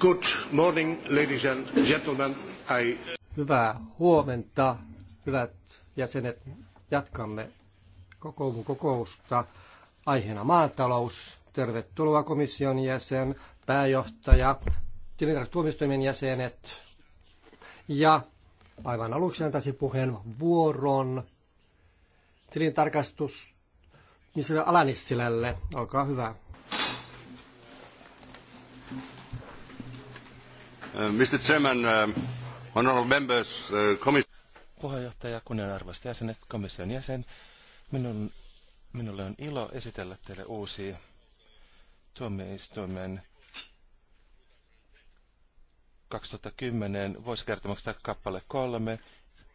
Good morning, ladies and gentlemen. Hyvää huomenta, hyvät jäsenet. Jatkamme kokoumun kokousta. Aiheena maatalous. Tervetuloa komission jäsen, pääjohtaja, tilintarkastustuomioistuimen jäsenet. Ja aivan aluksi antaisin puheen vuoron tilintarkastus Nisille Alanissilälle. Olkaa hyvä. Uh, Mr. Chairman, uh, honorable members, uh, commission... Puheenjohtaja, kunnianarvoiset jäsenet, komission jäsen, minun, minulle on ilo esitellä teille uusi tuomioistuimen 2010 vuosikertomuksesta kappale 3.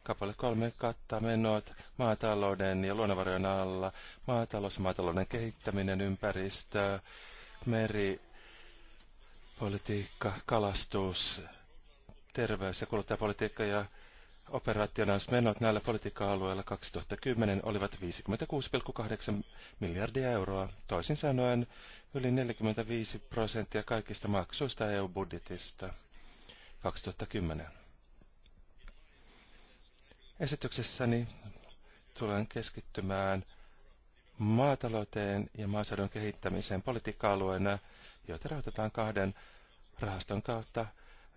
Kappale 3 kattaa menot maatalouden ja luonnonvarojen alla, maatalous, maatalouden kehittäminen, ympäristö, meri, politiikka, kalastus, terveys- ja kuluttajapolitiikka ja operationaismenot näillä politiikka-alueilla 2010 olivat 56,8 miljardia euroa, toisin sanoen yli 45 prosenttia kaikista maksuista EU-budjetista 2010. Esityksessäni tulen keskittymään maatalouteen ja maaseudun kehittämiseen politiikka-alueena – joita rahoitetaan kahden rahaston kautta,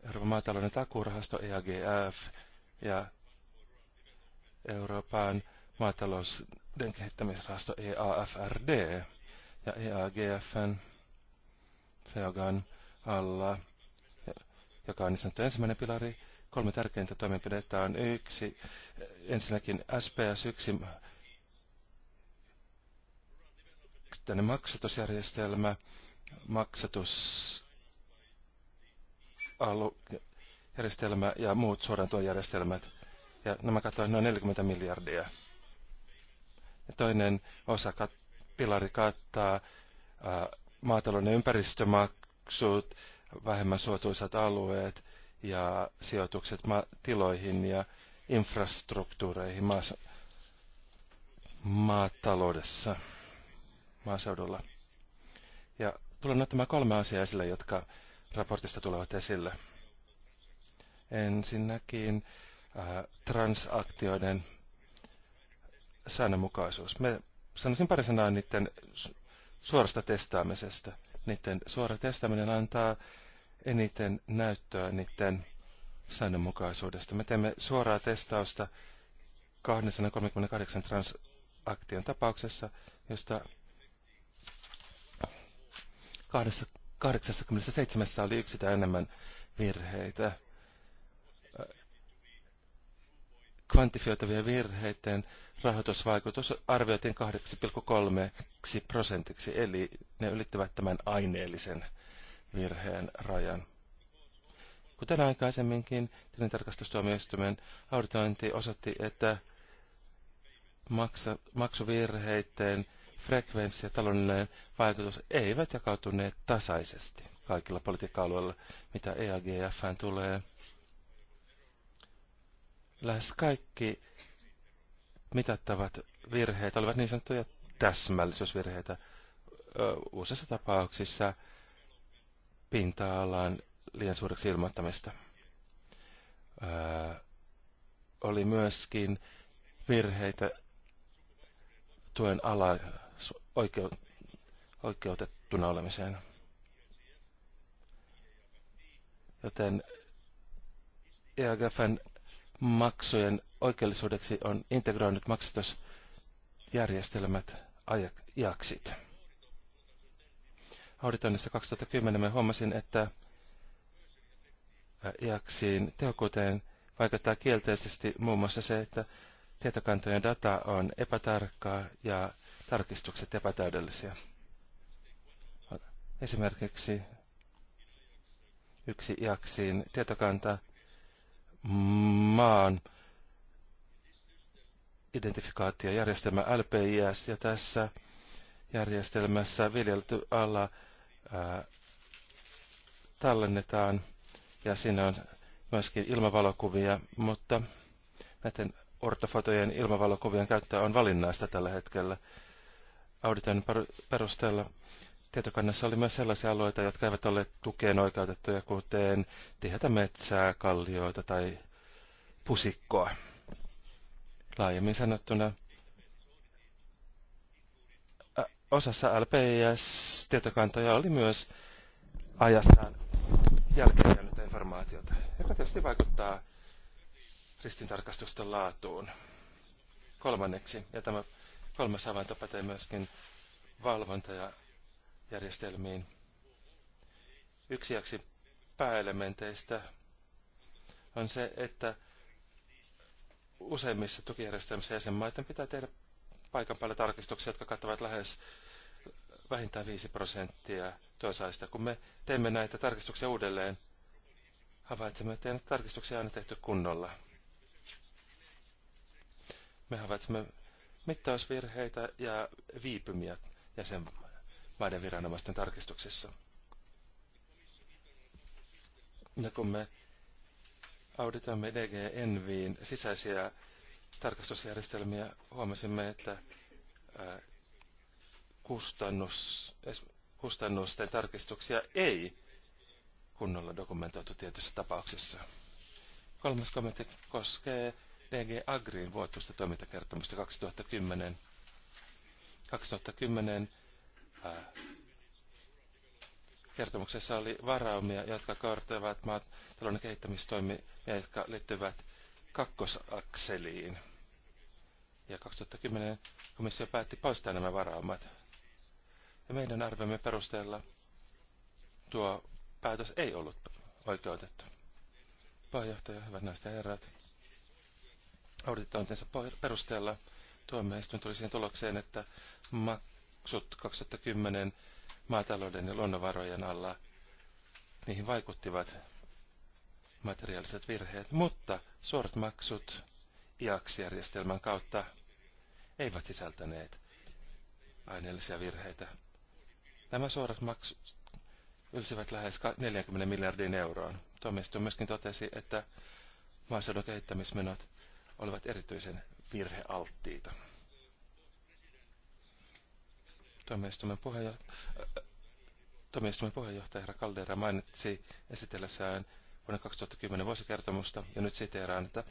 Euroopan maatalouden takuurahasto EAGF ja Euroopan maatalouden kehittämisrahasto EAFRD ja EAGFn FEOGAN alla, joka on niin sanottu ensimmäinen pilari. Kolme tärkeintä toimenpidettä on yksi, ensinnäkin SPS, yksi tänne maksatusjärjestelmä, maksatusjärjestelmä ja muut suorantojärjestelmät. Ja nämä kattavat noin 40 miljardia. Ja toinen osa kat- pilari kattaa ää, maatalouden ympäristömaksut, vähemmän suotuisat alueet ja sijoitukset ma- tiloihin ja infrastruktuureihin maassa, maataloudessa, maaseudulla. Ja tulen näyttämään kolme asiaa esille, jotka raportista tulevat esille. Ensinnäkin ää, äh, transaktioiden säännönmukaisuus. Me sanoisin pari sanaa niiden suorasta testaamisesta. Niiden suora testaaminen antaa eniten näyttöä niiden säännönmukaisuudesta. Me teemme suoraa testausta 238 transaktion tapauksessa, josta 87 oli yksi tai enemmän virheitä. Kvantifioitavien virheiden rahoitusvaikutus arvioitiin 8,3 prosentiksi, eli ne ylittävät tämän aineellisen virheen rajan. Kuten aikaisemminkin, tilintarkastustuomioistuimen auditointi osoitti, että maksa, maksuvirheiden frekvenssi ja taloudellinen vaikutus eivät jakautuneet tasaisesti kaikilla politiikka-alueilla, mitä EAGFään tulee. Lähes kaikki mitattavat virheet olivat niin sanottuja täsmällisyysvirheitä. Useissa tapauksissa pinta-alan liian suureksi ilmoittamista. Öö, oli myöskin virheitä tuen ala oikeu, oikeutettuna olemiseen. Joten EAGFn maksujen oikeellisuudeksi on integroinut maksatusjärjestelmät ajaksit. Auditoinnissa 2010 me huomasin, että jaksiin e tehokkuuteen vaikuttaa kielteisesti muun muassa se, että tietokantojen data on epätarkkaa ja tarkistukset epätäydellisiä. Esimerkiksi yksi iaksiin tietokanta maan identifikaatiojärjestelmä LPIS ja tässä järjestelmässä viljelty alla ää, tallennetaan ja siinä on myöskin ilmavalokuvia, mutta näiden ortofotojen ilmavalokuvien käyttö on valinnaista tällä hetkellä auditoinnin perusteella tietokannassa oli myös sellaisia alueita, jotka eivät ole tukeen oikeutettuja, kuten tiheätä metsää, kallioita tai pusikkoa. Laajemmin sanottuna osassa LPIS-tietokantoja oli myös ajastaan jälkeen informaatiota, joka tietysti vaikuttaa ristintarkastusten laatuun. Kolmanneksi, ja tämä Kolmas havainto pätee myöskin valvontajärjestelmiin. Yksi jaksi pääelementeistä on se, että useimmissa tukijärjestelmissä jäsenmaiden pitää tehdä paikan päällä tarkistuksia, jotka kattavat lähes vähintään 5 prosenttia työsaista. Kun me teemme näitä tarkistuksia uudelleen, havaitsemme, että tarkistuksia on tehty kunnolla. Me havaitsemme mittausvirheitä ja viipymiä jäsenmaiden viranomaisten tarkistuksissa. Ja kun me auditoimme DG Enviin sisäisiä tarkastusjärjestelmiä, huomasimme, että kustannus, kustannusten tarkistuksia ei kunnolla dokumentoitu tietyissä tapauksissa. Kolmas kommentti koskee DG Agriin vuotuista toimintakertomusta 2010. 2010 ää, kertomuksessa oli varaumia, jotka maat talouden kehittämistoimia, jotka liittyvät kakkosakseliin. Ja 2010 komissio päätti poistaa nämä varaumat. Ja meidän arvemme perusteella tuo päätös ei ollut oikeutettu. Pääjohtaja, hyvät naiset ja herrat auditointinsa perusteella tuomioistuin tuli siihen tulokseen, että maksut 2010 maatalouden ja luonnonvarojen alla, niihin vaikuttivat materiaaliset virheet, mutta suorat maksut IAX-järjestelmän kautta eivät sisältäneet aineellisia virheitä. Nämä suorat maksut ylsivät lähes 40 miljardin euroon. Tuomioistuin myöskin totesi, että maaseudun kehittämismenot olivat erityisen virhealttiita. Tuomioistuimen puheenjohtaja, äh, puheenjohtaja herra Caldera mainitsi esitellessään vuonna 2010 vuosikertomusta, ja nyt siteeraan, että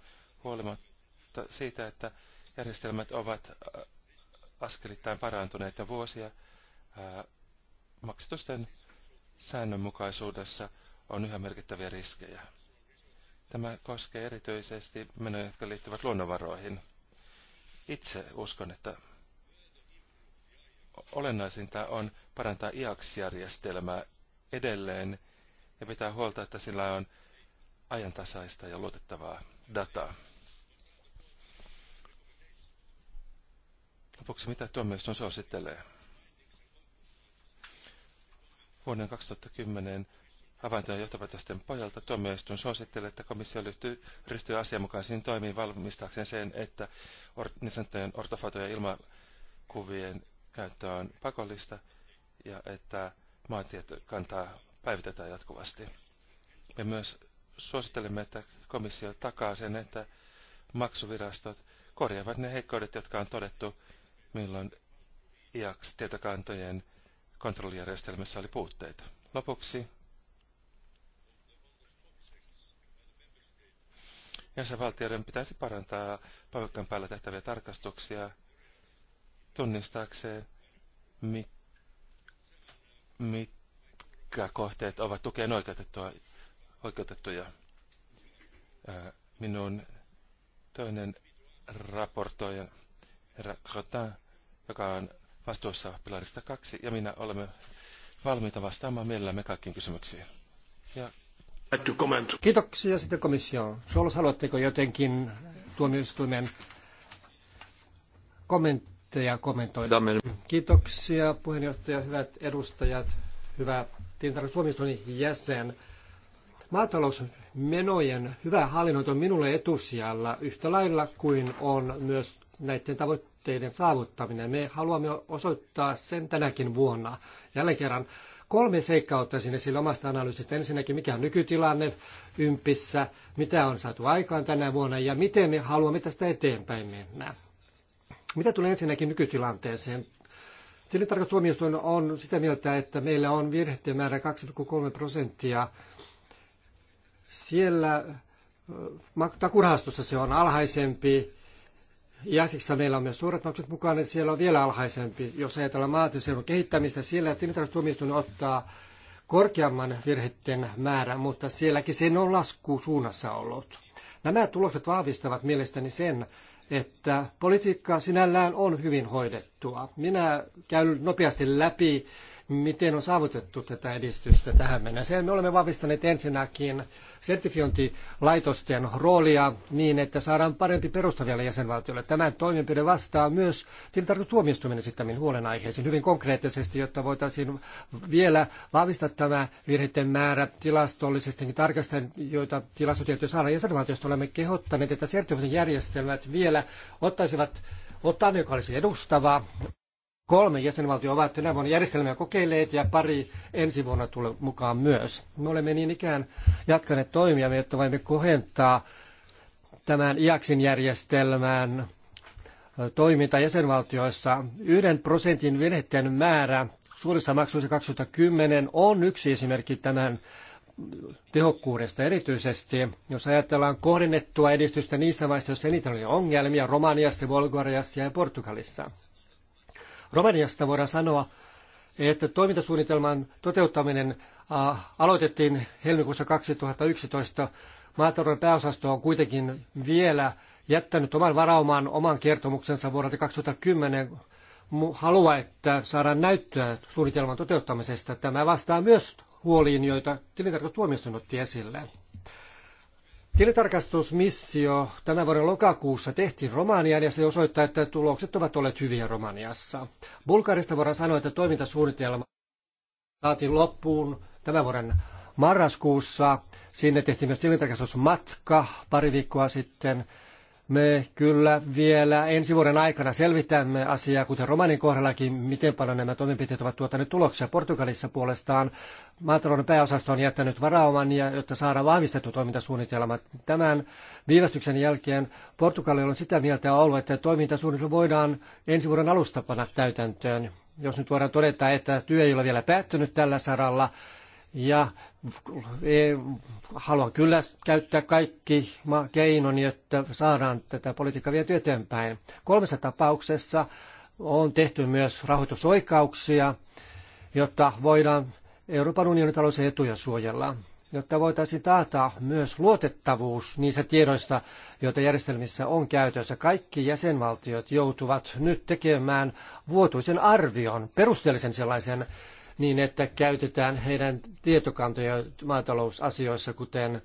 huolimatta siitä, että järjestelmät ovat äh, askelittain parantuneet ja vuosia äh, maksatusten säännönmukaisuudessa on yhä merkittäviä riskejä. Tämä koskee erityisesti menoja, jotka liittyvät luonnonvaroihin. Itse uskon, että olennaisinta on parantaa IAX-järjestelmää edelleen ja pitää huolta, että sillä on ajantasaista ja luotettavaa dataa. Lopuksi mitä tuomioistuin suosittelee? Vuoden 2010 havaintojen johtopäätösten pohjalta tuomioistuin suosittelee, että komissio ryhtyy, ryhtyy asianmukaisiin toimiin valmistaakseen sen, että or, niin sanottujen ortofotojen ilmakuvien käyttö on pakollista ja että maantiet kantaa päivitetään jatkuvasti. Me myös suosittelemme, että komissio takaa sen, että maksuvirastot korjaavat ne heikkoudet, jotka on todettu, milloin IAX-tietokantojen kontrollijärjestelmässä oli puutteita. Lopuksi jäsenvaltioiden pitäisi parantaa paikan päällä tehtäviä tarkastuksia tunnistaakseen, mit, mitkä kohteet ovat tukeen oikeutettua, oikeutettuja. Minun toinen raportoija, herra Crotin, joka on vastuussa pilarista kaksi, ja minä olemme valmiita vastaamaan mielellämme kaikkiin kysymyksiin. Ja Kiitoksia sitten komissio. Scholz, haluatteko jotenkin tuomioistuimen kommentteja kommentoida? Kiitoksia puheenjohtaja, hyvät edustajat, hyvä tilintarkastustuomioistuimen jäsen. Maatalousmenojen hyvä hallinnointi on minulle etusijalla yhtä lailla kuin on myös näiden tavoitteiden saavuttaminen. Me haluamme osoittaa sen tänäkin vuonna. Jälleen kerran Kolme seikkaa ottaisin esille omasta analyysistä. Ensinnäkin, mikä on nykytilanne ympissä, mitä on saatu aikaan tänä vuonna ja miten me haluamme tästä eteenpäin mennä. Mitä tulee ensinnäkin nykytilanteeseen? Tilintarkastuomioistuin on sitä mieltä, että meillä on virheiden määrä 2,3 prosenttia. Siellä takurahastossa se on alhaisempi ja meillä on myös suuret maksut mukaan, että siellä on vielä alhaisempi. Jos ajatellaan maatiseudun kehittämistä, siellä tilintarkastustuomioistuin ottaa korkeamman virheiden määrän, mutta sielläkin se on lasku suunnassa ollut. Nämä tulokset vahvistavat mielestäni sen, että politiikkaa sinällään on hyvin hoidettua. Minä käyn nopeasti läpi miten on saavutettu tätä edistystä tähän mennessä. Me olemme vahvistaneet ensinnäkin sertifiointilaitosten roolia niin, että saadaan parempi perusta vielä jäsenvaltiolle. Tämän toimenpide vastaa myös tilintarkastustuomioistuimen esittämiin huolenaiheisiin hyvin konkreettisesti, jotta voitaisiin vielä vahvistaa tämä virheiden määrä tilastollisestikin tarkastaen, joita tilastotietoja saadaan jäsenvaltiosta. Olemme kehottaneet, että sertifiointijärjestelmät vielä ottaisivat ottaa, joka olisi edustava, Kolme jäsenvaltiota ovat tänä vuonna järjestelmää kokeilleet ja pari ensi vuonna tulee mukaan myös. Me olemme niin ikään jatkaneet toimia, jotta voimme kohentaa tämän IAKSin järjestelmän toiminta jäsenvaltioissa. Yhden prosentin virheiden määrä suurissa maksuissa 2010 on yksi esimerkki tämän tehokkuudesta erityisesti. Jos ajatellaan kohdennettua edistystä niissä maissa, joissa eniten oli ongelmia, Romaniassa, Bulgariassa ja Portugalissa. Romaniasta voidaan sanoa, että toimintasuunnitelman toteuttaminen aloitettiin helmikuussa 2011. Maatalouden pääosasto on kuitenkin vielä jättänyt oman varaumaan oman kertomuksensa vuodelta 2010 halua, että saadaan näyttöä suunnitelman toteuttamisesta. Tämä vastaa myös huoliin, joita tilintarkastustuomioistuin otti esille. Tilitarkastusmissio tämän vuoden lokakuussa tehtiin Romaniaan ja se osoittaa, että tulokset ovat olleet hyviä Romaniassa. Bulgarista voidaan sanoa, että toimintasuunnitelma saatiin loppuun tämän vuoden marraskuussa. Sinne tehtiin myös tilintarkastusmatka pari viikkoa sitten. Me kyllä vielä ensi vuoden aikana selvitämme asiaa, kuten romanin kohdallakin, miten paljon nämä toimenpiteet ovat tuottaneet tuloksia. Portugalissa puolestaan maatalouden pääosasto on jättänyt varauman, jotta saadaan vahvistettu toimintasuunnitelma. Tämän viivästyksen jälkeen Portugali on sitä mieltä ollut, että toimintasuunnitelma voidaan ensi vuoden alusta panna täytäntöön. Jos nyt voidaan todeta, että työ ei ole vielä päättynyt tällä saralla, ja e, haluan kyllä käyttää kaikki keinoni, jotta saadaan tätä politiikkaa vielä eteenpäin. Kolmessa tapauksessa on tehty myös rahoitusoikauksia, jotta voidaan Euroopan unionin talous etuja suojella, jotta voitaisiin taata myös luotettavuus niissä tiedoista, joita järjestelmissä on käytössä. Kaikki jäsenvaltiot joutuvat nyt tekemään vuotuisen arvion, perusteellisen sellaisen, niin, että käytetään heidän tietokantoja maatalousasioissa, kuten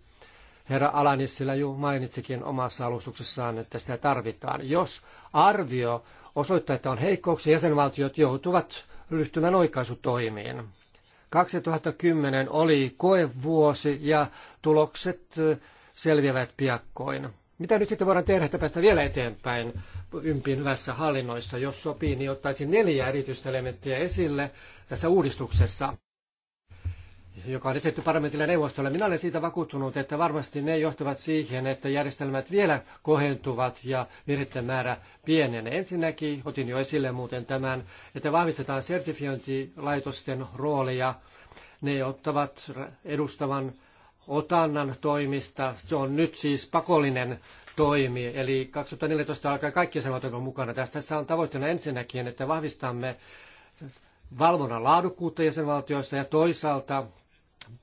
herra Alanissila jo mainitsikin omassa alustuksessaan, että sitä tarvitaan. Jos arvio osoittaa, että on heikkouksia, jäsenvaltiot joutuvat ryhtymään oikaisutoimiin. 2010 oli koevuosi ja tulokset selviävät piakkoin. Mitä nyt sitten voidaan tehdä, että päästä vielä eteenpäin ympin hyvässä hallinnoissa? Jos sopii, niin ottaisin neljä erityistä elementtiä esille tässä uudistuksessa, joka on esitetty parlamentille neuvostolle. Minä olen siitä vakuuttunut, että varmasti ne johtavat siihen, että järjestelmät vielä kohentuvat ja virheiden määrä pienenee. Ensinnäkin otin jo esille muuten tämän, että vahvistetaan sertifiointilaitosten roolia. Ne ottavat edustavan otannan toimista. Se on nyt siis pakollinen toimi, eli 2014 alkaa kaikki sanot ovat mukana. Tässä on tavoitteena ensinnäkin, että vahvistamme valvonnan laadukkuutta jäsenvaltioissa ja toisaalta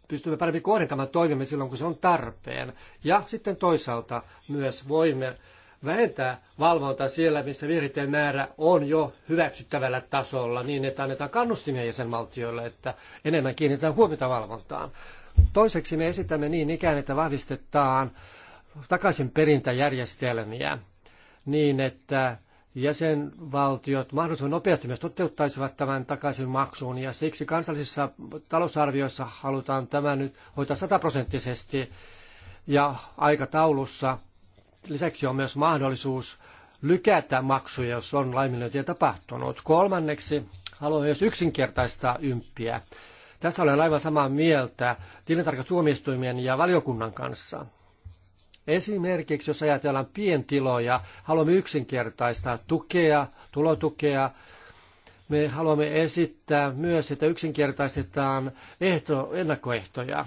pystymme paremmin kohdentamaan toimimme silloin, kun se on tarpeen. Ja sitten toisaalta myös voimme vähentää valvontaa siellä, missä virheiden määrä on jo hyväksyttävällä tasolla, niin että annetaan kannustimia jäsenvaltioille, että enemmän kiinnitetään huomiota valvontaan. Toiseksi me esitämme niin ikään, että vahvistetaan takaisin perintäjärjestelmiä niin, että jäsenvaltiot mahdollisimman nopeasti myös toteuttaisivat tämän takaisin maksuun ja siksi kansallisissa talousarvioissa halutaan tämä nyt hoitaa sataprosenttisesti ja aikataulussa. Lisäksi on myös mahdollisuus lykätä maksuja, jos on laiminlyöntiä tapahtunut. Kolmanneksi haluan myös yksinkertaistaa ympiä. Tässä olen aivan samaa mieltä tilintarkastuomioistuimien ja valiokunnan kanssa. Esimerkiksi jos ajatellaan pientiloja, haluamme yksinkertaistaa tukea, tulotukea. Me haluamme esittää myös, että yksinkertaistetaan ehto, ennakkoehtoja.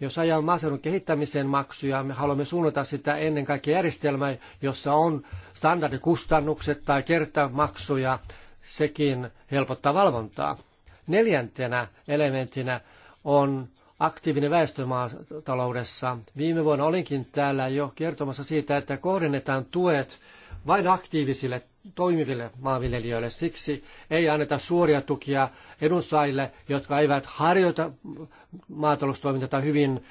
Jos ajan maaseudun kehittämisen maksuja, me haluamme suunnata sitä ennen kaikkea järjestelmää, jossa on standardikustannukset tai kertamaksuja. Sekin helpottaa valvontaa. Neljäntenä elementtinä on aktiivinen väestömaataloudessa. Viime vuonna olinkin täällä jo kertomassa siitä, että kohdennetaan tuet vain aktiivisille toimiville maanviljelijöille. Siksi ei anneta suoria tukia edunsaajille, jotka eivät harjoita maataloustoimintaa hyvin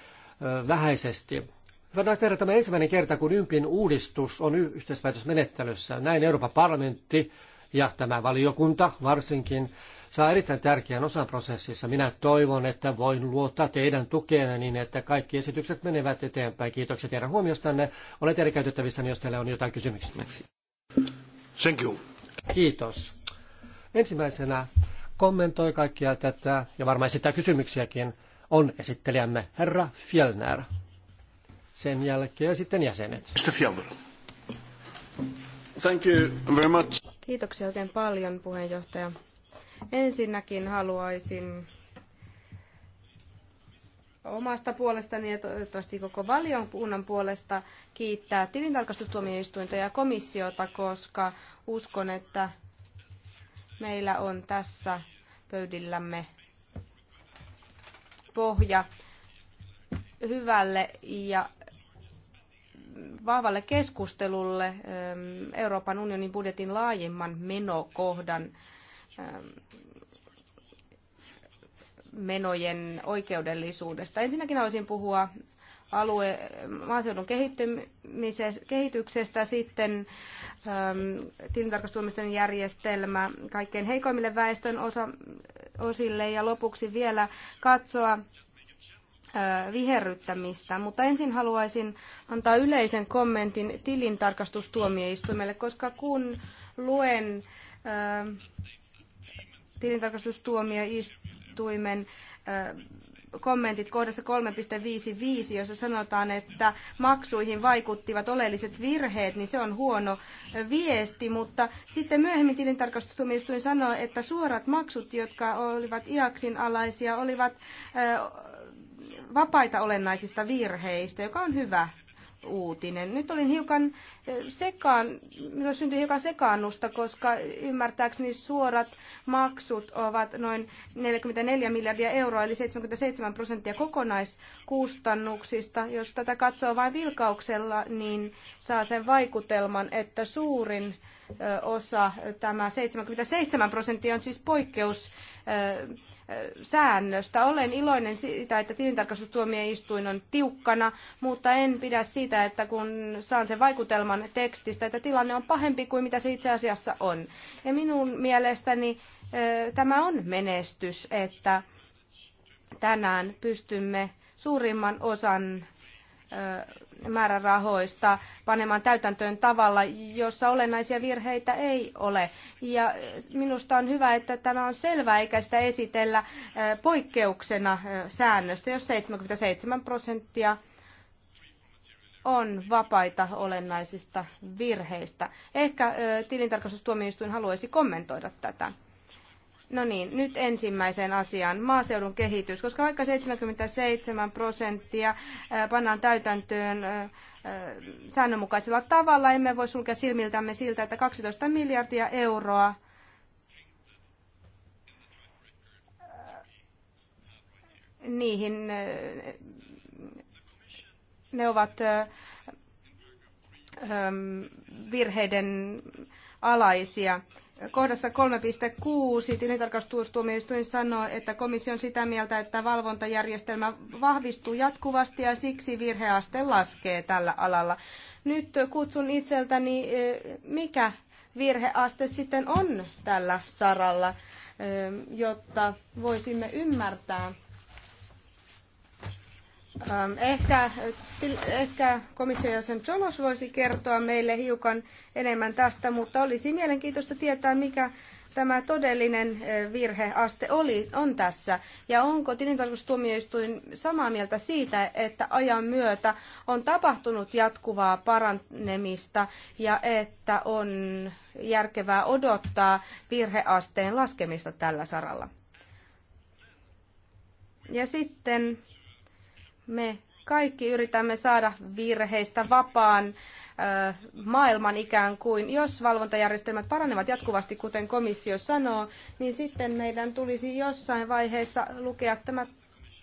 vähäisesti. Hyvät naiset herrat, tämä ensimmäinen kerta, kun ympin uudistus on yhteispäätösmenettelyssä. Näin Euroopan parlamentti ja tämä valiokunta varsinkin saa erittäin tärkeän osan prosessissa. Minä toivon, että voin luottaa teidän tukeenne niin, että kaikki esitykset menevät eteenpäin. Kiitokset teidän huomiostanne. Olen teidän käytettävissä, jos teillä on jotain kysymyksiä. Thank you. Kiitos. Ensimmäisenä kommentoi kaikkia tätä ja varmaan esittää kysymyksiäkin on esittelijämme herra Fjellner. Sen jälkeen sitten jäsenet. Mr. Fjellner. Thank you very much. Kiitoksia oikein paljon puheenjohtaja. Ensinnäkin haluaisin omasta puolestani ja toivottavasti koko valiokunnan puolesta kiittää tilintarkastustuomioistuinta ja komissiota, koska uskon, että meillä on tässä pöydillämme pohja hyvälle ja vahvalle keskustelulle ehm, Euroopan unionin budjetin laajemman menokohdan Ähm, menojen oikeudellisuudesta. Ensinnäkin haluaisin puhua alue, maaseudun kehityksestä, sitten ähm, tilintarkastuomisten järjestelmä kaikkein heikoimmille väestön osa, osille ja lopuksi vielä katsoa äh, viherryttämistä, mutta ensin haluaisin antaa yleisen kommentin tilintarkastustuomioistuimelle, koska kun luen ää, ähm, tilintarkastustuomioistuimen kommentit kohdassa 3.55, jossa sanotaan, että maksuihin vaikuttivat oleelliset virheet, niin se on huono viesti, mutta sitten myöhemmin tilintarkastustuomioistuin sanoi, että suorat maksut, jotka olivat IAKSin alaisia, olivat vapaita olennaisista virheistä, joka on hyvä uutinen. Nyt olin hiukan eh, sekaan, minulla syntyi hiukan sekaannusta, koska ymmärtääkseni suorat maksut ovat noin 44 miljardia euroa, eli 77 prosenttia kokonaiskustannuksista. Jos tätä katsoo vain vilkauksella, niin saa sen vaikutelman, että suurin osa, tämä 77 prosenttia on siis poikkeus säännöstä. Olen iloinen siitä, että tilintarkastustuomioistuin on tiukkana, mutta en pidä siitä, että kun saan sen vaikutelman tekstistä, että tilanne on pahempi kuin mitä se itse asiassa on. Ja minun mielestäni tämä on menestys, että tänään pystymme suurimman osan määrärahoista panemaan täytäntöön tavalla, jossa olennaisia virheitä ei ole. Ja minusta on hyvä, että tämä on selvää, eikä sitä esitellä poikkeuksena säännöstä, jos 77 prosenttia on vapaita olennaisista virheistä. Ehkä tilintarkastustuomioistuin haluaisi kommentoida tätä. No niin, nyt ensimmäiseen asiaan, maaseudun kehitys, koska vaikka 77 prosenttia äh, pannaan täytäntöön äh, äh, säännönmukaisella tavalla, emme voi sulkea silmiltämme siltä, että 12 miljardia euroa niihin ne ovat ähm, virheiden alaisia. Kohdassa 3.6 tilintarkastustuomioistuin sanoo, että komissio on sitä mieltä, että valvontajärjestelmä vahvistuu jatkuvasti ja siksi virheaste laskee tällä alalla. Nyt kutsun itseltäni, eh, mikä virheaste sitten on tällä saralla, eh, jotta voisimme ymmärtää, Ähm, ehkä, äh, ehkä komission jäsen Cholos voisi kertoa meille hiukan enemmän tästä, mutta olisi mielenkiintoista tietää, mikä tämä todellinen äh, virheaste oli, on tässä. Ja onko tilintarkastustuomioistuin samaa mieltä siitä, että ajan myötä on tapahtunut jatkuvaa parannemista ja että on järkevää odottaa virheasteen laskemista tällä saralla? Ja sitten me kaikki yritämme saada virheistä vapaan maailman ikään kuin. Jos valvontajärjestelmät paranevat jatkuvasti, kuten komissio sanoo, niin sitten meidän tulisi jossain vaiheessa lukea tämä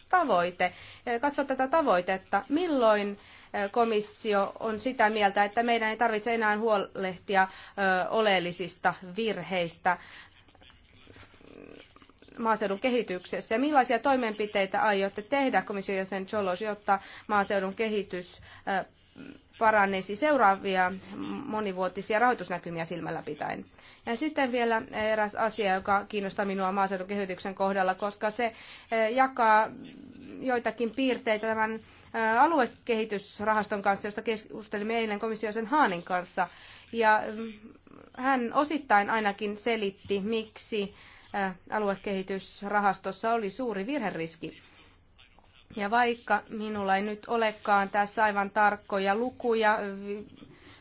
tavoite, katsoa tätä tavoitetta, milloin komissio on sitä mieltä, että meidän ei tarvitse enää huolehtia oleellisista virheistä maaseudun kehityksessä? Ja millaisia toimenpiteitä aiotte tehdä komission jäsen Cholos, jotta maaseudun kehitys paranisi seuraavia monivuotisia rahoitusnäkymiä silmällä pitäen. Ja sitten vielä eräs asia, joka kiinnostaa minua maaseudun kehityksen kohdalla, koska se jakaa joitakin piirteitä tämän aluekehitysrahaston kanssa, josta keskustelimme eilen komissiosen Haanin kanssa. Ja mm, hän osittain ainakin selitti, miksi aluekehitysrahastossa oli suuri virheriski. Ja vaikka minulla ei nyt olekaan tässä aivan tarkkoja lukuja,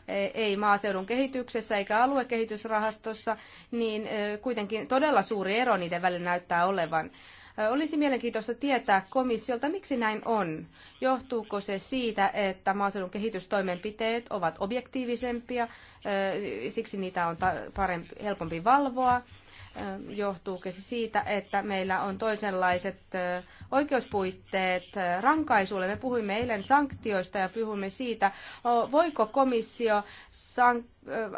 e, ei maaseudun kehityksessä eikä aluekehitysrahastossa, niin e, kuitenkin todella suuri ero niiden välillä näyttää olevan. E, olisi mielenkiintoista tietää komissiolta, miksi näin on. Johtuuko se siitä, että maaseudun kehitystoimenpiteet ovat objektiivisempia, siksi niitä on parempi, helpompi valvoa? johtuu se siis siitä, että meillä on toisenlaiset oikeuspuitteet rankaisulle. Me puhuimme eilen sanktioista ja puhuimme siitä, voiko komissio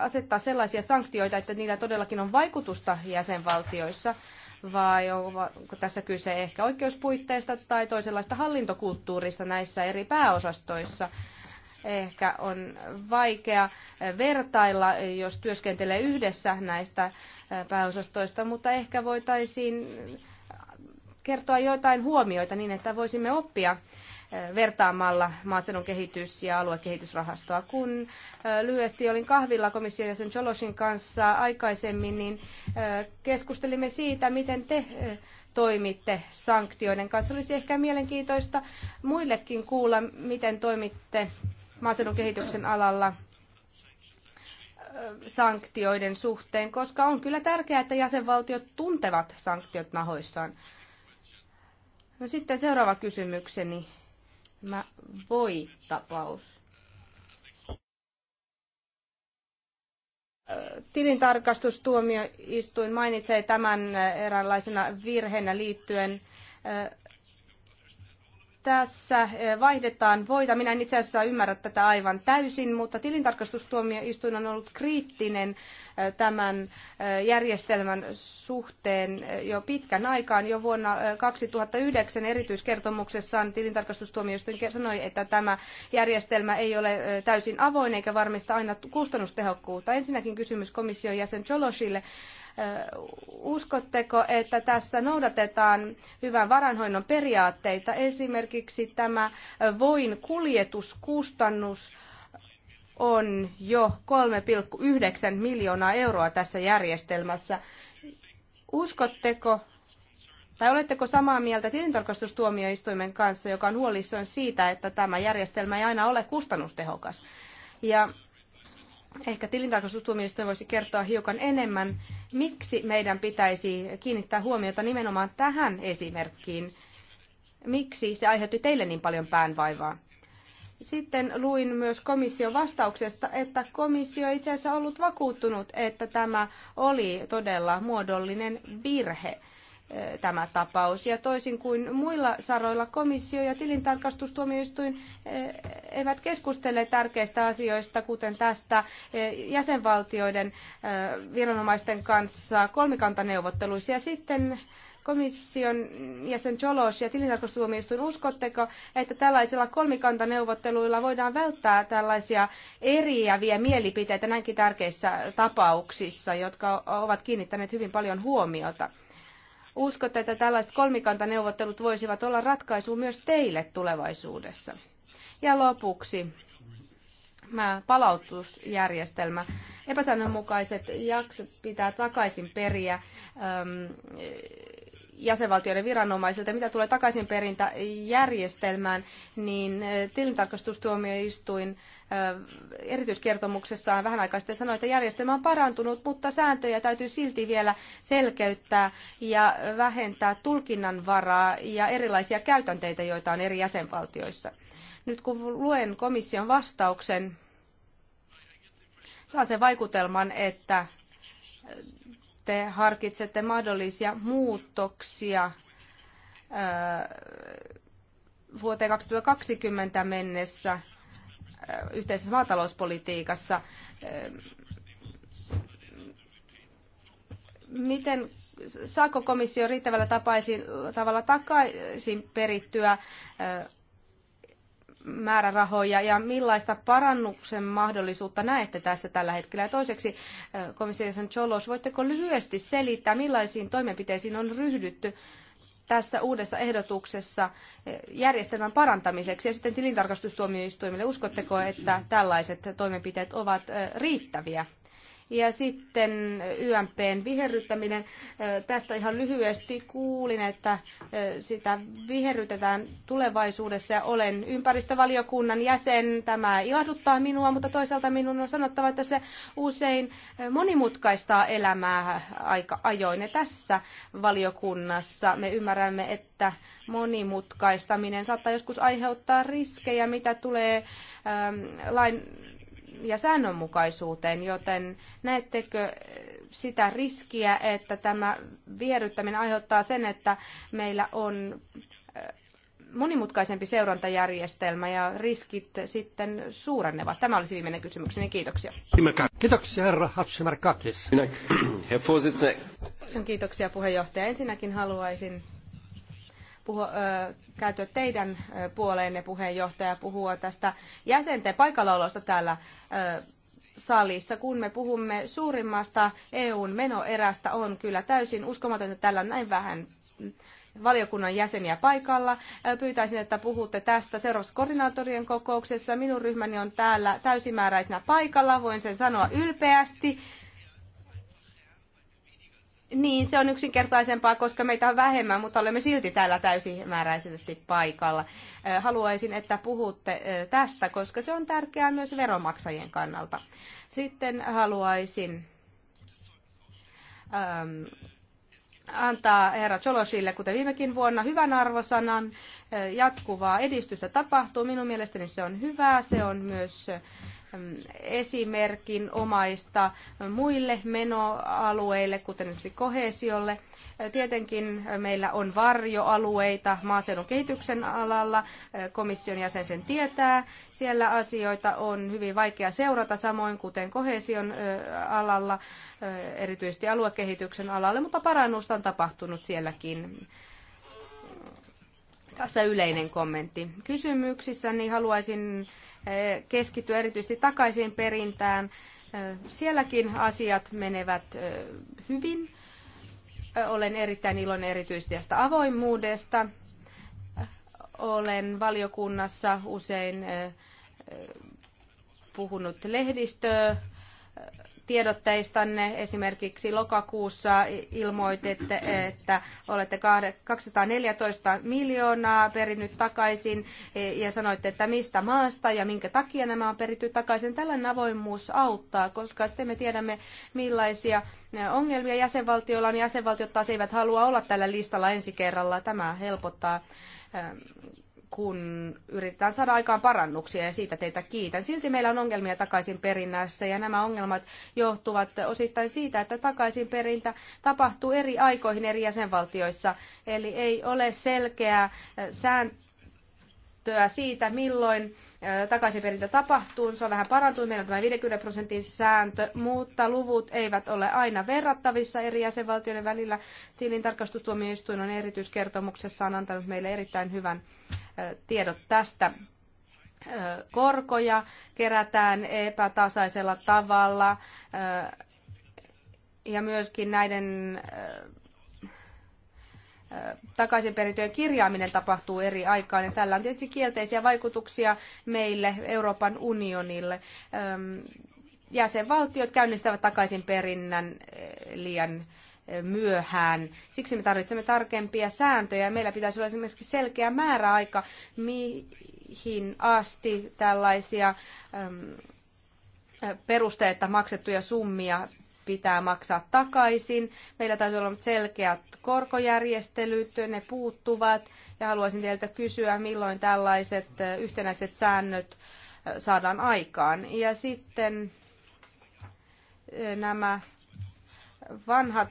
asettaa sellaisia sanktioita, että niillä todellakin on vaikutusta jäsenvaltioissa vai onko tässä kyse ehkä oikeuspuitteista tai toisenlaista hallintokulttuurista näissä eri pääosastoissa. Ehkä on vaikea vertailla, jos työskentelee yhdessä näistä pääosastoista, mutta ehkä voitaisiin kertoa joitain huomioita niin, että voisimme oppia vertaamalla maaseudun kehitys- ja aluekehitysrahastoa. Kun lyhyesti olin kahvilla komission jäsen Joloshin kanssa aikaisemmin, niin keskustelimme siitä, miten te toimitte sanktioiden kanssa. Olisi ehkä mielenkiintoista muillekin kuulla, miten toimitte maaseudun kehityksen alalla sanktioiden suhteen, koska on kyllä tärkeää, että jäsenvaltiot tuntevat sanktiot nahoissaan. No sitten seuraava kysymykseni. Mä voi tapaus. Tilintarkastustuomioistuin mainitsee tämän eräänlaisena virheenä liittyen tässä eh, vaihdetaan voita. Minä en itse asiassa ymmärrä tätä aivan täysin, mutta tilintarkastustuomioistuin on ollut kriittinen eh, tämän eh, järjestelmän suhteen jo pitkän aikaan. Jo vuonna 2009 erityiskertomuksessaan tilintarkastustuomioistuin sanoi, että tämä järjestelmä ei ole täysin avoin eikä varmista aina kustannustehokkuutta. Ensinnäkin kysymys komission jäsen Ciolosille. Uskotteko, että tässä noudatetaan hyvän varainhoidon periaatteita? Esimerkiksi tämä voin kuljetuskustannus on jo 3,9 miljoonaa euroa tässä järjestelmässä. Uskotteko tai oletteko samaa mieltä tilintarkastustuomioistuimen kanssa, joka on huolissaan siitä, että tämä järjestelmä ei aina ole kustannustehokas? Ja Ehkä tilintarkastustuomioistuin voisi kertoa hiukan enemmän, miksi meidän pitäisi kiinnittää huomiota nimenomaan tähän esimerkkiin. Miksi se aiheutti teille niin paljon päänvaivaa? Sitten luin myös komission vastauksesta, että komissio itse asiassa ollut vakuuttunut, että tämä oli todella muodollinen virhe tämä tapaus. Ja toisin kuin muilla saroilla komissio ja tilintarkastustuomioistuin eh, eivät keskustele tärkeistä asioista, kuten tästä eh, jäsenvaltioiden eh, viranomaisten kanssa kolmikantaneuvotteluissa. Ja sitten komission jäsen Cholos ja tilintarkastustuomioistuin, uskotteko, että tällaisilla kolmikantaneuvotteluilla voidaan välttää tällaisia eriäviä mielipiteitä näinkin tärkeissä tapauksissa, jotka ovat kiinnittäneet hyvin paljon huomiota? Uskotte, että tällaiset kolmikantaneuvottelut voisivat olla ratkaisu myös teille tulevaisuudessa? Ja lopuksi mä palautusjärjestelmä. Epäsäännönmukaiset jaksot pitää takaisin periä ähm, jäsenvaltioiden viranomaisilta. Mitä tulee takaisin perintäjärjestelmään, niin äh, tilintarkastustuomioistuin erityiskertomuksessaan vähän aikaa sitten sanoi, että järjestelmä on parantunut, mutta sääntöjä täytyy silti vielä selkeyttää ja vähentää tulkinnan varaa ja erilaisia käytänteitä, joita on eri jäsenvaltioissa. Nyt kun luen komission vastauksen, saa sen vaikutelman, että te harkitsette mahdollisia muutoksia vuoteen 2020 mennessä – Äh, yhteisessä maatalouspolitiikassa. Äh, miten saako komissio riittävällä tapaisin, tavalla takaisin perittyä äh, määrärahoja ja millaista parannuksen mahdollisuutta näette tässä tällä hetkellä? Ja toiseksi, komissio Cholos, voitteko lyhyesti selittää, millaisiin toimenpiteisiin on ryhdytty tässä uudessa ehdotuksessa järjestelmän parantamiseksi ja sitten tilintarkastustuomioistuimille? Uskotteko, että tällaiset toimenpiteet ovat riittäviä? Ja sitten YMPn viherryttäminen. Tästä ihan lyhyesti kuulin, että sitä viherrytetään tulevaisuudessa ja olen ympäristövaliokunnan jäsen. Tämä ilahduttaa minua, mutta toisaalta minun on sanottava, että se usein monimutkaistaa elämää aika ajoin. Ja tässä valiokunnassa me ymmärrämme, että monimutkaistaminen saattaa joskus aiheuttaa riskejä, mitä tulee lain ja säännönmukaisuuteen, joten näettekö eh, sitä riskiä, että tämä vieryttäminen aiheuttaa sen, että meillä on eh, monimutkaisempi seurantajärjestelmä ja riskit sitten suurennevat? Tämä olisi viimeinen kysymykseni. Kiitoksia. Kiitoksia herra Hatsimarkakis. Kiitoksia puheenjohtaja. Ensinnäkin haluaisin puhua, käytyä teidän puoleenne puheenjohtaja puhua tästä jäsenten paikallaolosta täällä salissa, kun me puhumme suurimmasta EUn menoerästä, on kyllä täysin uskomatonta, että täällä on näin vähän valiokunnan jäseniä paikalla. Pyytäisin, että puhutte tästä seuraavassa koordinaatorien kokouksessa. Minun ryhmäni on täällä täysimääräisenä paikalla, voin sen sanoa ylpeästi. Niin, se on yksinkertaisempaa, koska meitä on vähemmän, mutta olemme silti täällä täysimääräisesti paikalla. Haluaisin, että puhutte tästä, koska se on tärkeää myös veromaksajien kannalta. Sitten haluaisin ähm, antaa herra Cholosille, kuten viimekin vuonna, hyvän arvosanan. Jatkuvaa edistystä tapahtuu. Minun mielestäni se on hyvää. Se on myös äh, esimerkin omaista muille menoalueille, kuten esimerkiksi kohesiolle. Tietenkin meillä on varjoalueita maaseudun kehityksen alalla. Komission jäsen sen tietää. Siellä asioita on hyvin vaikea seurata, samoin kuten kohesion alalla, erityisesti aluekehityksen alalla, mutta parannusta on tapahtunut sielläkin. Tässä yleinen kommentti. Kysymyksissä niin haluaisin eh, keskittyä erityisesti takaisin perintään. Eh, sielläkin asiat menevät eh, hyvin. Olen erittäin iloinen erityisesti tästä avoimuudesta. Olen valiokunnassa usein puhunut lehdistöä tiedotteistanne. Esimerkiksi lokakuussa ilmoititte, että olette 214 miljoonaa perinyt takaisin ja sanoitte, että mistä maasta ja minkä takia nämä on peritty takaisin. Tällainen avoimuus auttaa, koska sitten me tiedämme millaisia ongelmia jäsenvaltioilla on. Jäsenvaltiot taas eivät halua olla tällä listalla ensi kerralla. Tämä helpottaa kun yritetään saada aikaan parannuksia ja siitä teitä kiitän. Silti meillä on ongelmia takaisin perinnässä ja nämä ongelmat johtuvat osittain siitä, että takaisin perintä tapahtuu eri aikoihin eri jäsenvaltioissa. Eli ei ole selkeää sääntöä näyttöä siitä, milloin takaisinperintä tapahtuu. Se on vähän parantunut, meillä on tämä 50 prosentin sääntö, mutta luvut eivät ole aina verrattavissa eri jäsenvaltioiden välillä. Tilintarkastustuomioistuin on erityiskertomuksessaan antanut meille erittäin hyvän tiedot tästä korkoja kerätään epätasaisella tavalla ja myöskin näiden takaisinperintöjen kirjaaminen tapahtuu eri aikaan, ja tällä on tietysti kielteisiä vaikutuksia meille Euroopan unionille. Jäsenvaltiot käynnistävät takaisinperinnän eh, liian eh, myöhään. Siksi me tarvitsemme tarkempia sääntöjä. Meillä pitäisi olla esimerkiksi selkeä määräaika, mihin asti tällaisia eh, perusteetta maksettuja summia pitää maksaa takaisin. Meillä täytyy olla selkeät korkojärjestelyt, ne puuttuvat. Ja haluaisin teiltä kysyä, milloin tällaiset yhtenäiset säännöt saadaan aikaan. Ja sitten nämä vanhat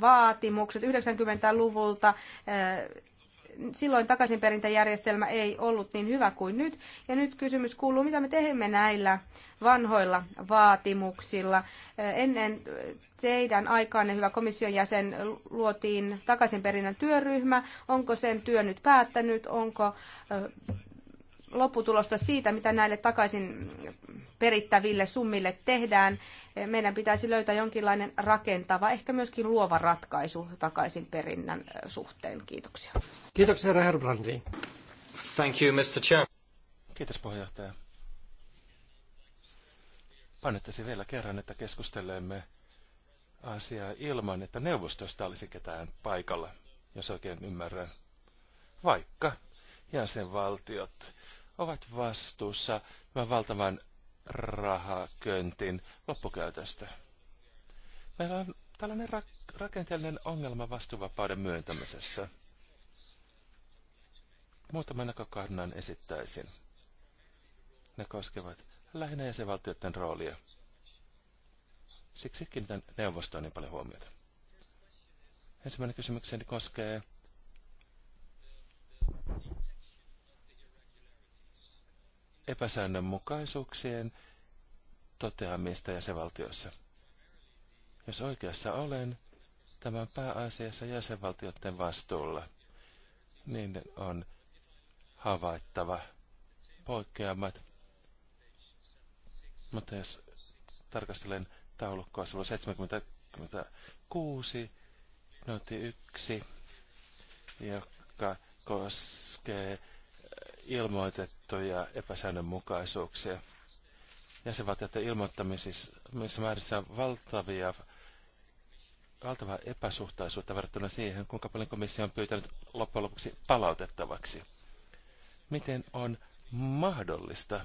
vaatimukset 90-luvulta silloin takaisinperintäjärjestelmä ei ollut niin hyvä kuin nyt. Ja nyt kysymys kuuluu, mitä me teemme näillä vanhoilla vaatimuksilla. Ennen teidän aikaanne, hyvä komission jäsen, luotiin takaisinperinnän työryhmä. Onko sen työ nyt päättänyt? Onko lopputulosta siitä, mitä näille takaisin perittäville summille tehdään. Meidän pitäisi löytää jonkinlainen rakentava, ehkä myöskin luova ratkaisu takaisin perinnän suhteen. Kiitoksia. Kiitoksia, herra Herbrandi. Thank you, Mr. Chair. Kiitos, puheenjohtaja. Painettaisin vielä kerran, että keskustelemme asiaa ilman, että neuvostosta olisi ketään paikalla, jos oikein ymmärrän. Vaikka jäsenvaltiot ovat vastuussa tämän valtavan rahaköntin loppukäytöstä. Meillä on tällainen rak- rakenteellinen ongelma vastuuvapauden myöntämisessä. Muutaman näkökannan esittäisin. Ne koskevat lähinnä jäsenvaltioiden roolia. Siksi kiinnitän neuvostoon niin paljon huomiota. Ensimmäinen kysymykseni koskee epäsäännönmukaisuuksien toteamista jäsenvaltioissa. Jos oikeassa olen, tämän pääasiassa jäsenvaltioiden vastuulla. Niin on havaittava poikkeamat. Mutta jos tarkastelen taulukkoa, sulla 76, noti 1, joka koskee ilmoitettuja epäsäännönmukaisuuksia. Jäsenvaltioiden ilmoittamisissa määrissä on valtavia, valtavaa epäsuhtaisuutta verrattuna siihen, kuinka paljon komissio on pyytänyt loppujen lopuksi palautettavaksi. Miten on mahdollista,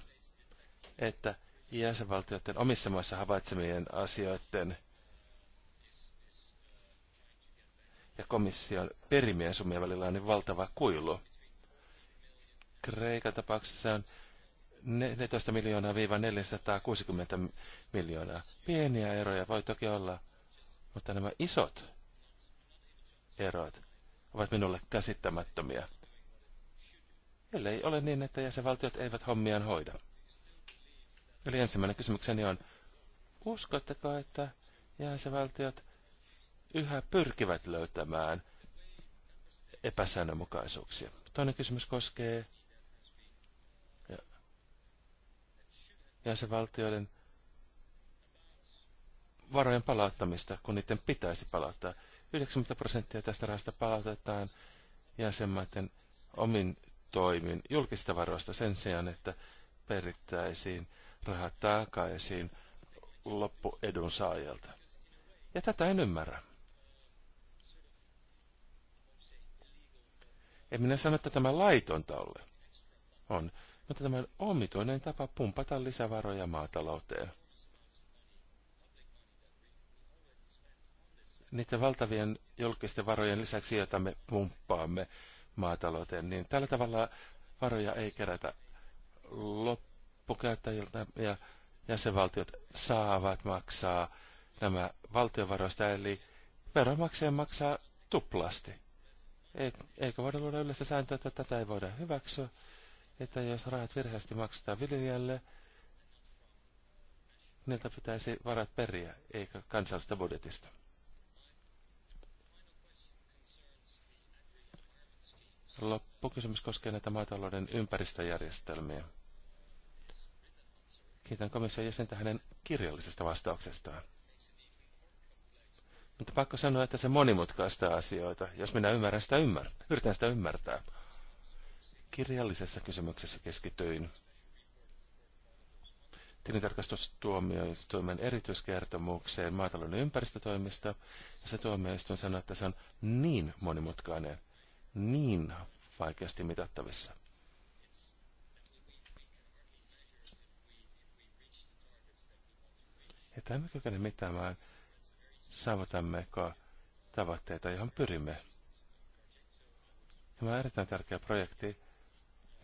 että jäsenvaltioiden omissa maissa havaitsemien asioiden ja komission perimien summien välillä on niin valtava kuilu. Kreikan tapauksessa se on 14 miljoonaa viiva 460 miljoonaa. Pieniä eroja voi toki olla, mutta nämä isot erot ovat minulle käsittämättömiä. Ellei ole niin, että jäsenvaltiot eivät hommiaan hoida. Eli ensimmäinen kysymykseni on, uskotteko, että jäsenvaltiot yhä pyrkivät löytämään epäsäännönmukaisuuksia? Toinen kysymys koskee jäsenvaltioiden varojen palauttamista, kun niiden pitäisi palauttaa. 90 prosenttia tästä rahasta palautetaan jäsenmaiden omin toimin julkista varoista sen sijaan, että perittäisiin rahat takaisin loppuedun saajalta. Ja tätä en ymmärrä. En minä sano, että tämä laitonta ole. On. Mutta tämä on omituinen tapa pumpata lisävaroja maatalouteen. Niiden valtavien julkisten varojen lisäksi, joita me pumppaamme maatalouteen, niin tällä tavalla varoja ei kerätä loppukäyttäjiltä ja jäsenvaltiot saavat maksaa nämä valtiovaroista, eli veronmaksaja maksaa tuplasti. Eikö voida luoda yleistä sääntöä, että tätä ei voida hyväksyä? että jos rahat virheästi maksetaan viljelijälle, niiltä pitäisi varat periä, eikä kansallista budjetista. Loppukysymys koskee näitä maatalouden ympäristöjärjestelmiä. Kiitän komission jäsentä hänen kirjallisesta vastauksestaan. Mutta pakko sanoa, että se monimutkaista asioita, jos minä ymmärrän sitä ymmärtää. Yritän sitä ymmärtää kirjallisessa kysymyksessä keskityin tilintarkastustuomioistuimen erityiskertomukseen maatalouden ympäristötoimista, ja se tuomioistuin sanoi, että se on niin monimutkainen, niin vaikeasti mitattavissa. Että emme kykene mitään, saavutammeko tavoitteita, johon pyrimme. Tämä on erittäin tärkeä projekti,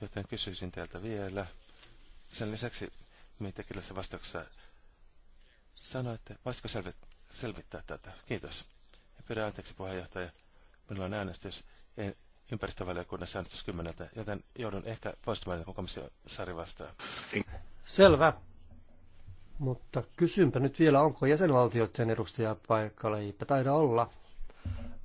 Joten kysyisin teiltä vielä. Sen lisäksi, mitä kyllä se vastauksessa sanoitte, voisiko selvit- selvittää tätä? Kiitos. Ja pyydän anteeksi puheenjohtaja. Minulla on äänestys e-, ympäristövaliokunnassa äänestys kymmeneltä, joten joudun ehkä poistumaan, kun komissio Sari vastaa. Selvä. Mutta kysynpä nyt vielä, onko jäsenvaltioiden edustajaa paikalla? Eipä taida olla.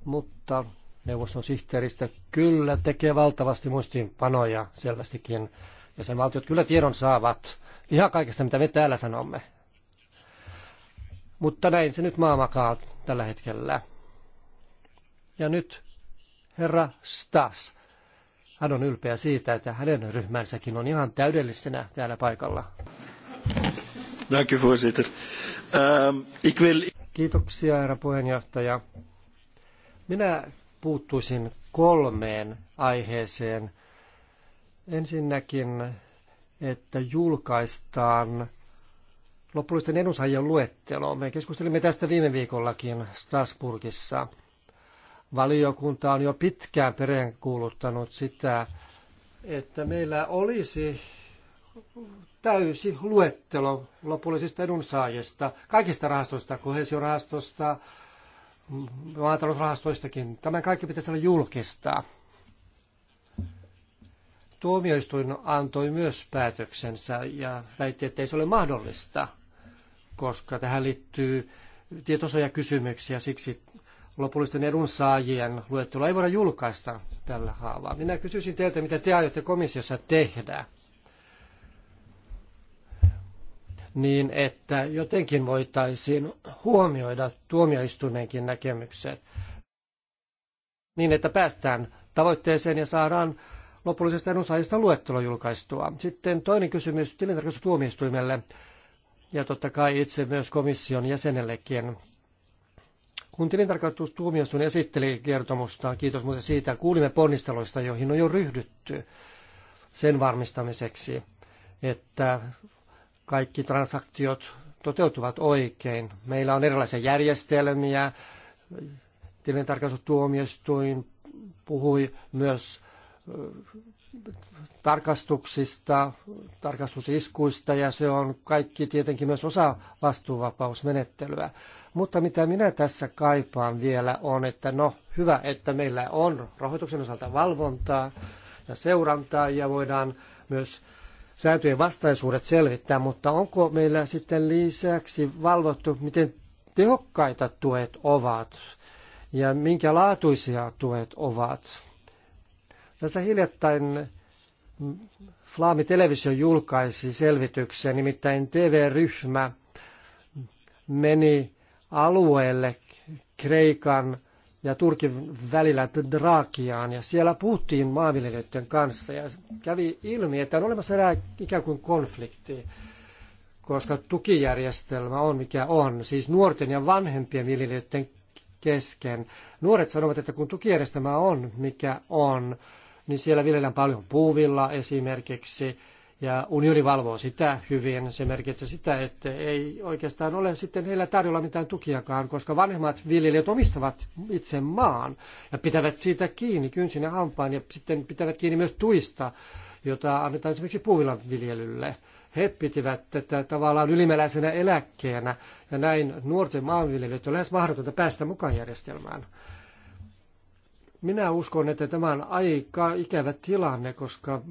Mutta neuvoston sihteeristä kyllä tekee valtavasti muistiinpanoja selvästikin. Ja sen valtiot kyllä tiedon saavat ihan kaikesta, mitä me täällä sanomme. Mutta näin se nyt maa makaa tällä hetkellä. Ja nyt herra Stas. Hän on ylpeä siitä, että hänen ryhmänsäkin on ihan täydellisenä täällä paikalla. Ehm, Kiitoksia, herra puheenjohtaja. Minä puuttuisin kolmeen aiheeseen. Ensinnäkin, että julkaistaan lopullisten edunsaajien luettelo. Me keskustelimme tästä viime viikollakin Strasburgissa. Valiokunta on jo pitkään peräänkuuluttanut sitä, että meillä olisi täysi luettelo lopullisista edunsaajista, kaikista rahastoista, kohesiorahastosta, maatalousrahastoistakin. Tämä kaikki pitäisi olla julkista. Tuomioistuin antoi myös päätöksensä ja väitti, että ei se ole mahdollista, koska tähän liittyy tietosoja kysymyksiä, siksi lopullisten edunsaajien luettelua ei voida julkaista tällä haavaa. Minä kysyisin teiltä, mitä te aiotte komissiossa tehdä niin että jotenkin voitaisiin huomioida tuomioistuimenkin näkemykset niin, että päästään tavoitteeseen ja saadaan lopullisesta edunsaajista luettelo julkaistua. Sitten toinen kysymys tilintarkastustuomioistuimelle ja totta kai itse myös komission jäsenellekin. Kun tilintarkastustuomioistuin esitteli kertomusta kiitos muuten siitä, kuulimme ponnisteluista, joihin on jo ryhdytty sen varmistamiseksi, että kaikki transaktiot toteutuvat oikein. Meillä on erilaisia järjestelmiä. Tilintarkastustuomioistuin puhui myös tarkastuksista, tarkastusiskuista ja se on kaikki tietenkin myös osa vastuuvapausmenettelyä. Mutta mitä minä tässä kaipaan vielä on, että no hyvä, että meillä on rahoituksen osalta valvontaa ja seurantaa ja voidaan myös sääntöjen vastaisuudet selvittää, mutta onko meillä sitten lisäksi valvottu, miten tehokkaita tuet ovat ja minkä laatuisia tuet ovat? Tässä hiljattain Flaami Televisio julkaisi selvityksen, nimittäin TV-ryhmä meni alueelle Kreikan ja Turkin välillä Draakiaan ja siellä puhuttiin maanviljelijöiden kanssa ja kävi ilmi, että on olemassa erää ikään kuin konflikti, koska tukijärjestelmä on mikä on, siis nuorten ja vanhempien viljelijöiden kesken. Nuoret sanovat, että kun tukijärjestelmä on mikä on, niin siellä viljellään paljon puuvilla esimerkiksi, ja unioni valvoo sitä hyvin. Se merkitsee sitä, että ei oikeastaan ole sitten heillä tarjolla mitään tukiakaan, koska vanhemmat viljelijät omistavat itse maan ja pitävät siitä kiinni kynsin ja hampaan ja sitten pitävät kiinni myös tuista, jota annetaan esimerkiksi puilla viljelylle. He pitivät tätä tavallaan ylimäläisenä eläkkeenä ja näin nuorten maanviljelijöiden on lähes mahdotonta päästä mukaan järjestelmään. Minä uskon, että tämä on aika ikävä tilanne, koska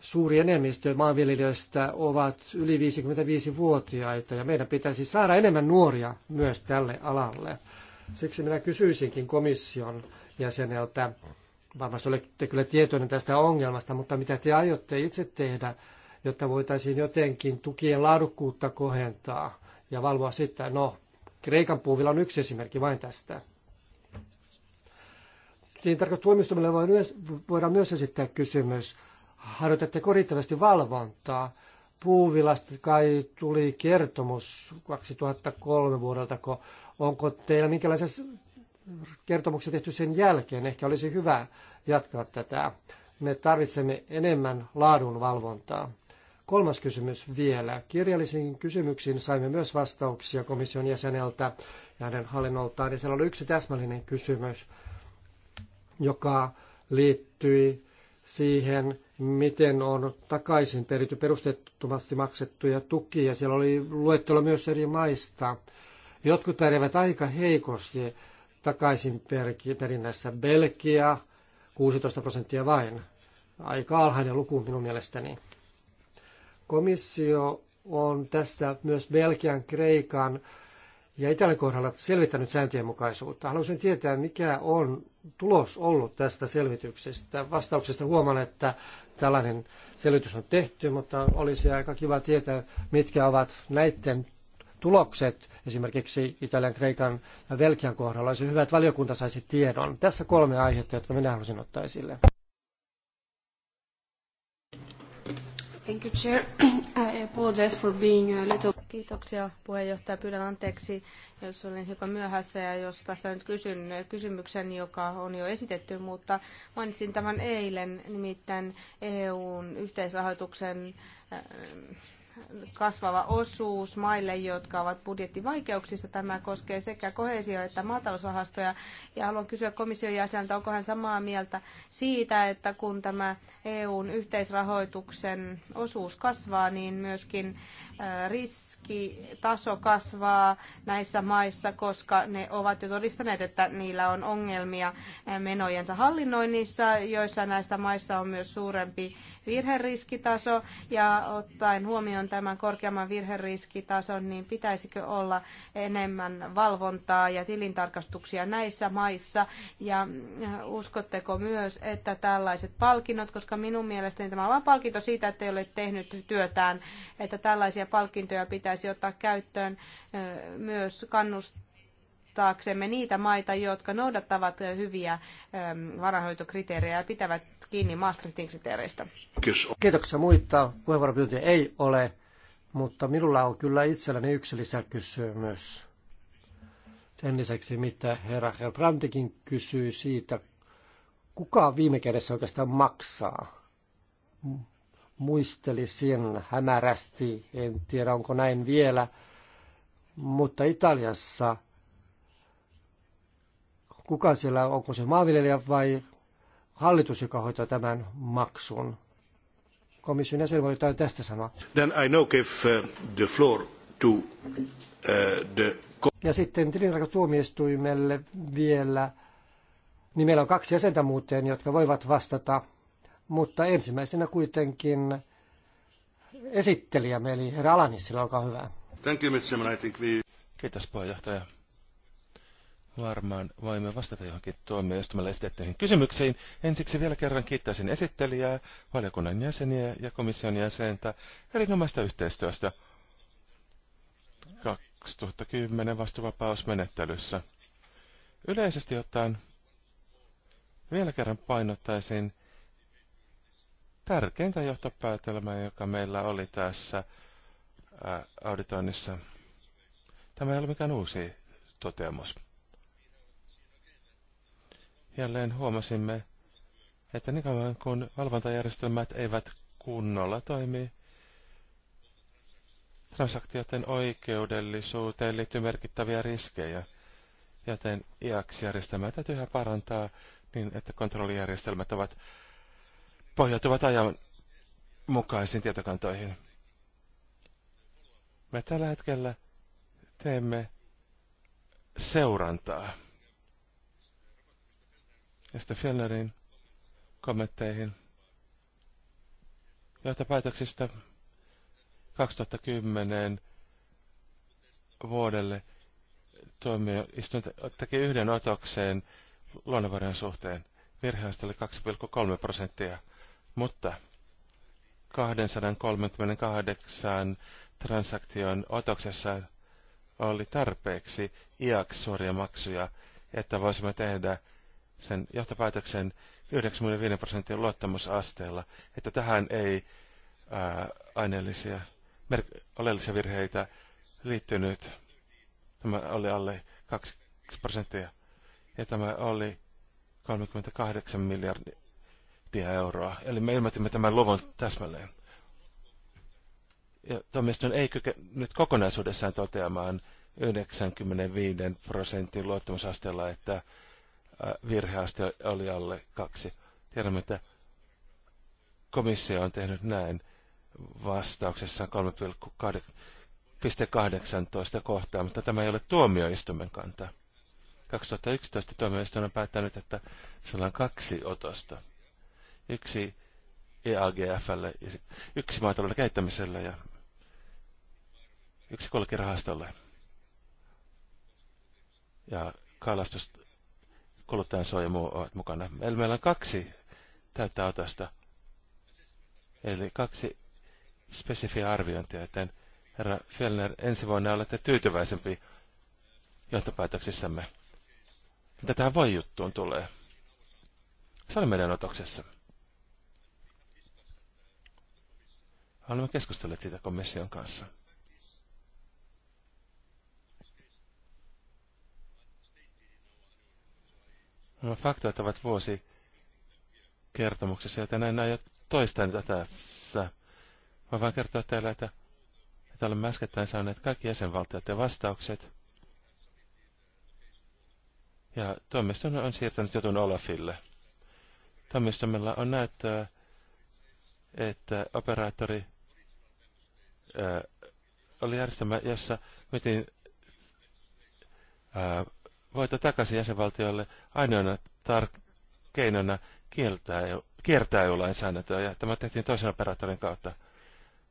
suuri enemmistö maanviljelijöistä ovat yli 55-vuotiaita ja meidän pitäisi saada enemmän nuoria myös tälle alalle. Siksi minä kysyisinkin komission jäseneltä, varmasti olette kyllä tietoinen tästä ongelmasta, mutta mitä te aiotte itse tehdä, jotta voitaisiin jotenkin tukien laadukkuutta kohentaa ja valvoa sitä. No, Kreikan puuvilla on yksi esimerkki vain tästä. Tilintarkastustuomioistuimelle voidaan myös esittää kysymys harjoitatteko riittävästi valvontaa? Puuvilasta kai tuli kertomus 2003 vuodelta, kun onko teillä minkälaisia kertomuksia tehty sen jälkeen? Ehkä olisi hyvä jatkaa tätä. Me tarvitsemme enemmän laadunvalvontaa. Kolmas kysymys vielä. Kirjallisiin kysymyksiin saimme myös vastauksia komission jäseneltä ja hänen hallinnoltaan. Ja siellä oli yksi täsmällinen kysymys, joka liittyi siihen, miten on takaisin peritty perusteettomasti maksettuja tukia. Siellä oli luettelo myös eri maista. Jotkut pärjäävät aika heikosti takaisin perinnässä. Belgia 16 prosenttia vain. Aika alhainen luku minun mielestäni. Komissio on tässä myös Belgian, Kreikan, ja Italian kohdalla selvittänyt sääntöjen mukaisuutta. Haluaisin tietää, mikä on tulos ollut tästä selvityksestä. Vastauksesta huomaan, että tällainen selvitys on tehty, mutta olisi aika kiva tietää, mitkä ovat näiden tulokset esimerkiksi Italian, Kreikan ja Velkian kohdalla. Olisi hyvä, että valiokunta saisi tiedon. Tässä kolme aihetta, jotka minä halusin ottaa esille. Thank you, Chair. I apologize for being a little... Kiitoksia puheenjohtaja. Pyydän anteeksi, jos olin hiukan myöhässä ja jos tässä nyt kysyn kysymyksen, joka on jo esitetty, mutta mainitsin tämän eilen, nimittäin EUn yhteisrahoituksen äh, kasvava osuus maille, jotka ovat budjettivaikeuksissa. Tämä koskee sekä kohesio- että maatalousrahastoja. Ja haluan kysyä komission jäseneltä, onko hän samaa mieltä siitä, että kun tämä EUn yhteisrahoituksen osuus kasvaa, niin myöskin riskitaso kasvaa näissä maissa, koska ne ovat jo todistaneet, että niillä on ongelmia menojensa hallinnoinnissa. Joissain näistä maissa on myös suurempi virheriskitaso ja ottaen huomioon tämän korkeamman virheriskitason, niin pitäisikö olla enemmän valvontaa ja tilintarkastuksia näissä maissa ja mm, uskotteko myös, että tällaiset palkinnot, koska minun mielestäni tämä on vain palkinto siitä, että ei ole tehnyt työtään, että tällaisia palkintoja pitäisi ottaa käyttöön mm, myös kannustaa auttaaksemme niitä maita, jotka noudattavat hyviä varahoitokriteerejä ja pitävät kiinni Maastrichtin kriteereistä. Kiitoksia muita. Puheenvuoropyyntöjä ei ole, mutta minulla on kyllä itselläni yksi lisäkysymys. Sen lisäksi, mitä herra Herbrandikin kysyy siitä, kuka viime kädessä oikeastaan maksaa? Muistelisin hämärästi, en tiedä onko näin vielä, mutta Italiassa kuka siellä, onko se maanviljelijä vai hallitus, joka hoitaa tämän maksun. Komission jäsen voi jotain tästä sanoa. Then I now give uh, the floor to uh, the... Ja sitten tilintarkastuomioistuimelle vielä, niin meillä on kaksi jäsentä muuten, jotka voivat vastata, mutta ensimmäisenä kuitenkin esittelijämme, eli herra Alanissila, olkaa hyvä. Thank you, Mr. I think we... Kiitos puheenjohtaja varmaan voimme vastata johonkin tuomioistumalle esitettyihin kysymyksiin. Ensiksi vielä kerran kiittäisin esittelijää, valiokunnan jäseniä ja komission jäsentä erinomaista yhteistyöstä 2010 vastuvapausmenettelyssä. Yleisesti ottaen vielä kerran painottaisin tärkeintä johtopäätelmää, joka meillä oli tässä auditoinnissa. Tämä ei ole mikään uusi toteamus jälleen huomasimme, että niin kauan kun valvontajärjestelmät eivät kunnolla toimi, transaktioiden oikeudellisuuteen liittyy merkittäviä riskejä, joten IAX-järjestelmää täytyy yhä parantaa niin, että kontrollijärjestelmät ovat pohjautuvat ajan mukaisiin tietokantoihin. Me tällä hetkellä teemme seurantaa. Ja sitten Fjellnerin kommentteihin johtopäätöksistä 2010 vuodelle tuomioistuin teki yhden otokseen luonnonvarojen suhteen. Virheistä oli 2,3 prosenttia, mutta 238 transaktion otoksessa oli tarpeeksi iaksuoria maksuja, että voisimme tehdä sen johtopäätöksen 95 prosentin luottamusasteella, että tähän ei ää, aineellisia, mer- oleellisia virheitä liittynyt. Tämä oli alle 2 prosenttia ja tämä oli 38 miljardia euroa. Eli me ilmoitimme tämän luvun täsmälleen. Ja tuomioistuin ei kykene nyt kokonaisuudessaan toteamaan 95 prosentin luottamusasteella, että Virheästi oli alle kaksi. Tiedämme, että komissio on tehnyt näin vastauksessaan 3,18 kohtaa, mutta tämä ei ole tuomioistuimen kanta. 2011 tuomioistuin on päättänyt, että sillä on kaksi otosta. Yksi EAGFlle, yksi maatalouden kehittämiselle ja yksi kolkirahastolle. Ja kalastus kuluttajansuoja ovat mukana. Eli meillä on kaksi täyttä otosta. eli kaksi spesifiä arviointia, joten herra Fellner ensi vuonna olette tyytyväisempi johtopäätöksissämme. Mitä tähän voi juttuun tulee? Se oli meidän otoksessa. Olemme keskustelleet siitä komission kanssa. Nämä faktoit ovat vuosi kertomuksessa, joten en aio toistaa niitä tässä. Voin vain kertoa teille, että, että olemme äskettäin saaneet kaikki ja vastaukset. Ja tuomioistuin on siirtänyt jutun Olafille. Tuomioistuimella on näyttöä, että operaattori ää, oli järjestelmä, jossa myytiin voita takaisin jäsenvaltioille ainoana tar- keinona kieltää, kiertää jollain lainsäädäntöä ja tämä tehtiin toisen operaattorin kautta.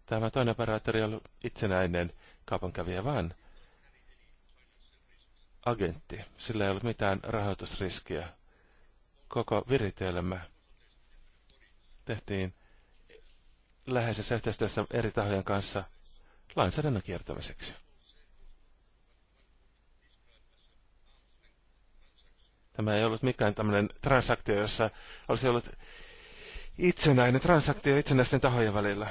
Tämä toinen operaattori oli itsenäinen kaupankävijä, vaan agentti. Sillä ei ollut mitään rahoitusriskiä. Koko viritelmä tehtiin läheisessä yhteistyössä eri tahojen kanssa lainsäädännön kiertämiseksi. Tämä ei ollut mikään tämmöinen transaktio, jossa olisi ollut itsenäinen transaktio itsenäisten tahojen välillä.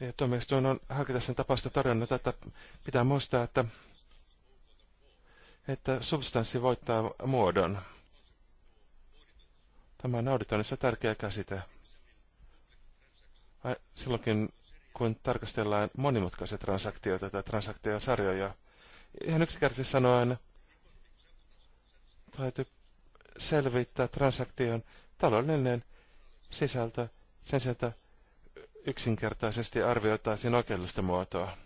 Ja tuomioistuin on harkita sen tapausta tarjonnut, että pitää muistaa, että, että substanssi voittaa muodon. Tämä on auditoinnissa tärkeä käsite. Silloinkin, kun tarkastellaan monimutkaisia transaktioita tai transaktiosarjoja, ihan yksinkertaisesti sanoen, täytyy selvittää transaktion taloudellinen sisältö sen sieltä yksinkertaisesti arvioitaisiin oikeudellista muotoa.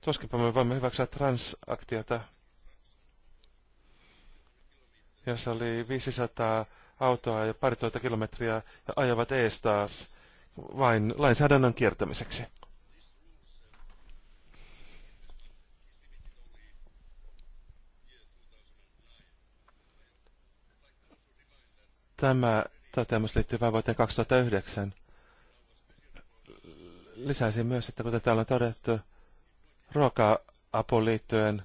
Tuskinpa me voimme hyväksyä transaktiota, jossa oli 500 autoa ja paritoita kilometriä ja ajavat ees taas vain lainsäädännön kiertämiseksi. Tämä toteamus liittyy vain vuoteen 2009. Lisäisin myös, että kuten täällä on todettu, ruoka-apuun liittyen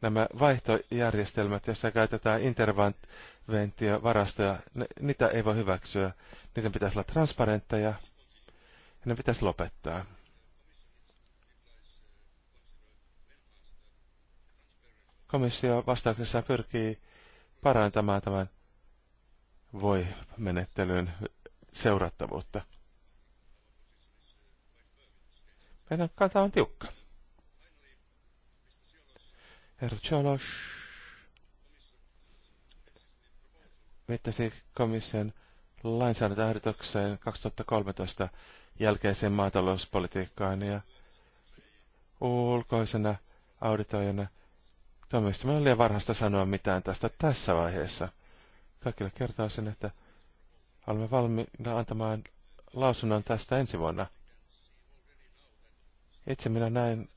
nämä vaihtojärjestelmät, joissa käytetään interventiovarastoja, niitä ei voi hyväksyä. Niiden pitäisi olla transparentteja ja ne pitäisi lopettaa. Komissio vastauksessa pyrkii parantamaan tämän voi menettelyn seurattavuutta. Meidän kanta on tiukka. Herra Cholos viittasi komission lainsäädäntöehdotukseen 2013 jälkeiseen maatalouspolitiikkaan ja ulkoisena auditoijana Tuomioistuminen on liian varhasta sanoa mitään tästä tässä vaiheessa – kaikille kertaa sen, että olemme valmiina antamaan lausunnon tästä ensi vuonna. Itse minä näen,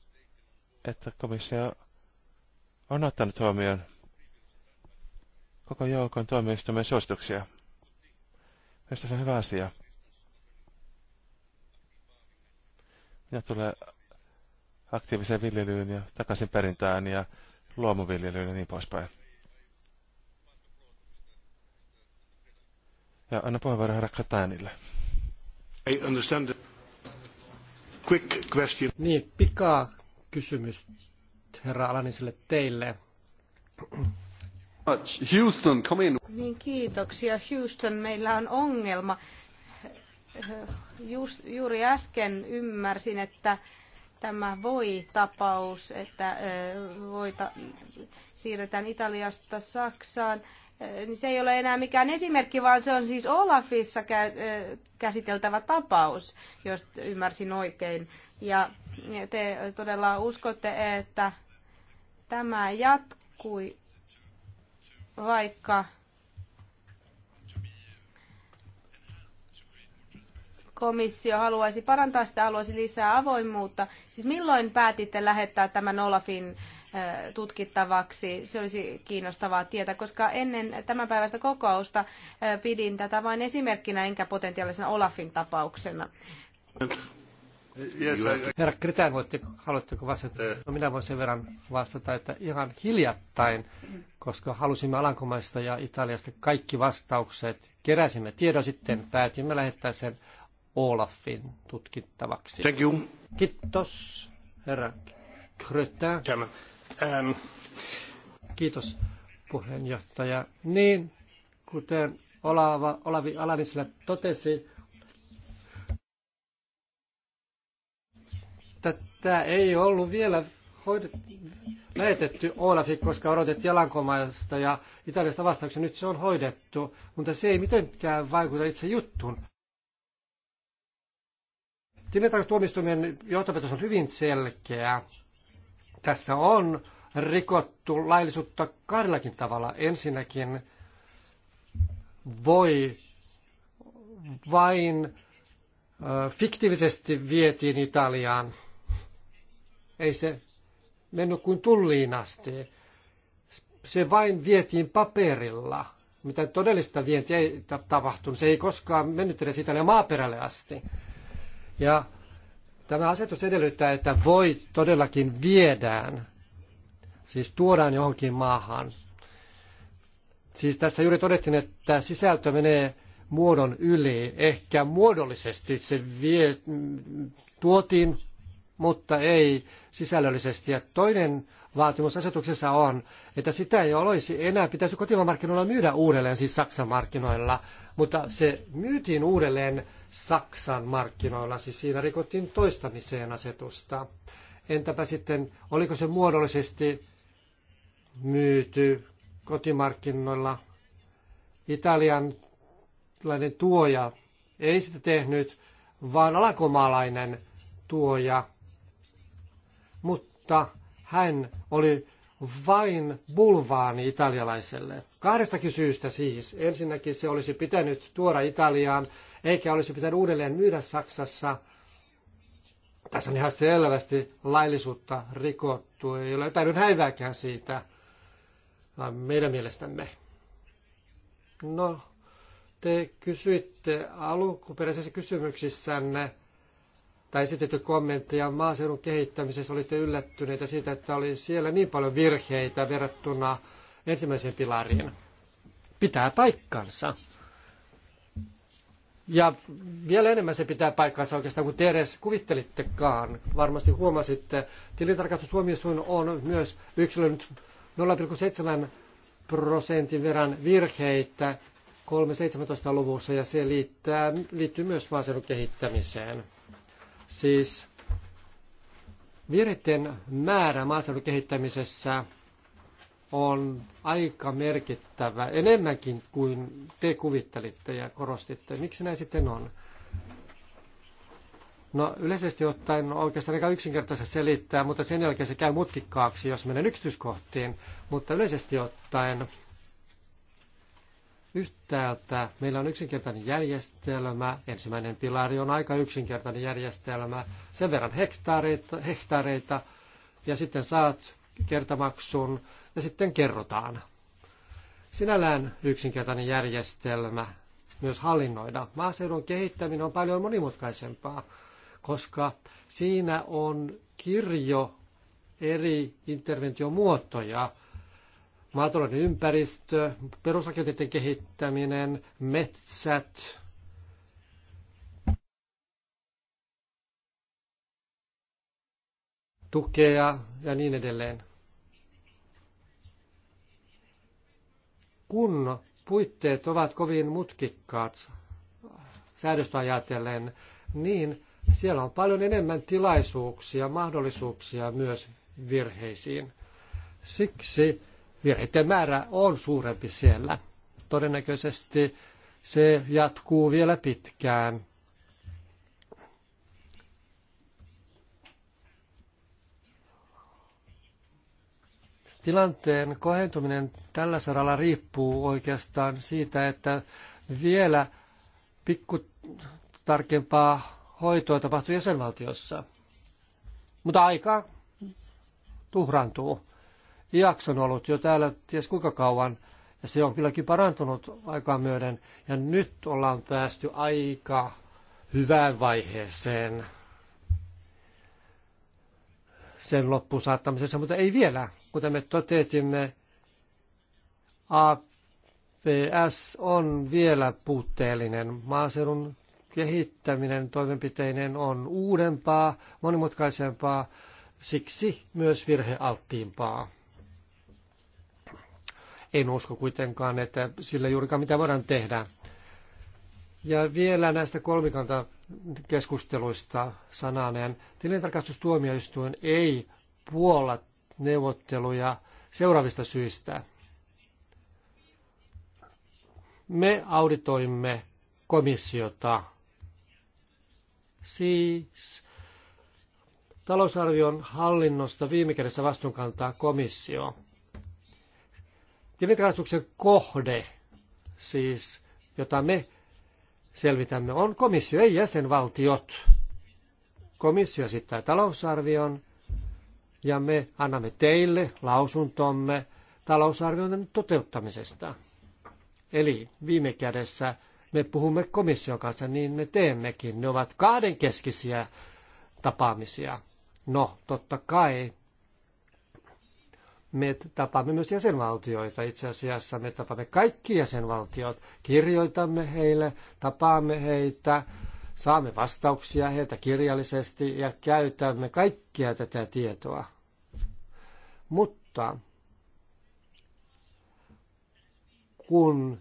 että komissio on ottanut huomioon koko joukon tuomioistuimen suosituksia. Minusta se on hyvä asia. Minä tulee aktiiviseen viljelyyn ja takaisin perintään ja luomuviljelyyn ja niin poispäin. Ja anna puheenvuoron herra Katanille. I understand the quick question. Niin, pikaa kysymys herra Alaniselle teille. Houston, come in. Niin, kiitoksia. Houston, meillä on ongelma. Just, juuri äsken ymmärsin, että tämä voi-tapaus, että voita, siirretään Italiasta Saksaan, niin se ei ole enää mikään esimerkki, vaan se on siis Olafissa käsiteltävä tapaus, jos ymmärsin oikein. Ja te todella uskotte, että tämä jatkui, vaikka komissio haluaisi parantaa sitä, haluaisi lisää avoimuutta. Siis milloin päätitte lähettää tämän Olafin äh, tutkittavaksi. Se olisi kiinnostavaa tietää, koska ennen tämän päivästä kokousta pidin tätä vain esimerkkinä enkä potentiaalisena Olafin tapauksena. Yes, I... Herra Kritään, haluatteko vastata? Eh. No, minä voin sen verran vastata, että ihan hiljattain, koska halusimme Alankomaista ja Italiasta kaikki vastaukset, keräsimme tiedon sitten, päätimme lähettää sen Olafin tutkittavaksi. Thank you. Kiitos, herra Kretään. Um... Kiitos puheenjohtaja. Niin, kuten Olava, Olavi Alanisillä totesi, tätä ei ollut vielä lähetetty Olafi, koska odotettiin Alankomaista ja Italiasta vastauksen. Nyt se on hoidettu, mutta se ei mitenkään vaikuta itse juttuun. Tilintarkastuomioistuimen johtopäätös on hyvin selkeä. Tässä on rikottu laillisuutta kahdellakin tavalla. Ensinnäkin voi vain fiktiivisesti vietiin Italiaan. Ei se mennyt kuin tulliin asti. Se vain vietiin paperilla. Mitä todellista vientiä ei tapahtunut. Se ei koskaan mennyt edes Italian maaperälle asti. Ja Tämä asetus edellyttää, että voi todellakin viedään, siis tuodaan johonkin maahan. Siis tässä juuri todettiin, että sisältö menee muodon yli. Ehkä muodollisesti se vie, tuotiin, mutta ei sisällöllisesti. Ja toinen vaatimus asetuksessa on, että sitä ei olisi enää, pitäisi kotimaan markkinoilla myydä uudelleen, siis Saksan markkinoilla, mutta se myytiin uudelleen Saksan markkinoilla, siis siinä rikottiin toistamiseen asetusta. Entäpä sitten, oliko se muodollisesti myyty kotimarkkinoilla? Italianlainen tuoja ei sitä tehnyt, vaan alakomaalainen tuoja. Mutta hän oli vain bulvaani italialaiselle. Kahdestakin syystä siis. Ensinnäkin se olisi pitänyt tuoda Italiaan eikä olisi pitänyt uudelleen myydä Saksassa. Tässä on ihan selvästi laillisuutta rikottu, ei ole epäilyn häivääkään siitä, meidän mielestämme. No, te kysyitte alkuperäisessä kysymyksissänne, tai esitetty kommentteja maaseudun kehittämisessä, olitte yllättyneitä siitä, että oli siellä niin paljon virheitä verrattuna ensimmäiseen pilariin. Pitää paikkansa. Ja vielä enemmän se pitää paikkaansa oikeastaan kuin te edes kuvittelittekaan. Varmasti huomasitte, tilintarkastustuomioistuin on myös yksilönyt 0,7 prosentin verran virheitä 3.17-luvussa ja se liittää, liittyy myös maaseudun kehittämiseen. Siis virheiden määrä maaseudun kehittämisessä on aika merkittävä, enemmänkin kuin te kuvittelitte ja korostitte. Miksi näin sitten on? No yleisesti ottaen oikeastaan aika yksinkertaisesti selittää, mutta sen jälkeen se käy mutkikkaaksi, jos menen yksityiskohtiin. Mutta yleisesti ottaen yhtäältä meillä on yksinkertainen järjestelmä. Ensimmäinen pilari on aika yksinkertainen järjestelmä. Sen verran hektaareita, hektaareita ja sitten saat kertamaksun ja sitten kerrotaan. Sinällään yksinkertainen järjestelmä myös hallinnoida. Maaseudun kehittäminen on paljon monimutkaisempaa, koska siinä on kirjo eri interventiomuotoja, maatalouden ympäristö, perusrakenteiden kehittäminen, metsät, tukea ja niin edelleen. kun puitteet ovat kovin mutkikkaat säädöstä ajatellen, niin siellä on paljon enemmän tilaisuuksia, mahdollisuuksia myös virheisiin. Siksi virheiden määrä on suurempi siellä. Todennäköisesti se jatkuu vielä pitkään. Tilanteen kohentuminen tällä saralla riippuu oikeastaan siitä, että vielä pikku tarkempaa hoitoa tapahtuu jäsenvaltiossa. Mutta aika tuhrantuu. IAX on ollut jo täällä ties kuinka kauan, ja se on kylläkin parantunut aikaa myöden. Ja nyt ollaan päästy aika hyvään vaiheeseen sen loppuun saattamisessa, mutta ei vielä. Kuten me totetimme, APS on vielä puutteellinen. Maaseudun kehittäminen toimenpiteinen on uudempaa, monimutkaisempaa, siksi myös virhealttiimpaa. En usko kuitenkaan, että sillä juurikaan mitä voidaan tehdä. Ja vielä näistä kolmikanta keskusteluista sananen. Tilintarkastustuomioistuin ei puolla neuvotteluja seuraavista syistä. Me auditoimme komissiota. Siis talousarvion hallinnosta viime kädessä vastuunkantaa komissio. Tilintarkastuksen kohde, siis jota me selvitämme, on komissio, ei jäsenvaltiot. Komissio esittää talousarvion ja me annamme teille lausuntomme talousarvioiden toteuttamisesta. Eli viime kädessä me puhumme komission kanssa, niin me teemmekin. Ne ovat kahdenkeskisiä tapaamisia. No, totta kai me tapaamme myös jäsenvaltioita. Itse asiassa me tapaamme kaikki jäsenvaltiot, kirjoitamme heille, tapaamme heitä, Saamme vastauksia heiltä kirjallisesti ja käytämme kaikkia tätä tietoa. Mutta kun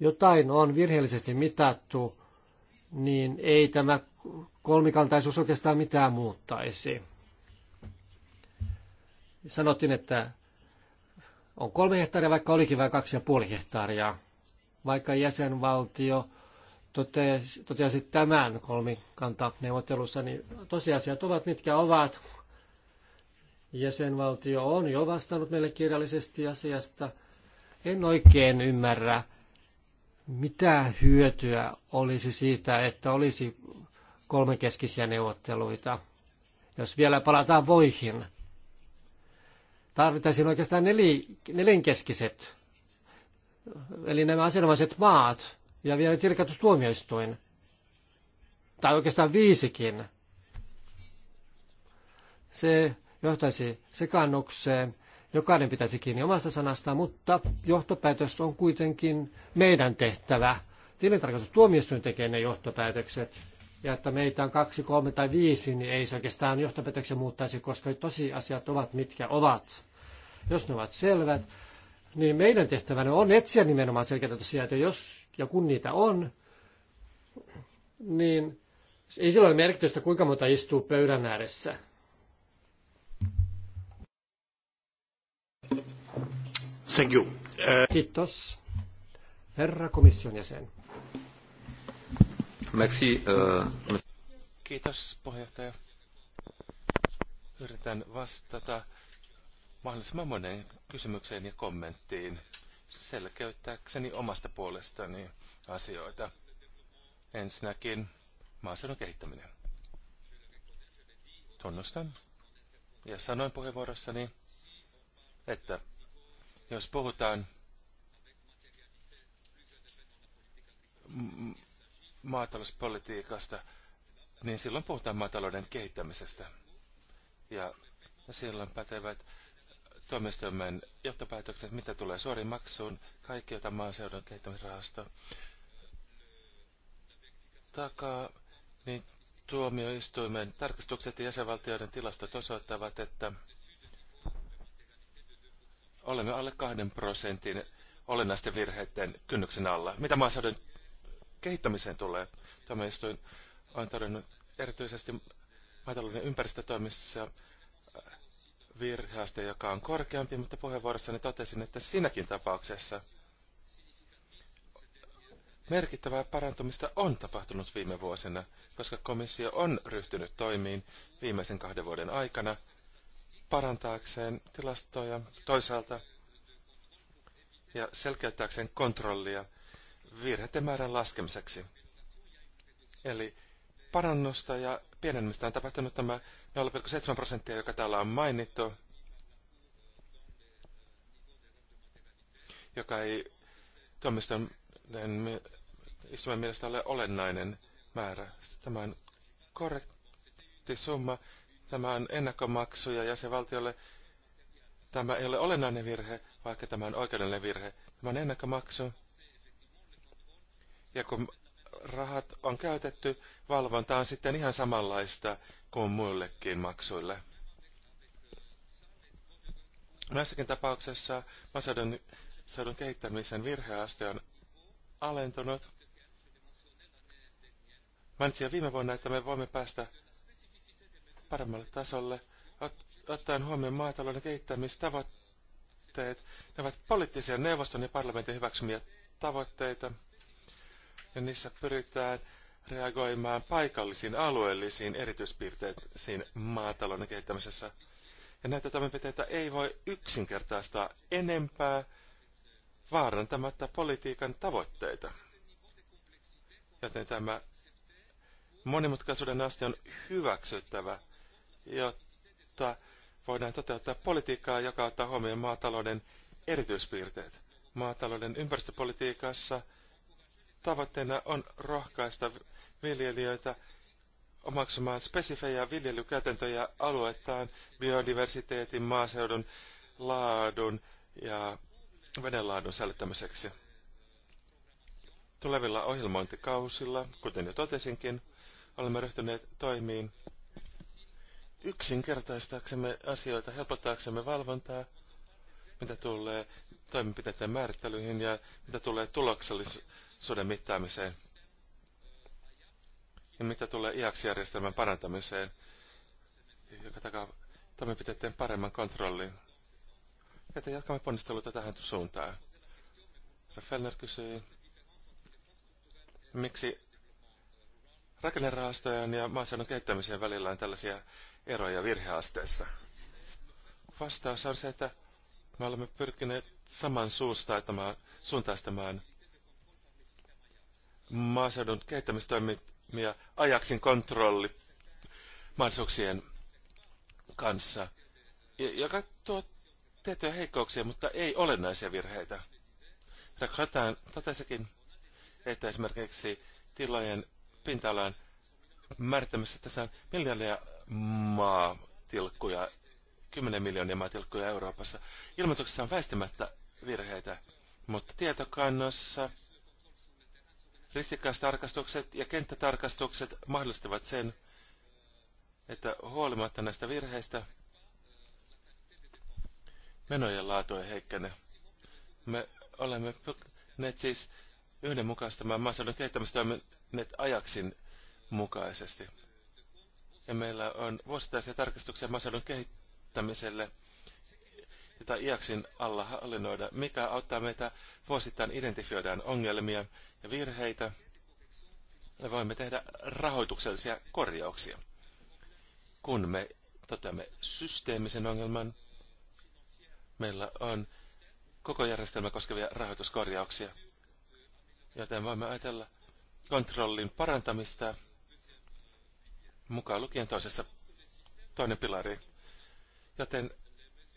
jotain on virheellisesti mitattu, niin ei tämä kolmikantaisuus oikeastaan mitään muuttaisi. Sanottiin, että on kolme hehtaaria, vaikka olikin vain kaksi ja puoli hehtaaria. Vaikka jäsenvaltio totesi, totesi tämän neuvottelussa niin tosiasiat ovat mitkä ovat. Jäsenvaltio on jo vastannut meille kirjallisesti asiasta. En oikein ymmärrä, mitä hyötyä olisi siitä, että olisi kolme keskisiä neuvotteluita, jos vielä palataan voihin. Tarvittaisiin oikeastaan neli, nelinkeskiset, eli nämä asianomaiset maat, ja vielä tilkatustuomioistuin. Tai oikeastaan viisikin. Se johtaisi sekannukseen. Jokainen pitäisi kiinni omasta sanastaan, mutta johtopäätös on kuitenkin meidän tehtävä. Tilintarkastustuomioistuin tekee ne johtopäätökset. Ja että meitä on kaksi, kolme tai viisi, niin ei se oikeastaan johtopäätöksen muuttaisi, koska tosiasiat ovat mitkä ovat. Jos ne ovat selvät, niin meidän tehtävänä on etsiä nimenomaan selkeitä että Jos ja kun niitä on, niin ei sillä ole merkitystä, kuinka monta istuu pöydän ääressä. Thank you. Uh, Kiitos. Herra komission jäsen. Merci, uh... Kiitos, puheenjohtaja. Yritän vastata mahdollisimman monen kysymykseen ja kommenttiin selkeyttääkseni omasta puolestani asioita. Ensinnäkin maaseudun kehittäminen. Tunnustan ja sanoin puheenvuorossani, että jos puhutaan maatalouspolitiikasta, niin silloin puhutaan maatalouden kehittämisestä. Ja silloin pätevät tuomioistuimen johtopäätökset, mitä tulee suoriin maksuun, kaikki, joita maaseudun kehittämisrahasto takaa, niin tuomioistuimen tarkistukset ja jäsenvaltioiden tilastot osoittavat, että olemme alle kahden prosentin olennaisten virheiden kynnyksen alla. Mitä maaseudun kehittämiseen tulee, tuomioistuin on todennut erityisesti maatalouden ympäristötoimissa virheaste, joka on korkeampi, mutta puheenvuorossani totesin, että sinäkin tapauksessa merkittävää parantumista on tapahtunut viime vuosina, koska komissio on ryhtynyt toimiin viimeisen kahden vuoden aikana parantaakseen tilastoja toisaalta ja selkeyttääkseen kontrollia määrän laskemiseksi. Eli parannusta ja pienemmistä on tapahtunut tämä 0,7 prosenttia, joka täällä on mainittu, joka ei tuomistoiden istuman mielestä ole olennainen määrä. Tämä on korrekti summa, tämä on ennakkomaksuja jäsenvaltiolle. Tämä ei ole olennainen virhe, vaikka tämä on oikeudellinen virhe. Tämä on ennakkomaksu. Ja kun rahat on käytetty, valvonta on sitten ihan samanlaista kuin muillekin maksuille. Näissäkin tapauksessa Masadon kehittämisen virheaste on alentunut. Mainitsin jo viime vuonna, että me voimme päästä paremmalle tasolle, ot, ottaen huomioon maatalouden kehittämistavoitteet. Ne ovat poliittisia neuvoston ja parlamentin hyväksymiä tavoitteita ja niissä pyritään reagoimaan paikallisiin alueellisiin erityispiirteisiin maatalouden kehittämisessä. Ja näitä toimenpiteitä ei voi yksinkertaistaa enempää vaarantamatta politiikan tavoitteita. Joten tämä monimutkaisuuden aste on hyväksyttävä, jotta voidaan toteuttaa politiikkaa, joka ottaa huomioon maatalouden erityispiirteet. Maatalouden ympäristöpolitiikassa – tavoitteena on rohkaista viljelijöitä omaksumaan spesifejä viljelykäytäntöjä aluettaan biodiversiteetin, maaseudun, laadun ja vedenlaadun säilyttämiseksi. Tulevilla ohjelmointikausilla, kuten jo totesinkin, olemme ryhtyneet toimiin yksinkertaistaaksemme asioita, helpottaaksemme valvontaa, mitä tulee toimenpiteiden määrittelyihin ja mitä tulee tuloksellisuuteen suden mittaamiseen ja mitä tulee IAX-järjestelmän parantamiseen, joka takaa toimenpiteiden paremman kontrollin. Että jatkamme ponnisteluita tähän suuntaan. Fellner kysyi, miksi rakennerahastojen ja maaseudun kehittämisen välillä on tällaisia eroja virheasteessa. Vastaus on se, että me olemme pyrkineet saman suustaittamaan, suuntaistamaan maaseudun kehittämistoimia ajaksin kontrolli mahdollisuuksien kanssa, joka tuo tiettyjä heikkouksia, mutta ei olennaisia virheitä. Rakataan totesikin, että esimerkiksi tilojen pinta-alan määrittämisessä tässä on miljoonia maatilkkuja, 10 miljoonia maatilkkuja Euroopassa. Ilmoituksessa on väistämättä virheitä, mutta tietokannossa – Ristikkaistarkastukset ja kenttätarkastukset mahdollistavat sen, että huolimatta näistä virheistä menojen laatu ei heikkene. Me olemme pyrkineet siis yhdenmukaistamaan maaseudun kehittämistoiminnet ajaksin mukaisesti. Ja meillä on vuosittaisia tarkastuksia maaseudun kehittämiselle – jota IAKSin alla hallinnoida, mikä auttaa meitä vuosittain identifioidaan ongelmia ja virheitä. Me voimme tehdä rahoituksellisia korjauksia. Kun me toteamme systeemisen ongelman, meillä on koko järjestelmä koskevia rahoituskorjauksia, joten voimme ajatella kontrollin parantamista mukaan lukien toisessa toinen pilari. Joten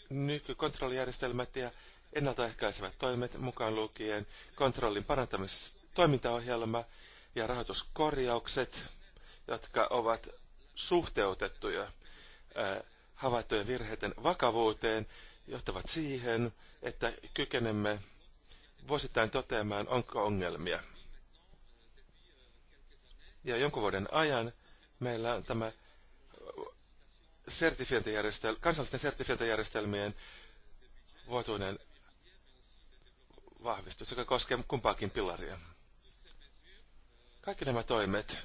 nykykontrollijärjestelmät ja ennaltaehkäisevät toimet mukaan lukien kontrollin parantamistoimintaohjelma ja rahoituskorjaukset, jotka ovat suhteutettuja havaittujen virheiden vakavuuteen, johtavat siihen, että kykenemme vuosittain toteamaan, onko ongelmia. Ja jonkun vuoden ajan meillä on tämä sertifiointijärjestel- kansallisten sertifiointijärjestelmien vuotuinen vahvistus, joka koskee kumpaakin pilaria. Kaikki nämä toimet,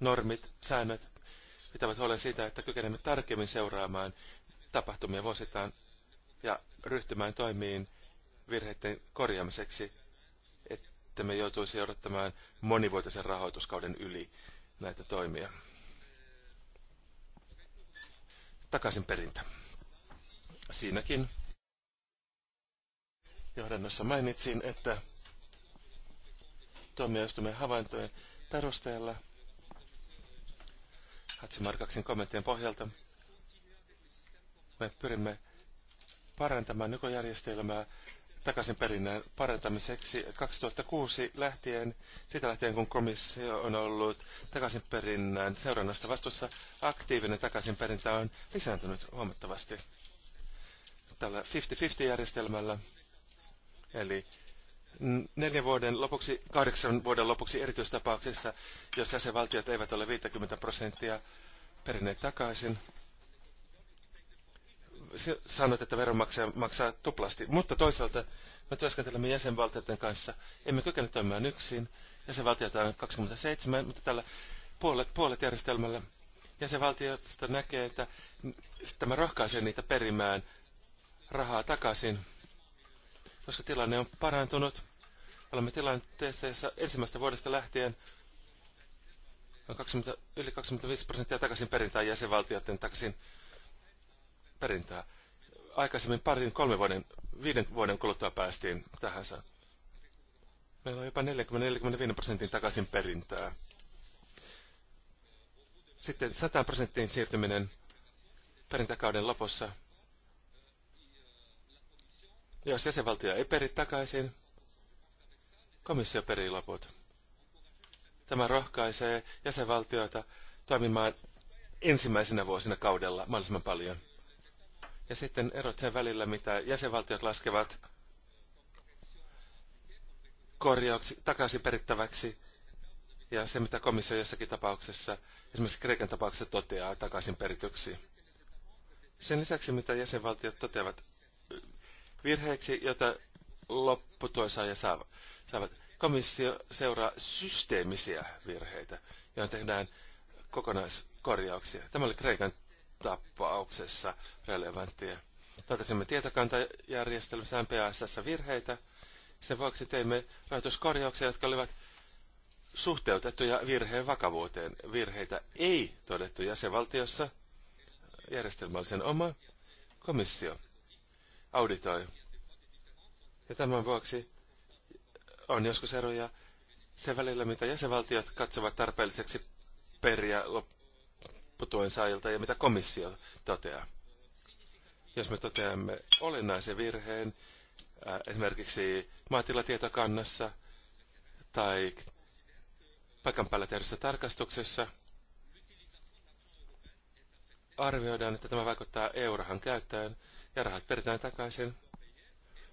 normit, säännöt, pitävät huolen siitä, että kykenemme tarkemmin seuraamaan tapahtumia vuosittain ja ryhtymään toimiin virheiden korjaamiseksi, että me joutuisi odottamaan monivuotisen rahoituskauden yli näitä toimia takaisin perintä. Siinäkin johdannossa mainitsin, että tuomioistuimen havaintojen perusteella Hatsimarkaksin kommenttien pohjalta me pyrimme parantamaan nykyjärjestelmää takaisin perinnän parantamiseksi 2006 lähtien, sitä lähtien kun komissio on ollut takaisin perinnän seurannasta vastuussa, aktiivinen takaisin perintä on lisääntynyt huomattavasti tällä 50-50 järjestelmällä. Eli neljän vuoden lopuksi, kahdeksan vuoden lopuksi erityistapauksissa, jos jäsenvaltiot eivät ole 50 prosenttia perineet takaisin, sanot, että veronmaksaja maksaa tuplasti, mutta toisaalta me työskentelemme jäsenvaltioiden kanssa. Emme kykene toimimaan yksin. Jäsenvaltioita on 27, mutta tällä puolet, puolet järjestelmällä jäsenvaltioista näkee, että tämä rohkaisee niitä perimään rahaa takaisin, koska tilanne on parantunut. Olemme tilanteessa, jossa ensimmäistä vuodesta lähtien on 20, yli 25 prosenttia takaisin perintään jäsenvaltioiden takaisin perintää. Aikaisemmin parin, kolmen vuoden, viiden vuoden kuluttua päästiin tähän. Meillä on jopa 40-45 prosentin takaisin perintää. Sitten 100 prosenttiin siirtyminen perintäkauden lopussa. Jos jäsenvaltio ei peri takaisin, komissio perii loput. Tämä rohkaisee jäsenvaltioita toimimaan ensimmäisenä vuosina kaudella mahdollisimman paljon. Ja sitten erot sen välillä, mitä jäsenvaltiot laskevat korjauksi, takaisin perittäväksi ja se, mitä komissio jossakin tapauksessa, esimerkiksi Kreikan tapauksessa toteaa takaisin perityksi. Sen lisäksi, mitä jäsenvaltiot toteavat virheeksi, jota lopputuosaaja saavat. Komissio seuraa systeemisiä virheitä, joihin tehdään kokonaiskorjauksia. Tämä oli Kreikan tapauksessa relevanttia. Totesimme tietokantajärjestelmässä MPSS virheitä. Sen vuoksi teimme rahoituskorjauksia, jotka olivat suhteutettuja virheen vakavuuteen. Virheitä ei todettu jäsenvaltiossa. Järjestelmä oli sen oma. Komissio auditoi. Ja tämän vuoksi on joskus eroja sen välillä, mitä jäsenvaltiot katsovat tarpeelliseksi periä lopputuen saajilta ja mitä komissio toteaa. Jos me toteamme olennaisen virheen äh, esimerkiksi maatilatietokannassa tai paikan päällä tehdyssä tarkastuksessa, arvioidaan, että tämä vaikuttaa eurohan käyttäen ja rahat peritään takaisin.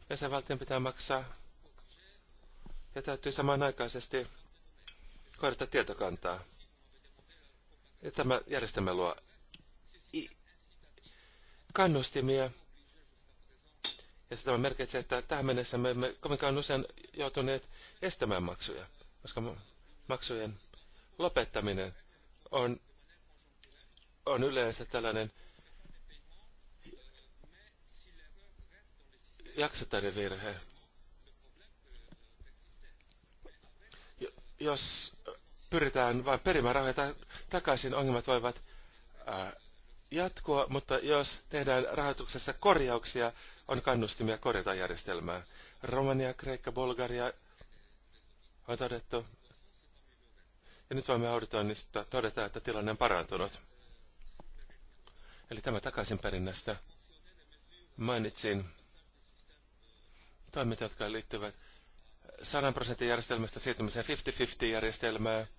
Jäsenvaltion pitää maksaa ja täytyy samanaikaisesti korjata tietokantaa. Ja tämä järjestelmä luo kannustimia. Ja se tämä merkitsee, että tähän mennessä me emme kovinkaan usein joutuneet estämään maksuja, koska maksujen lopettaminen on, on yleensä tällainen jaksotainen virhe. Jos pyritään vain perimään rahoja ta- takaisin, ongelmat voivat ää, äh, jatkua, mutta jos tehdään rahoituksessa korjauksia, on kannustimia korjata järjestelmää. Romania, Kreikka, Bulgaria on todettu. Ja nyt voimme auditoinnista todeta, että tilanne on parantunut. Eli tämä takaisinperinnästä mainitsin toimit, jotka liittyvät 100 prosentin järjestelmästä siirtymiseen 50-50 järjestelmään –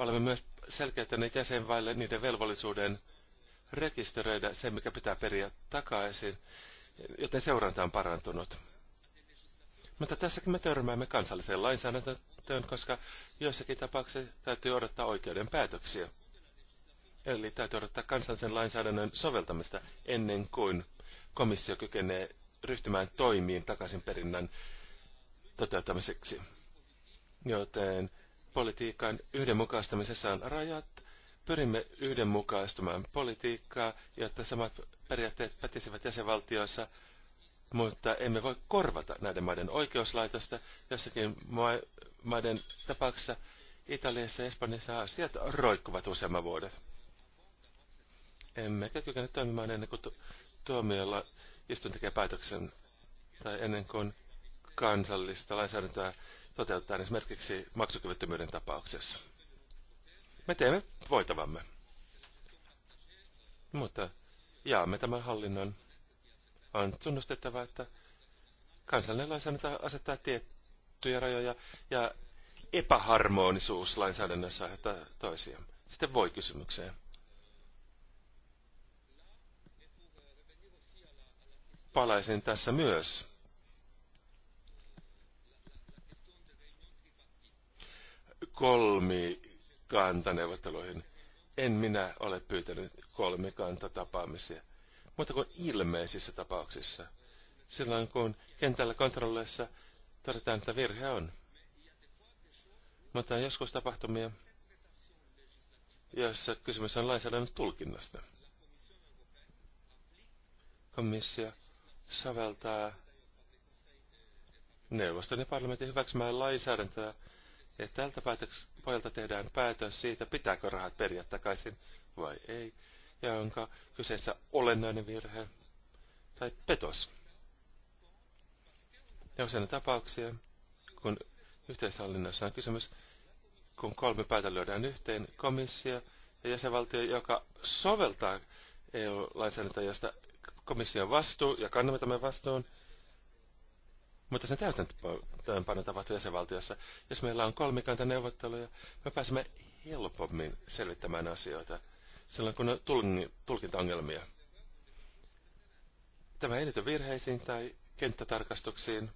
Olemme myös selkeyttäneet jäsenvaille niiden velvollisuuden rekisteröidä se, mikä pitää periä takaisin, joten seuranta on parantunut. Mutta tässäkin me törmäämme kansalliseen lainsäädäntöön, koska joissakin tapauksissa täytyy odottaa oikeuden päätöksiä. Eli täytyy odottaa kansallisen lainsäädännön soveltamista ennen kuin komissio kykenee ryhtymään toimiin takaisinperinnän toteuttamiseksi. Joten politiikan yhdenmukaistamisessa on rajat. Pyrimme yhdenmukaistamaan politiikkaa, jotta samat periaatteet pätisivät jäsenvaltioissa, mutta emme voi korvata näiden maiden oikeuslaitosta. Jossakin maiden tapauksessa Italiassa ja Espanjassa asiat roikkuvat useamman vuodet. Emmekä kykene toimimaan ennen kuin tu- tuomiolla istun tekee päätöksen tai ennen kuin kansallista lainsäädäntöä toteutetaan esimerkiksi maksukyvyttömyyden tapauksessa. Me teemme voitavamme. Mutta jaamme tämän hallinnon. On tunnustettava, että kansallinen lainsäädäntö asettaa tiettyjä rajoja ja epäharmonisuus lainsäädännössä aiheuttaa toisiaan. Sitten voi kysymykseen. Palaisin tässä myös kolmikantaneuvotteluihin. En minä ole pyytänyt kolmikantatapaamisia, mutta kun ilmeisissä tapauksissa. Silloin kun kentällä kontrolleissa todetaan, että virhe on. Mutta on joskus tapahtumia, joissa kysymys on lainsäädännön tulkinnasta. Komissio soveltaa neuvoston ja parlamentin hyväksymään lainsäädäntöä ja tältä päätöks- pohjalta tehdään päätös siitä, pitääkö rahat periä takaisin vai ei, ja onko kyseessä olennainen virhe tai petos. Ja usein tapauksia, kun yhteishallinnassa on kysymys, kun kolme päätä lyödään yhteen, komissio ja jäsenvaltio, joka soveltaa EU-lainsäädäntöä, josta komission vastuu ja kannamme tämän vastuun, mutta sen täytäntöönpano tapahtuu jäsenvaltiossa. Jos meillä on kolmikanta neuvotteluja, me pääsemme helpommin selvittämään asioita silloin, kun on tulkintaongelmia. Tämä ei liity virheisiin tai kenttätarkastuksiin.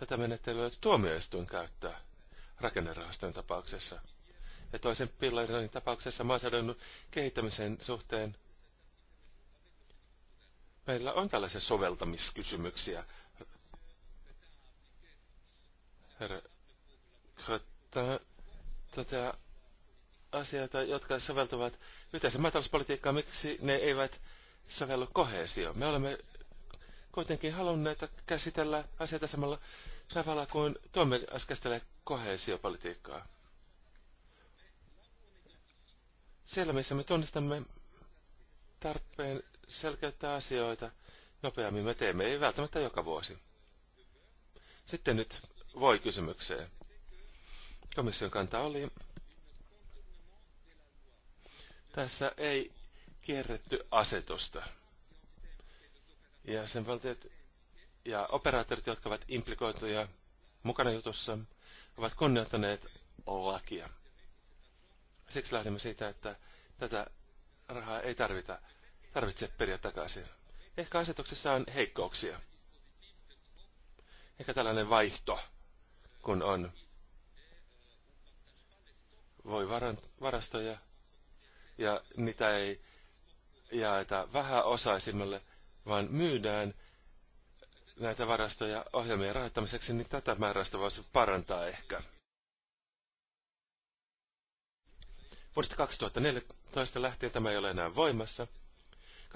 Tätä menettelyä tuomioistuin käyttää rakennerahastojen tapauksessa ja toisen pillarin tapauksessa maaseudun kehittämisen suhteen – meillä on tällaisia soveltamiskysymyksiä. Herra tätä asioita, jotka soveltuvat yhteisen maatalouspolitiikkaan, miksi ne eivät sovellu kohesio. Me olemme kuitenkin halunneet käsitellä asioita samalla tavalla kuin Tuomme käsittelee kohesiopolitiikkaa. Siellä, missä me tunnistamme tarpeen selkeyttää asioita nopeammin. Me teemme ei välttämättä joka vuosi. Sitten nyt voi kysymykseen. Komission kanta oli, tässä ei kierretty asetusta. Ja sen valtiot ja operaattorit, jotka ovat implikoituja mukana jutussa, ovat kunnioittaneet lakia. Siksi lähdemme siitä, että tätä rahaa ei tarvita tarvitse periä takaisin. Ehkä asetuksessa on heikkouksia. Ehkä tällainen vaihto, kun on. Voi varastoja ja niitä ei jaeta vähäosaisimmille, vaan myydään näitä varastoja ohjelmien rahoittamiseksi, niin tätä määrästä voisi parantaa ehkä. Vuodesta 2014 lähtien tämä ei ole enää voimassa.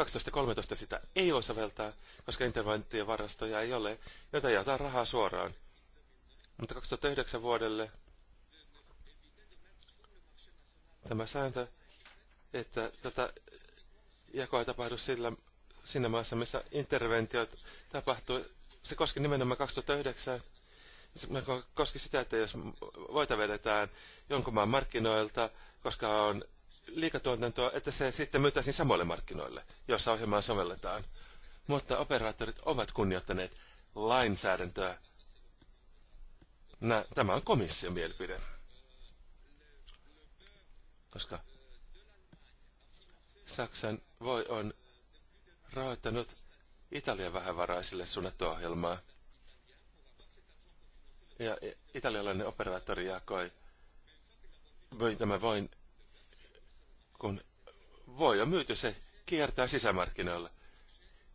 12.13 sitä ei voi soveltaa, koska varastoja ei ole, joita jaetaan rahaa suoraan. Mutta 2009 vuodelle tämä sääntö, että tätä jakoa ei tapahdu sillä, siinä maassa, missä interventiot tapahtuu, se koski nimenomaan 2009 se koski sitä, että jos voita vedetään jonkun maan markkinoilta, koska on liikatuotantoa, että se sitten myytäisiin samoille markkinoille, joissa ohjelmaa sovelletaan. Mutta operaattorit ovat kunnioittaneet lainsäädäntöä. Nä, tämä on komission mielipide. Koska Saksan voi on rahoittanut Italian vähävaraisille suunnattua ohjelmaa. Ja italialainen operaattori jakoi myi tämän voin kun voi on myyty, se kiertää sisämarkkinoilla.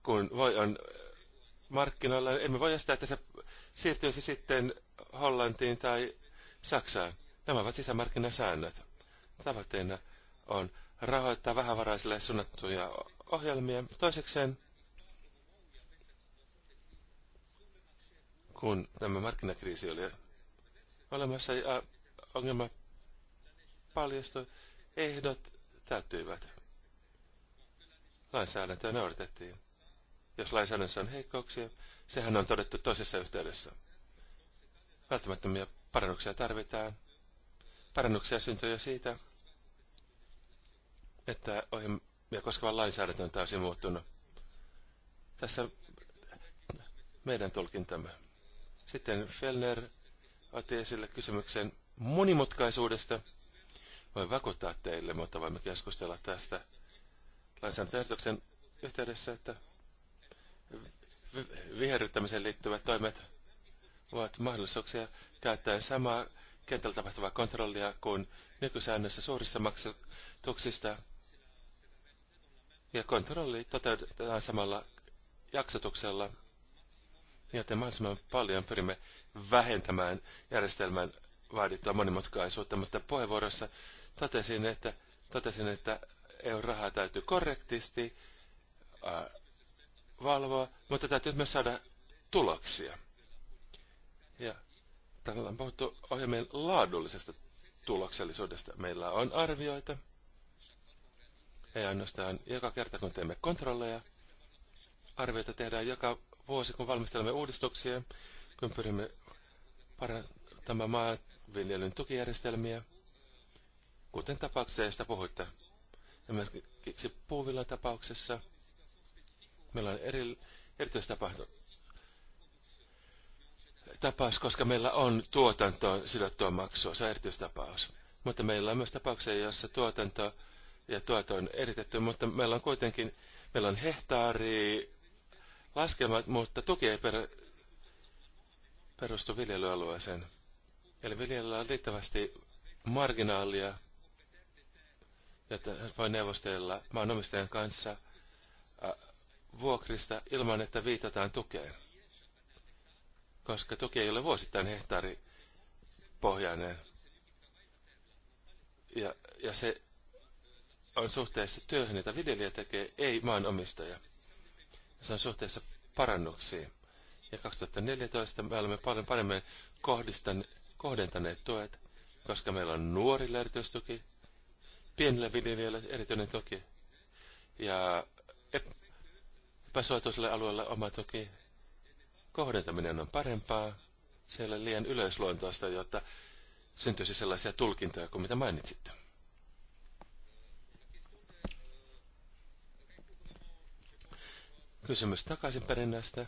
Kun voi on markkinoilla, emme voi estää, että se siirtyisi sitten Hollantiin tai Saksaan. Nämä ovat sisämarkkinasäännöt. Tavoitteena on rahoittaa vähävaraisille suunnattuja ohjelmia. Toisekseen, kun tämä markkinakriisi oli olemassa ja ongelma paljastui, ehdot täyttyivät. Lainsäädäntöä noudatettiin. Jos lainsäädännössä on heikkouksia, sehän on todettu toisessa yhteydessä. Välttämättömiä parannuksia tarvitaan. Parannuksia syntyy jo siitä, että ohjelmia koskevan lainsäädäntö on täysin muuttunut. Tässä meidän tulkintamme. Sitten Fellner otti esille kysymyksen monimutkaisuudesta – voin vakuuttaa teille, mutta voimme keskustella tästä lainsäädäntöehdotuksen yhteydessä, että viherryttämiseen liittyvät toimet ovat mahdollisuuksia käyttäen samaa kentällä tapahtuvaa kontrollia kuin nykysäännössä suurissa maksatuksista. Ja kontrolli toteutetaan samalla jaksotuksella, joten mahdollisimman paljon pyrimme vähentämään järjestelmän vaadittua monimutkaisuutta, mutta puheenvuorossa totesin, että, totesin, että EU-rahaa täytyy korrektisti ää, valvoa, mutta täytyy myös saada tuloksia. Ja täällä on puhuttu ohjelmien laadullisesta tuloksellisuudesta. Meillä on arvioita, ei ainoastaan joka kerta kun teemme kontrolleja. Arvioita tehdään joka vuosi kun valmistelemme uudistuksia, kun pyrimme parantamaan maanviljelyn tukijärjestelmiä kuten tapauksesta puhuitte. Ja myöskin puuvilla tapauksessa meillä on eri, erityistä tapaus, koska meillä on tuotantoon sidottua maksua, se on erityistapaus. Mutta meillä on myös tapauksia, jossa tuotanto ja tuotanto on eritetty, mutta meillä on kuitenkin, meillä on hehtaari laskelmat, mutta tuki ei per, perustu viljelyalueeseen. Eli viljellä on riittävästi marginaalia että hän voi neuvostella maanomistajan kanssa äh, vuokrista ilman, että viitataan tukeen. Koska tuki ei ole vuosittain hehtaari pohjainen. Ja, ja se on suhteessa työhön, jota viljelijä tekee, ei maanomistaja. Se on suhteessa parannuksiin. Ja 2014 me olemme paljon paremmin kohdentaneet tuet, koska meillä on nuorille erityistuki, pienille viljelijöille erityinen toki. Ja epäsuotuiselle alueelle oma toki. Kohdentaminen on parempaa. Se on liian yleisluontoista, jotta syntyisi sellaisia tulkintoja kuin mitä mainitsitte. Kysymys takaisinperinnästä.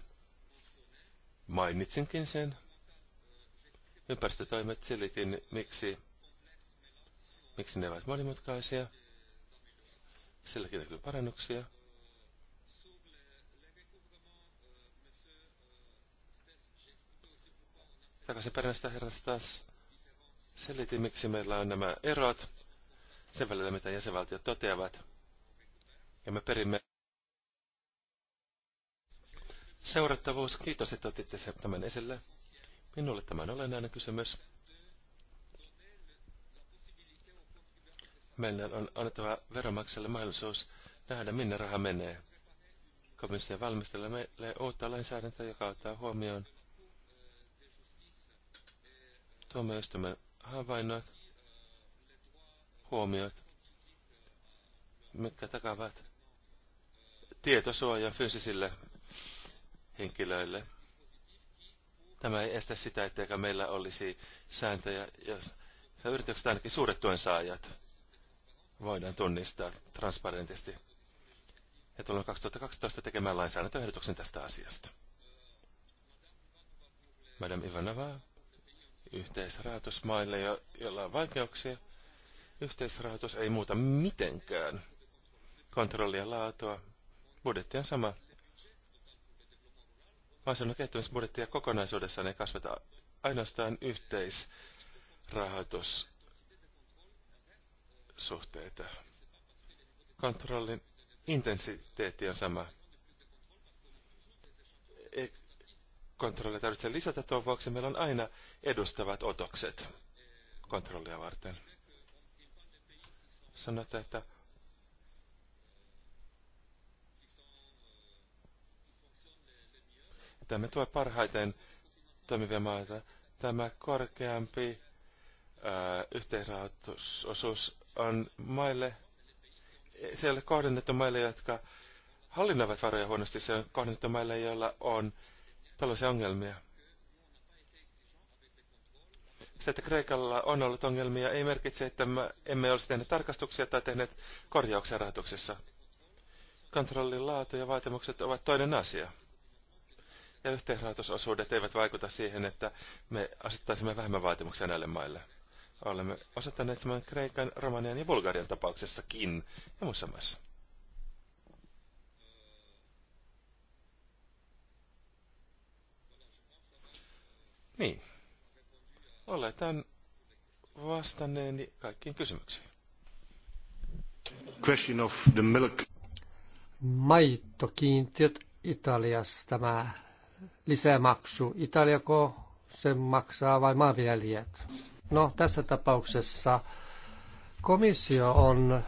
Mainitsinkin sen. Ympäristötoimet selitin, miksi Miksi ne ovat monimutkaisia? Silläkin näkyy parannuksia. Takaisin perästä herrasta selitin, miksi meillä on nämä erot sen välillä, mitä jäsenvaltiot toteavat. Ja me perimme seurattavuus. Kiitos, että otitte tämän esille. Minulle tämä on olennainen kysymys. meidän on annettava veronmaksajalle mahdollisuus nähdä, minne raha menee. Komissio valmistelee meille uutta lainsäädäntöä, joka ottaa huomioon tuomioistuimen havainnot, huomiot, mitkä takavat tietosuojan fyysisille henkilöille. Tämä ei estä sitä, etteikö meillä olisi sääntöjä, jos yritykset ainakin suuret tuensaajat voidaan tunnistaa transparentisti. Ja tullaan 2012 tekemään lainsäädäntöehdotuksen tästä asiasta. Madame Ivanova, yhteisrahoitusmaille, jo, joilla on vaikeuksia. Yhteisrahoitus ei muuta mitenkään. Kontrollia laatua. Budjetti on sama. Maaseudun kehittämisbudjettia kokonaisuudessaan ei kasveta ainoastaan yhteisrahoitus suhteita. Kontrollin intensiteetti on sama. Ei kontrollia tarvitse lisätä tuon vuoksi, meillä on aina edustavat otokset kontrollia varten. Sanotaan, että tämä me tuo parhaiten toimivia maita. Tämä korkeampi ää, on maille, siellä kohdennettu maille, jotka hallinnoivat varoja huonosti, se on kohdennettu maille, joilla on tällaisia ongelmia. Se, että Kreikalla on ollut ongelmia, ei merkitse, että me emme olisi tehneet tarkastuksia tai tehneet korjauksia rahoituksessa. Kontrollin laatu ja vaatimukset ovat toinen asia. Ja yhteenrahoitusosuudet eivät vaikuta siihen, että me asettaisimme vähemmän vaatimuksia näille maille. Olemme osoittaneet tämän Kreikan, Romanian ja Bulgarian tapauksessakin ja muissa maissa. Niin. Oletan vastanneeni kaikkiin kysymyksiin. Question of the milk. Maittokiintiöt Italiassa tämä lisämaksu. Italiako sen maksaa vai maanviljelijät? No, tässä tapauksessa komissio on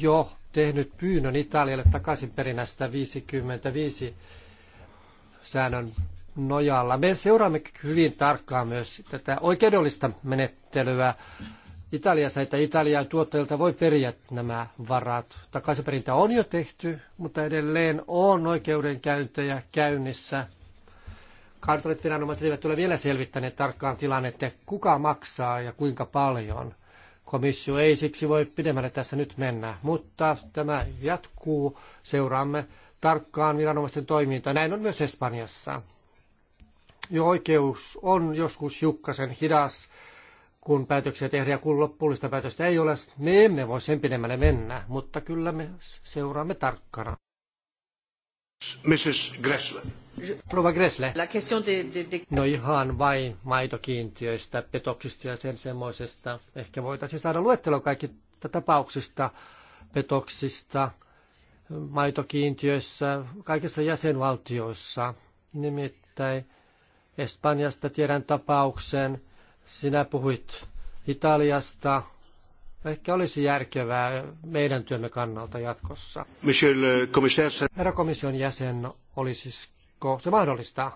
jo tehnyt pyynnön Italialle takaisinperinnästä 55 säännön nojalla. Me seuraamme hyvin tarkkaan myös tätä oikeudellista menettelyä Italiassa, että Italian tuottajilta voi periä nämä varat. Takaisinperintä on jo tehty, mutta edelleen on oikeudenkäyntejä käynnissä kansalliset viranomaiset eivät ole vielä selvittäneet tarkkaan tilannetta, kuka maksaa ja kuinka paljon. Komissio ei siksi voi pidemmälle tässä nyt mennä, mutta tämä jatkuu. Seuraamme tarkkaan viranomaisten toimintaa. Näin on myös Espanjassa. Jo oikeus on joskus hiukkasen hidas, kun päätöksiä tehdään ja kun lopullista päätöstä ei ole. Me emme voi sen pidemmälle mennä, mutta kyllä me seuraamme tarkkana. Mrs. Gressler. Gressle. No ihan vain maitokiintiöistä, petoksista ja sen semmoisesta. Ehkä voitaisiin saada luettelo kaikki tapauksista, petoksista, maitokiintiöissä, kaikissa jäsenvaltioissa. Nimittäin Espanjasta tiedän tapauksen. Sinä puhuit Italiasta, ehkä olisi järkevää meidän työmme kannalta jatkossa. Michel commissaire... Herra komission jäsen, olisiko se mahdollista?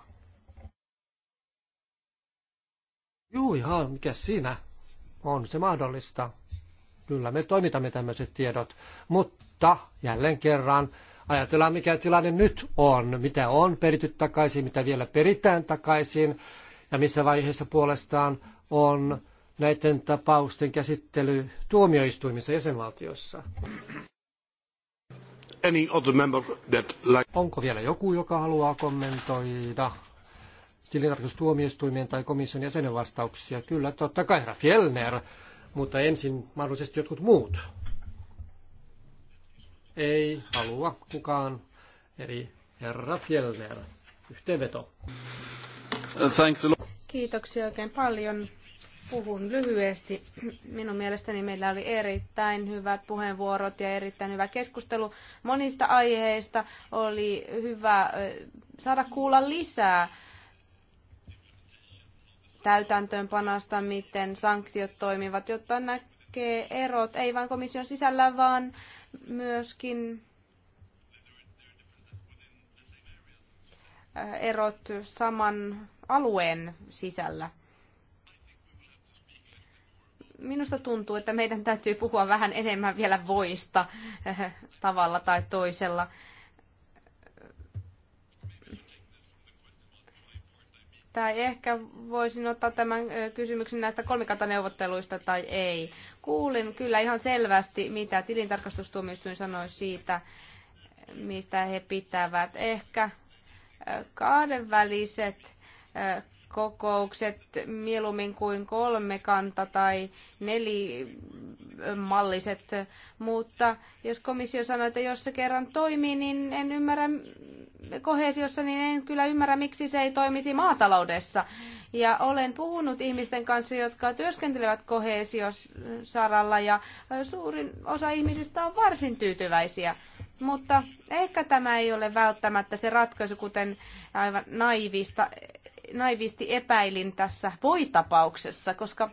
Juu, ihan, mikä siinä? On se mahdollista. Kyllä, me toimitamme tämmöiset tiedot, mutta jälleen kerran ajatellaan, mikä tilanne nyt on, mitä on peritty takaisin, mitä vielä peritään takaisin ja missä vaiheessa puolestaan on näiden tapausten käsittely tuomioistuimissa jäsenvaltiossa. Like... Onko vielä joku, joka haluaa kommentoida tilintarkastustuomioistuimien tai komission jäsenen vastauksia? Kyllä, totta kai herra Fjellner, mutta ensin mahdollisesti jotkut muut. Ei halua kukaan, eli herra Fjellner, yhteenveto. Thanks a lot. Kiitoksia oikein paljon puhun lyhyesti. Minun mielestäni meillä oli erittäin hyvät puheenvuorot ja erittäin hyvä keskustelu monista aiheista. Oli hyvä saada kuulla lisää täytäntöönpanasta, miten sanktiot toimivat, jotta näkee erot, ei vain komission sisällä, vaan myöskin erot saman alueen sisällä minusta tuntuu, että meidän täytyy puhua vähän enemmän vielä voista eh, tavalla tai toisella. tai ehkä voisin ottaa tämän eh, kysymyksen näistä kolmikantaneuvotteluista tai ei. Kuulin kyllä ihan selvästi, mitä tilintarkastustuomioistuin sanoi siitä, mistä he pitävät. Ehkä eh, kahdenväliset kokoukset mieluummin kuin kolme kanta tai nelimalliset, mutta jos komissio sanoo, että jos se kerran toimii, niin en ymmärrä kohesiossa, niin en kyllä ymmärrä, miksi se ei toimisi maataloudessa. Ja olen puhunut ihmisten kanssa, jotka työskentelevät kohesiosaralla ja suurin osa ihmisistä on varsin tyytyväisiä. Mutta ehkä tämä ei ole välttämättä se ratkaisu, kuten aivan naivista naivisti epäilin tässä voi-tapauksessa, koska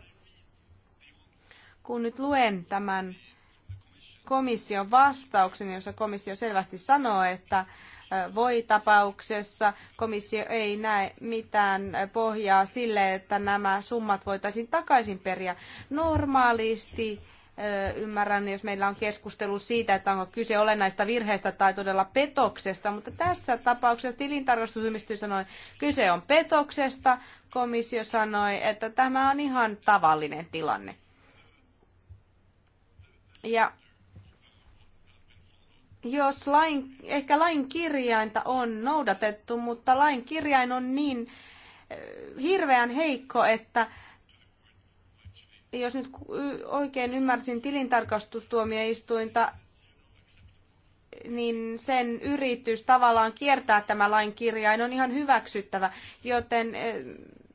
kun nyt luen tämän komission vastauksen, jossa komissio selvästi sanoo, että voi tapauksessa komissio ei näe mitään pohjaa sille, että nämä summat voitaisiin takaisin periä. Normaalisti Ymmärrän, jos meillä on keskustelu siitä, että onko kyse olennaista virheestä tai todella petoksesta, mutta tässä tapauksessa tilintarkastusympistö sanoi, että kyse on petoksesta. Komissio sanoi, että tämä on ihan tavallinen tilanne. Ja jos lain, ehkä lain kirjainta on noudatettu, mutta lain kirjain on niin hirveän heikko, että jos nyt oikein ymmärsin tilintarkastustuomioistuinta, niin sen yritys tavallaan kiertää tämä lain kirjain on ihan hyväksyttävä, joten e,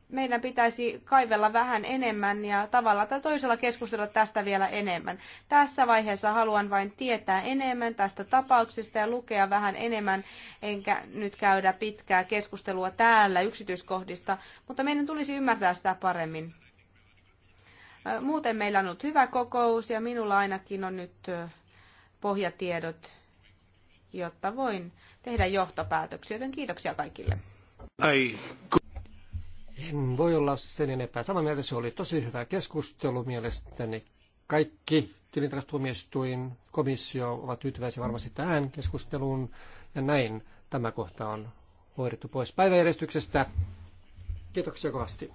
meidän pitäisi kaivella vähän enemmän ja tavalla tai toisella keskustella tästä vielä enemmän. Tässä vaiheessa haluan vain tietää enemmän tästä tapauksesta ja lukea vähän enemmän, enkä nyt käydä pitkää keskustelua täällä yksityiskohdista, mutta meidän tulisi ymmärtää sitä paremmin. Muuten meillä on ollut hyvä kokous ja minulla ainakin on nyt pohjatiedot, jotta voin tehdä johtopäätöksiä, joten kiitoksia kaikille. Ai. En voi olla sen enempää. Samaa mieltä se oli tosi hyvä keskustelu mielestäni. Kaikki tilintarkastuomioistuin, komissio ovat tyytyväisiä varmasti tähän keskusteluun. Ja näin tämä kohta on hoidettu pois päiväjärjestyksestä. Kiitoksia kovasti.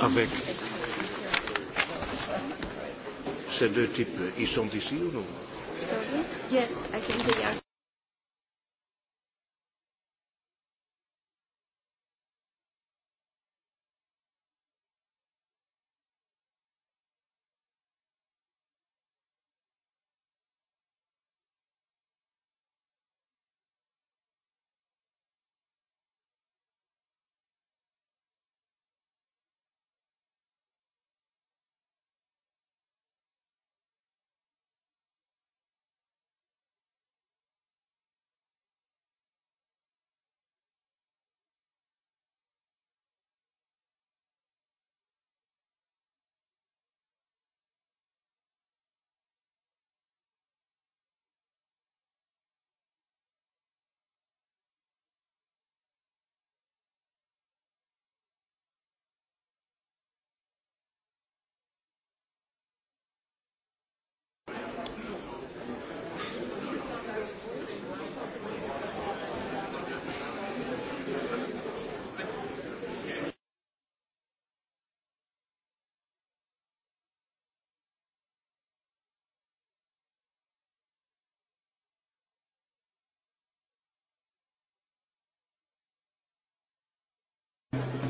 avec ces deux types. Ils sont ici ou non? Sorry? Yes, I think they are.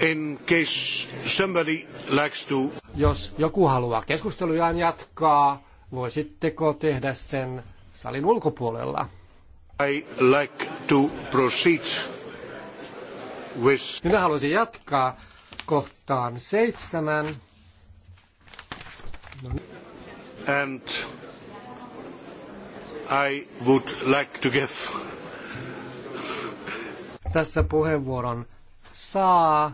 In case somebody likes to... Jos joku haluaa keskustelujaan jatkaa, voisitteko tehdä sen salin ulkopuolella? I like to proceed with... Minä haluaisin jatkaa kohtaan seitsemän. No niin. And I would like to give. Tässä puheenvuoron saa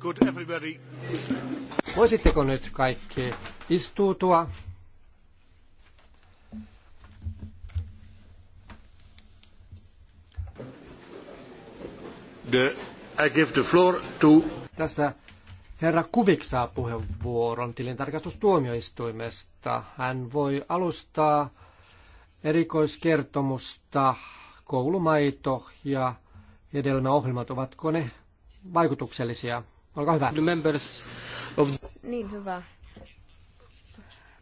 Could everybody... Voisitteko nyt kaikki istuutua? The, I give the floor to... Tässä herra Kubik saa puheenvuoron tilintarkastustuomioistuimesta. Hän voi alustaa erikoiskertomusta koulumaito ja hedelmäohjelmat, ovatko ne vaikutuksellisia? Olkaa hyvä. The members of... Niin, hyvä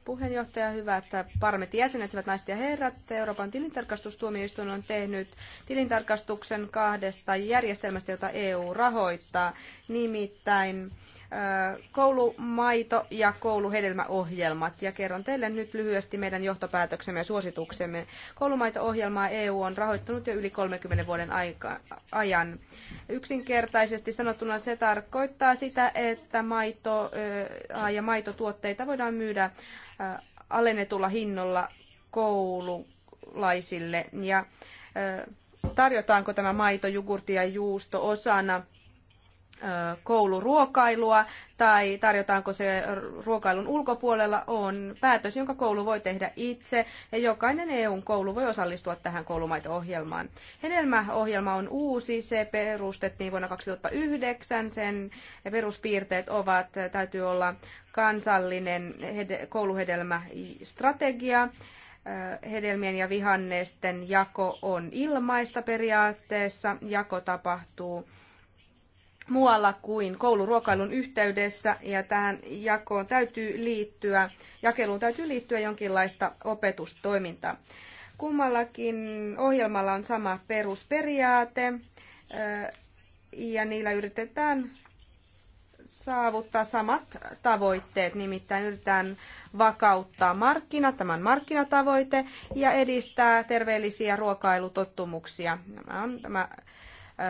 puheenjohtaja, hyvät parlamentin jäsenet, hyvät naiset ja herrat. Euroopan tilintarkastustuomioistuin on tehnyt tilintarkastuksen kahdesta järjestelmästä, jota EU rahoittaa, nimittäin koulumaito- ja kouluhedelmäohjelmat. Ja kerron teille nyt lyhyesti meidän johtopäätöksemme ja suosituksemme. Koulumaito-ohjelmaa EU on rahoittanut jo yli 30 vuoden aika, ajan. Yksinkertaisesti sanottuna se tarkoittaa sitä, että maito ja maitotuotteita voidaan myydä alennetulla hinnolla koululaisille. Ja tarjotaanko tämä maito, jogurtti ja juusto osana kouluruokailua tai tarjotaanko se ruokailun ulkopuolella, on päätös, jonka koulu voi tehdä itse ja jokainen EUn koulu voi osallistua tähän koulumaito-ohjelmaan. Hedelmäohjelma on uusi, se perustettiin vuonna 2009, sen peruspiirteet ovat, täytyy olla kansallinen kouluhedelmästrategia, hedelmien ja vihannesten jako on ilmaista periaatteessa, jako tapahtuu muualla kuin kouluruokailun yhteydessä ja tähän jakoon täytyy liittyä, jakeluun täytyy liittyä jonkinlaista opetustoimintaa. Kummallakin ohjelmalla on sama perusperiaate ja niillä yritetään saavuttaa samat tavoitteet, nimittäin yritetään vakauttaa markkina, tämän markkinatavoite, ja edistää terveellisiä ruokailutottumuksia. Nämä on tämä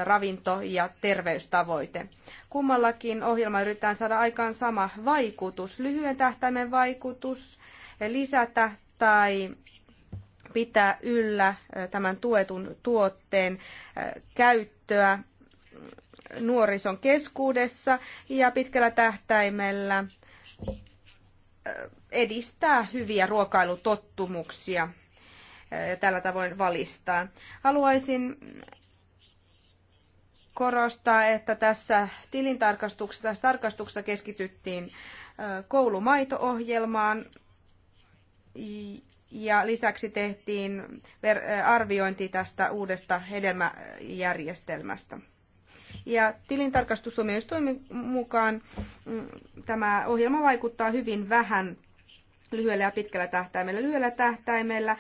ravinto- ja terveystavoite. Kummallakin ohjelma yritetään saada aikaan sama vaikutus, lyhyen tähtäimen vaikutus, lisätä tai pitää yllä tämän tuetun tuotteen käyttöä nuorison keskuudessa ja pitkällä tähtäimellä edistää hyviä ruokailutottumuksia ja tällä tavoin valistaa. Haluaisin korostaa, että tässä tilintarkastuksessa, tässä tarkastuksessa keskityttiin koulumaito-ohjelmaan ja lisäksi tehtiin arviointi tästä uudesta hedelmäjärjestelmästä. Ja tilintarkastustuomioistuimen mukaan mm, tämä ohjelma vaikuttaa hyvin vähän lyhyellä ja pitkällä tähtäimellä. Lyhyellä tähtäimellä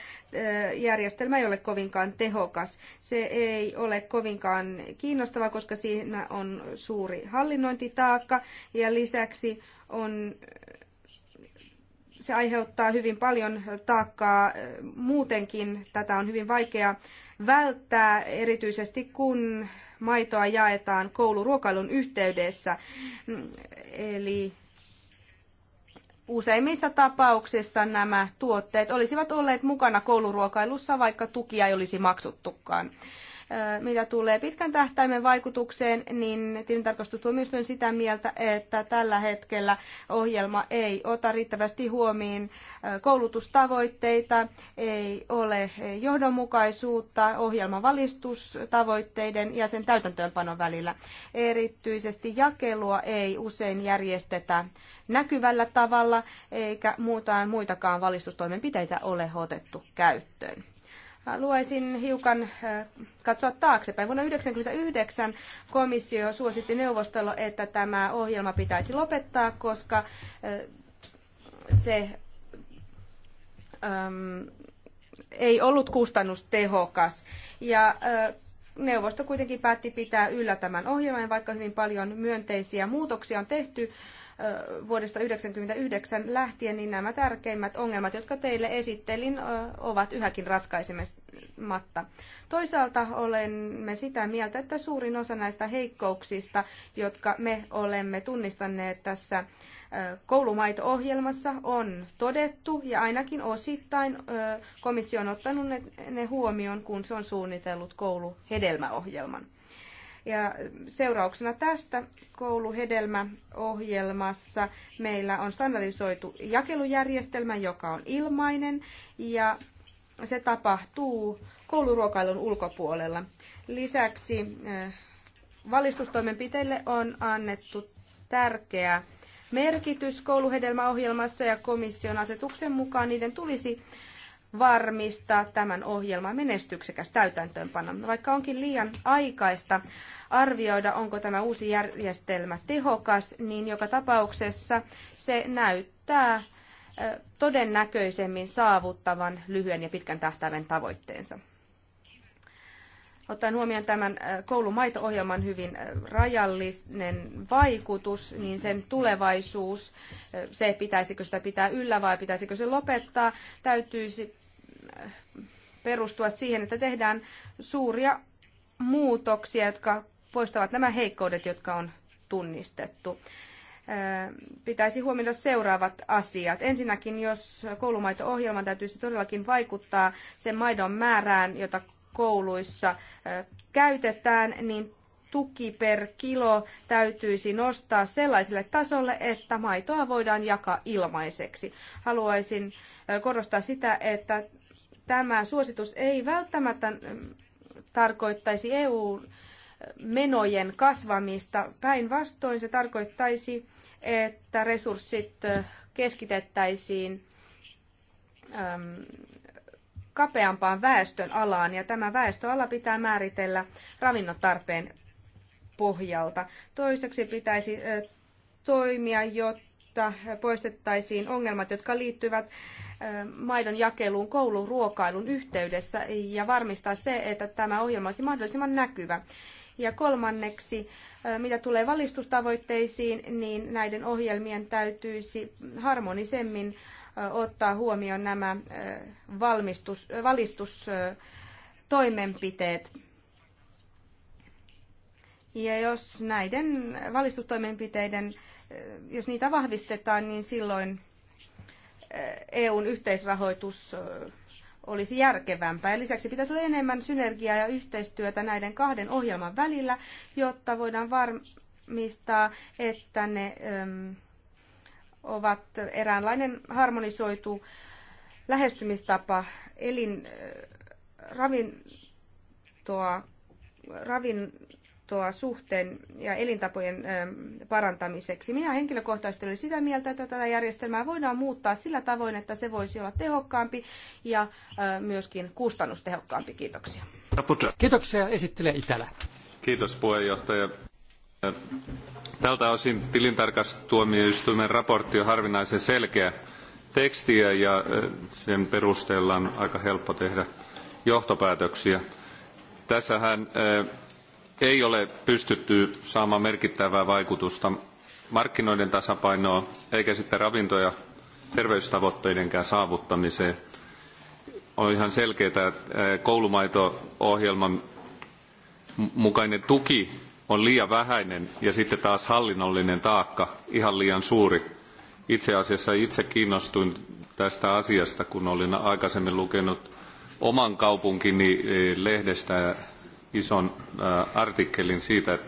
järjestelmä ei ole kovinkaan tehokas. Se ei ole kovinkaan kiinnostava, koska siinä on suuri hallinnointitaakka ja lisäksi on se aiheuttaa hyvin paljon taakkaa muutenkin. Tätä on hyvin vaikea välttää, erityisesti kun maitoa jaetaan kouluruokailun yhteydessä. Eli Useimmissa tapauksissa nämä tuotteet olisivat olleet mukana kouluruokailussa, vaikka tukia ei olisi maksuttukaan. Mitä tulee pitkän tähtäimen vaikutukseen, niin tilintarkastustuomioistuin sitä mieltä, että tällä hetkellä ohjelma ei ota riittävästi huomiin koulutustavoitteita, ei ole johdonmukaisuutta ohjelman valistustavoitteiden ja sen täytäntöönpanon välillä. Erityisesti jakelua ei usein järjestetä näkyvällä tavalla, eikä muutaan muitakaan valistustoimenpiteitä ole otettu käyttöön. Haluaisin hiukan katsoa taaksepäin. Vuonna 1999 komissio suositti neuvostolla, että tämä ohjelma pitäisi lopettaa, koska se ei ollut kustannustehokas. Ja neuvosto kuitenkin päätti pitää yllä tämän ohjelman, vaikka hyvin paljon myönteisiä muutoksia on tehty vuodesta 1999 lähtien, niin nämä tärkeimmät ongelmat, jotka teille esittelin, ovat yhäkin ratkaisematta. Toisaalta olemme sitä mieltä, että suurin osa näistä heikkouksista, jotka me olemme tunnistaneet tässä koulumaito-ohjelmassa on todettu ja ainakin osittain komissio on ottanut ne huomioon, kun se on suunnitellut kouluhedelmäohjelman. Ja seurauksena tästä kouluhedelmäohjelmassa meillä on standardisoitu jakelujärjestelmä, joka on ilmainen ja se tapahtuu kouluruokailun ulkopuolella. Lisäksi eh, valistustoimenpiteille on annettu tärkeä merkitys kouluhedelmäohjelmassa ja komission asetuksen mukaan niiden tulisi varmistaa tämän ohjelman menestyksekäs täytäntöönpano. Vaikka onkin liian aikaista arvioida, onko tämä uusi järjestelmä tehokas, niin joka tapauksessa se näyttää todennäköisemmin saavuttavan lyhyen ja pitkän tähtäimen tavoitteensa. Ottaen huomioon tämän koulumaito-ohjelman hyvin rajallinen vaikutus, niin sen tulevaisuus, se pitäisikö sitä pitää yllä vai pitäisikö se lopettaa, täytyisi perustua siihen, että tehdään suuria muutoksia, jotka poistavat nämä heikkoudet, jotka on tunnistettu. Pitäisi huomioida seuraavat asiat. Ensinnäkin, jos koulumaito-ohjelman täytyisi todellakin vaikuttaa sen maidon määrään, jota kouluissa käytetään, niin tuki per kilo täytyisi nostaa sellaiselle tasolle, että maitoa voidaan jakaa ilmaiseksi. Haluaisin korostaa sitä, että tämä suositus ei välttämättä tarkoittaisi EUn menojen kasvamista. Päinvastoin se tarkoittaisi, että resurssit keskitettäisiin kapeampaan väestön alaan ja tämä väestöala pitää määritellä ravinnontarpeen pohjalta. Toiseksi pitäisi toimia, jotta poistettaisiin ongelmat, jotka liittyvät maidon jakeluun kouluruokailun yhteydessä ja varmistaa se, että tämä ohjelma olisi mahdollisimman näkyvä. Ja kolmanneksi, mitä tulee valistustavoitteisiin, niin näiden ohjelmien täytyisi harmonisemmin ottaa huomioon nämä valmistus, valistustoimenpiteet. Ja jos näiden valistustoimenpiteiden, jos niitä vahvistetaan, niin silloin EUn yhteisrahoitus olisi järkevämpää. Lisäksi pitäisi olla enemmän synergiaa ja yhteistyötä näiden kahden ohjelman välillä, jotta voidaan varmistaa, että ne ähm, ovat eräänlainen harmonisoitu lähestymistapa elin, äh, ravintoa, ravin, tahtoa suhteen ja elintapojen parantamiseksi. Minä henkilökohtaisesti olen sitä mieltä, että tätä järjestelmää voidaan muuttaa sillä tavoin, että se voisi olla tehokkaampi ja myöskin kustannustehokkaampi. Kiitoksia. Kiitoksia esittelee Itälä. Kiitos puheenjohtaja. Tältä osin tilintarkastustuomioistuimen raportti on harvinaisen selkeä tekstiä ja sen perusteella on aika helppo tehdä johtopäätöksiä. Tässähän ei ole pystytty saamaan merkittävää vaikutusta markkinoiden tasapainoon eikä sitten ravinto- ja terveystavoitteidenkään saavuttamiseen. On ihan selkeää, että eh, koulumaito-ohjelman mukainen tuki on liian vähäinen ja sitten taas hallinnollinen taakka ihan liian suuri. Itse asiassa itse kiinnostuin tästä asiasta, kun olin aikaisemmin lukenut oman kaupunkini eh, lehdestä ison äh, artikkelin siitä, että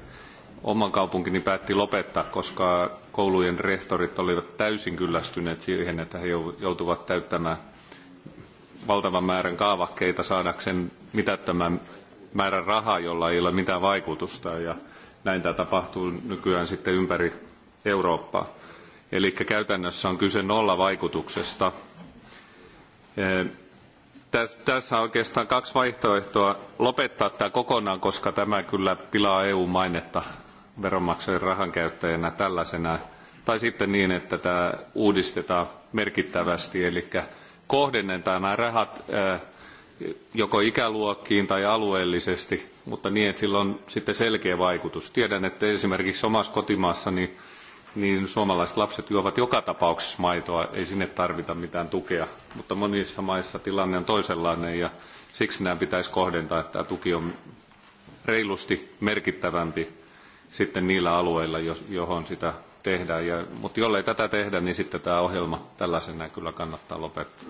oman kaupunkini päätti lopettaa, koska koulujen rehtorit olivat täysin kyllästyneet siihen, että he joutuvat täyttämään valtavan määrän kaavakkeita saadakseen mitättömän määrän rahaa, jolla ei ole mitään vaikutusta. Ja näin tämä tapahtuu nykyään sitten ympäri Eurooppaa. Eli käytännössä on kyse nollavaikutuksesta. Tässä on oikeastaan kaksi vaihtoehtoa. Lopettaa tämä kokonaan, koska tämä kyllä pilaa EU-mainetta veronmaksajien rahankäyttäjänä tällaisena. Tai sitten niin, että tämä uudistetaan merkittävästi, eli kohdennetaan nämä rahat äh, joko ikäluokkiin tai alueellisesti, mutta niin, että sillä on sitten selkeä vaikutus. Tiedän, että esimerkiksi omassa kotimaassani niin niin suomalaiset lapset juovat joka tapauksessa maitoa, ei sinne tarvita mitään tukea. Mutta monissa maissa tilanne on toisenlainen ja siksi nämä pitäisi kohdentaa, että tämä tuki on reilusti merkittävämpi sitten niillä alueilla, johon sitä tehdään. Ja, mutta jollei tätä tehdä, niin sitten tämä ohjelma tällaisena kyllä kannattaa lopettaa.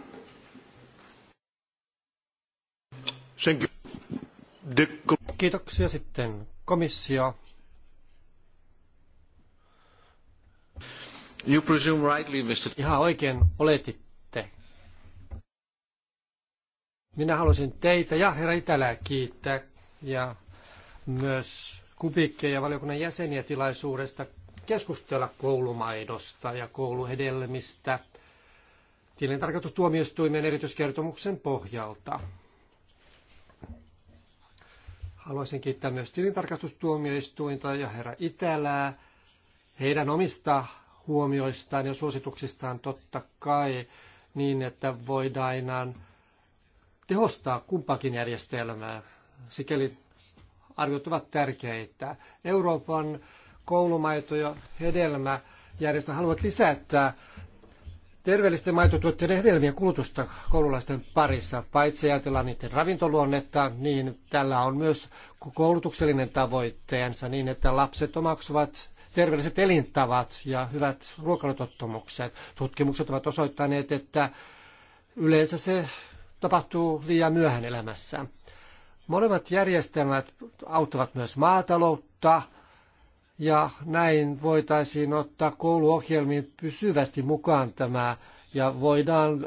Kiitoksia sitten komissio. You presume rightly, Mr. Ihan oikein oletitte. Minä haluaisin teitä ja herra Itälää kiittää ja myös Kubikke ja valiokunnan jäseniä tilaisuudesta keskustella koulumaidosta ja kouluhedelmistä tilintarkastustuomioistuimen erityiskertomuksen pohjalta. Haluaisin kiittää myös tilintarkastustuomioistuinta ja herra Itälää heidän omista huomioistaan ja suosituksistaan totta kai niin, että voidaan tehostaa kumpakin järjestelmää. Sikäli arviot ovat tärkeitä. Euroopan koulumaito- ja hedelmäjärjestö haluavat lisätä terveellisten maitotuotteiden hedelmien kulutusta koululaisten parissa. Paitsi ajatellaan niiden ravintoluonnetta, niin tällä on myös koulutuksellinen tavoitteensa niin, että lapset omaksuvat terveelliset elintavat ja hyvät ruokailutottumukset. Tutkimukset ovat osoittaneet, että yleensä se tapahtuu liian myöhään elämässä. Molemmat järjestelmät auttavat myös maataloutta ja näin voitaisiin ottaa kouluohjelmiin pysyvästi mukaan tämä ja voidaan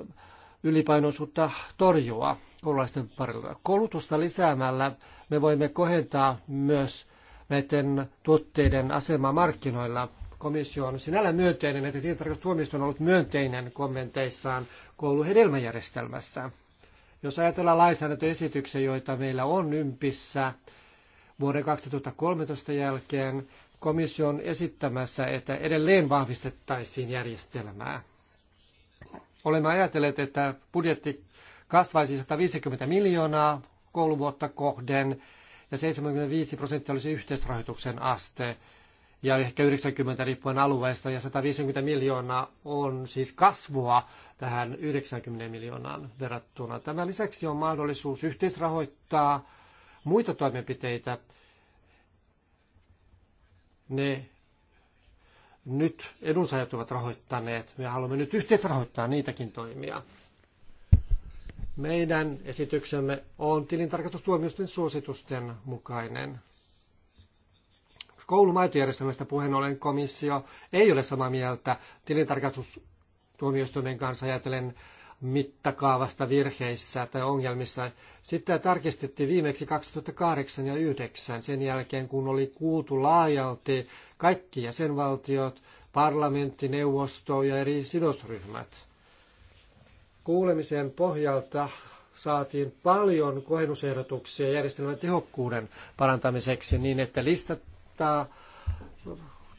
ylipainoisuutta torjua koululaisten parilla. Koulutusta lisäämällä me voimme kohentaa myös näiden tuotteiden asema markkinoilla. Komissio on sinällään myönteinen, että tilintarkastustuomioistuin on ollut myönteinen kommenteissaan kouluhedelmäjärjestelmässä. Jos ajatellaan lainsäädäntöesityksiä, joita meillä on ympissä vuoden 2013 jälkeen, komissio on esittämässä, että edelleen vahvistettaisiin järjestelmää. Olemme ajatelleet, että budjetti kasvaisi 150 miljoonaa kouluvuotta kohden ja 75 prosenttia olisi yhteisrahoituksen aste ja ehkä 90 riippuen alueesta ja 150 miljoonaa on siis kasvua tähän 90 miljoonaan verrattuna. Tämän lisäksi on mahdollisuus yhteisrahoittaa muita toimenpiteitä. Ne nyt edunsaajat ovat rahoittaneet. Me haluamme nyt yhteisrahoittaa niitäkin toimia. Meidän esityksemme on tilintarkastustuomioistuin suositusten mukainen. Koulumaitojärjestelmästä puheen ollen komissio ei ole samaa mieltä tilintarkastustuomioistuimen kanssa ajatellen mittakaavasta virheissä tai ongelmissa. Sitä tarkistettiin viimeksi 2008 ja 2009 sen jälkeen, kun oli kuultu laajalti kaikki jäsenvaltiot, parlamentti, neuvosto ja eri sidosryhmät. Kuulemisen pohjalta saatiin paljon kohennusehdotuksia järjestelmän tehokkuuden parantamiseksi niin, että listattaa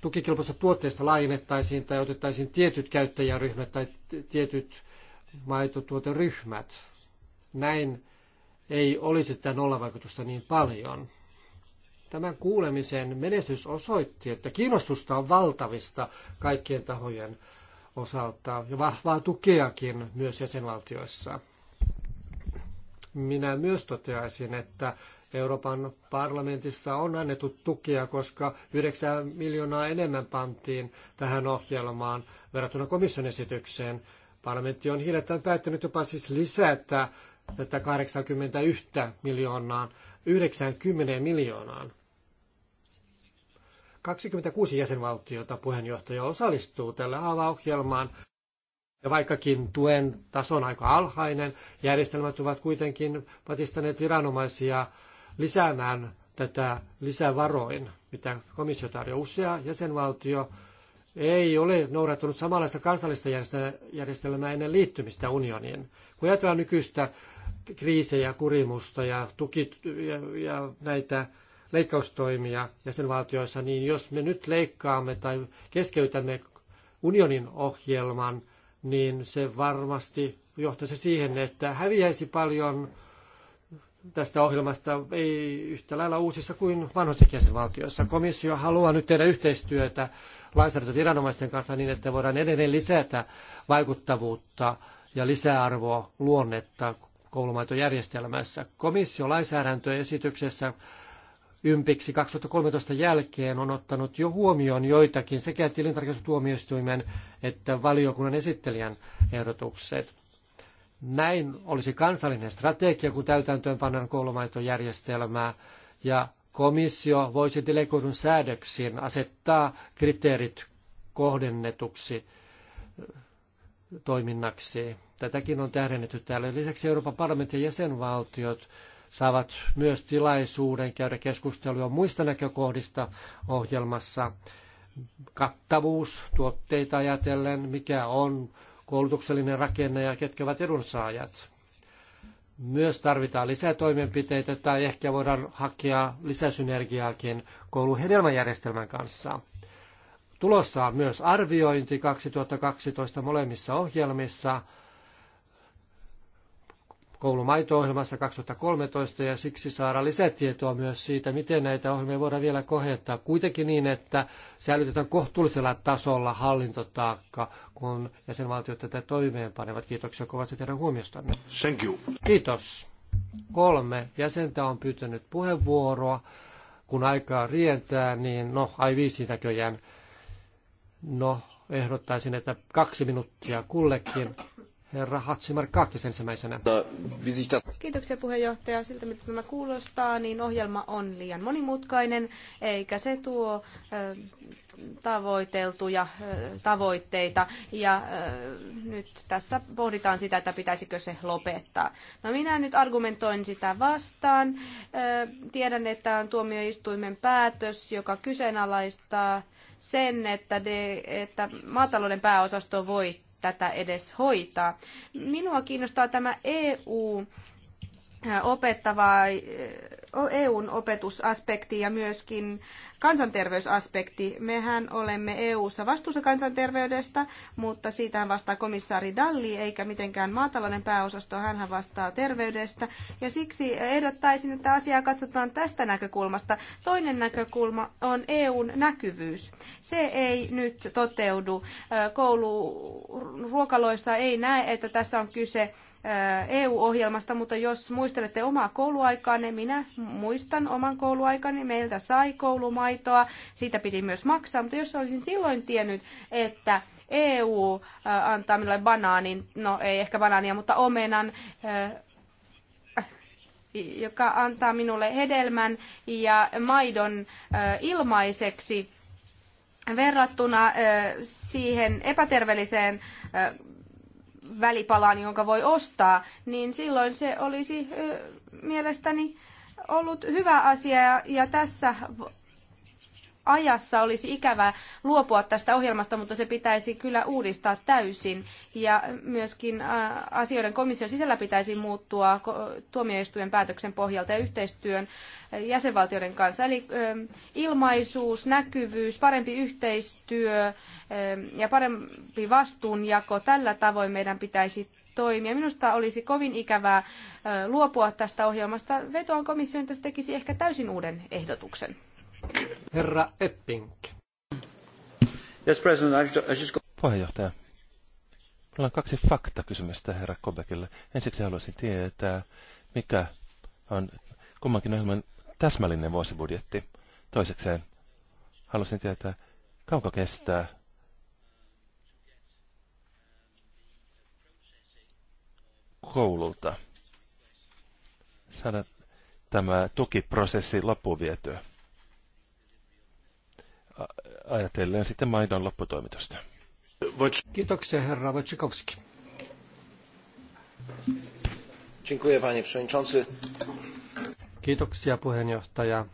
tukikelpoisista tuotteista laajennettaisiin tai otettaisiin tietyt käyttäjäryhmät tai tietyt maitotuoteryhmät. Näin ei olisi tätä nollavaikutusta niin paljon. Tämän kuulemisen menestys osoitti, että kiinnostusta on valtavista kaikkien tahojen osalta ja vahvaa tukeakin myös jäsenvaltioissa. Minä myös toteaisin, että Euroopan parlamentissa on annettu tukea, koska 9 miljoonaa enemmän pantiin tähän ohjelmaan verrattuna komission esitykseen. Parlamentti on hiljattain päättänyt jopa siis lisätä tätä 81 miljoonaan 90 miljoonaan. 26 jäsenvaltiota puheenjohtaja osallistuu tällä AVA-ohjelmaan. Ja vaikkakin tuen taso on aika alhainen, järjestelmät ovat kuitenkin patistaneet viranomaisia lisäämään tätä lisävaroin, mitä komissio tarjoaa. Usea jäsenvaltio ei ole noudattanut samanlaista kansallista järjestelmää ennen liittymistä unioniin. Kun ajatellaan nykyistä kriisejä, kurimusta ja, tuki, ja, ja näitä leikkaustoimia jäsenvaltioissa, niin jos me nyt leikkaamme tai keskeytämme unionin ohjelman, niin se varmasti johtaisi siihen, että häviäisi paljon tästä ohjelmasta, ei yhtä lailla uusissa kuin vanhoissakin jäsenvaltioissa. Komissio haluaa nyt tehdä yhteistyötä lainsäädäntöviranomaisten kanssa niin, että voidaan edelleen lisätä vaikuttavuutta ja lisäarvoa luonnetta koulumaitojärjestelmässä. Komissio lainsäädäntöesityksessä ympiksi 2013 jälkeen on ottanut jo huomioon joitakin sekä tilintarkastustuomioistuimen että valiokunnan esittelijän ehdotukset. Näin olisi kansallinen strategia, kun täytäntöön pannaan koulumaitojärjestelmää ja komissio voisi delegoidun säädöksiin asettaa kriteerit kohdennetuksi äh, toiminnaksi. Tätäkin on tähdennetty täällä. Lisäksi Euroopan parlamentin jäsenvaltiot saavat myös tilaisuuden käydä keskustelua muista näkökohdista ohjelmassa. Kattavuus tuotteita ajatellen, mikä on koulutuksellinen rakenne ja ketkä ovat edunsaajat. Myös tarvitaan lisää toimenpiteitä tai ehkä voidaan hakea lisäsynergiaakin koulun hedelmäjärjestelmän kanssa. Tulossa on myös arviointi 2012 molemmissa ohjelmissa koulumaito-ohjelmassa 2013 ja siksi saada lisätietoa myös siitä, miten näitä ohjelmia voidaan vielä kohettaa. Kuitenkin niin, että säilytetään kohtuullisella tasolla hallintotaakka, kun jäsenvaltiot tätä toimeenpanevat. Kiitoksia kovasti teidän huomiostanne. Thank you. Kiitos. Kolme jäsentä on pyytänyt puheenvuoroa. Kun aikaa rientää, niin no, ai viisi näköjään. No, ehdottaisin, että kaksi minuuttia kullekin. Herra Hatsimarkkaakis ensimmäisenä. Kiitoksia puheenjohtaja. Siltä mitä tämä kuulostaa, niin ohjelma on liian monimutkainen, eikä se tuo tavoiteltuja tavoitteita. Ja nyt tässä pohditaan sitä, että pitäisikö se lopettaa. No minä nyt argumentoin sitä vastaan. Tiedän, että on tuomioistuimen päätös, joka kyseenalaistaa sen, että, de, että maatalouden pääosasto voi tätä edes hoitaa. Minua kiinnostaa tämä EU opettava EUn opetusaspekti ja myöskin kansanterveysaspekti. Mehän olemme EU-ssa vastuussa kansanterveydestä, mutta siitähän vastaa komissaari Dalli, eikä mitenkään maatalouden pääosasto, hän vastaa terveydestä. Ja siksi ehdottaisin, että asiaa katsotaan tästä näkökulmasta. Toinen näkökulma on EUn näkyvyys. Se ei nyt toteudu. Koulu ruokaloista ei näe, että tässä on kyse EU-ohjelmasta, mutta jos muistelette omaa kouluaikaanne, minä muistan oman kouluaikani, meiltä sai koulumaitoa, siitä piti myös maksaa, mutta jos olisin silloin tiennyt, että EU antaa minulle banaanin, no ei ehkä banaania, mutta omenan, joka antaa minulle hedelmän ja maidon ilmaiseksi verrattuna siihen epäterveelliseen välipalan, jonka voi ostaa, niin silloin se olisi mielestäni ollut hyvä asia ja, tässä ajassa olisi ikävää luopua tästä ohjelmasta, mutta se pitäisi kyllä uudistaa täysin. Ja myöskin asioiden komission sisällä pitäisi muuttua tuomioistuimen päätöksen pohjalta ja yhteistyön jäsenvaltioiden kanssa. Eli ilmaisuus, näkyvyys, parempi yhteistyö ja parempi vastuunjako, tällä tavoin meidän pitäisi toimia. Minusta olisi kovin ikävää luopua tästä ohjelmasta. Vetoan komissioon, että se tekisi ehkä täysin uuden ehdotuksen. Herra Eppink, Yes, President, I've just... Puheenjohtaja. Minulla on kaksi faktakysymystä herra Kobekille. Ensiksi haluaisin tietää, mikä on kummankin ohjelman täsmällinen vuosibudjetti. Toisekseen haluaisin tietää, kauanko kestää koululta saada tämä tukiprosessi loppuun vietyä ajatellen sitten maidon lopputoimitusta. Kiitoksia herra Wojciechowski. Dziękuję panie przewodniczący. Kiitoksia puheenjohtaja.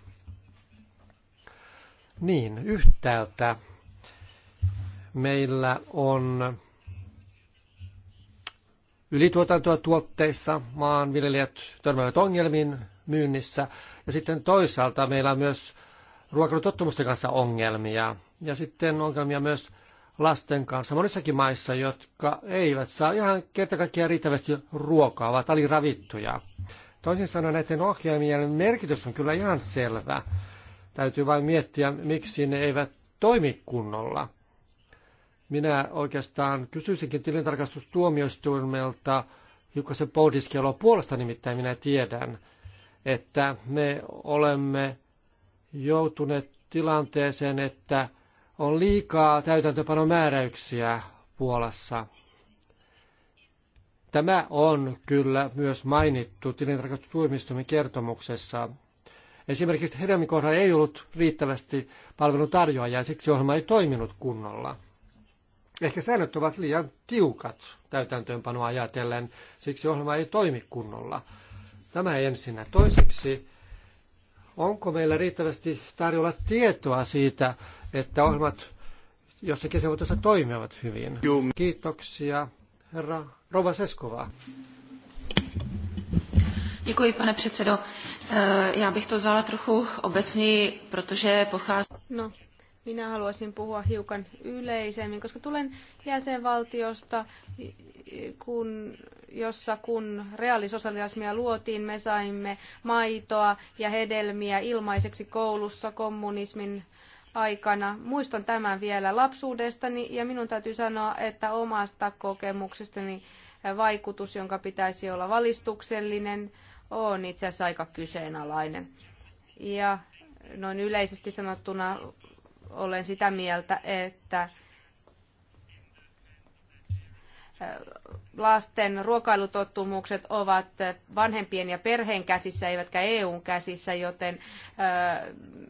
Niin, yhtäältä meillä on ylituotantoa tuotteissa, maanviljelijät törmäävät ongelmiin myynnissä, ja sitten toisaalta meillä on myös ruokailutottumusten kanssa ongelmia ja sitten ongelmia myös lasten kanssa monissakin maissa, jotka eivät saa ihan kerta kaikkiaan riittävästi ruokaa, ovat aliravittuja. Toisin sanoen näiden ohjelmien merkitys on kyllä ihan selvä. Täytyy vain miettiä, miksi ne eivät toimi kunnolla. Minä oikeastaan kysyisinkin tilintarkastustuomioistuimelta hiukkasen pohdiskelua puolesta, nimittäin minä tiedän, että me olemme joutuneet tilanteeseen, että on liikaa täytäntöpanomääräyksiä Puolassa. Tämä on kyllä myös mainittu tilintarkastustuomioistuimen kertomuksessa. Esimerkiksi heidän kohdalla ei ollut riittävästi palveluntarjoajia, siksi ohjelma ei toiminut kunnolla. Ehkä säännöt ovat liian tiukat täytäntöönpanoa ajatellen, siksi ohjelma ei toimi kunnolla. Tämä ensinnä. Toiseksi Onko meillä riittävästi tarjolla tietoa siitä, että ohjelmat jossakin jäsenvaltiossa toimivat hyvin? Kiitoksia, herra Rova Sesková. Děkuji, pane předsedo. Eh, já bych to vzala trochu protože No, minä haluaisin puhua hiukan yleisemmin, koska tulen jäsenvaltiosta, kun jossa kun reaalisosialismia luotiin, me saimme maitoa ja hedelmiä ilmaiseksi koulussa kommunismin aikana. Muistan tämän vielä lapsuudestani ja minun täytyy sanoa, että omasta kokemuksestani vaikutus, jonka pitäisi olla valistuksellinen, on itse asiassa aika kyseenalainen. Ja noin yleisesti sanottuna olen sitä mieltä, että lasten ruokailutottumukset ovat vanhempien ja perheen käsissä, eivätkä EUn käsissä, joten äh,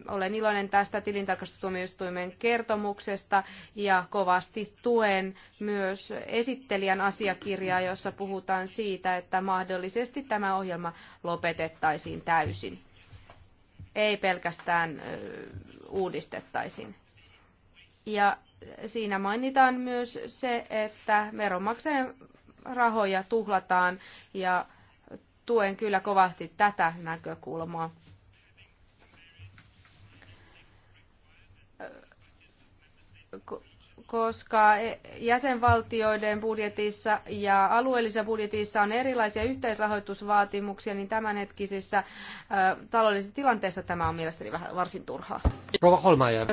olen iloinen tästä tilintarkastustuomioistuimen kertomuksesta ja kovasti tuen myös esittelijän asiakirjaa, jossa puhutaan siitä, että mahdollisesti tämä ohjelma lopetettaisiin täysin, ei pelkästään äh, uudistettaisiin. Ja siinä mainitaan myös se, että veronmaksajan rahoja tuhlataan ja tuen kyllä kovasti tätä näkökulmaa. koska e-, jäsenvaltioiden budjetissa ja alueellisessa budjetissa on erilaisia yhteisrahoitusvaatimuksia, niin tämänhetkisessä taloudellisessa tilanteessa tämä on mielestäni vähän varsin turhaa. Rova Holmeier.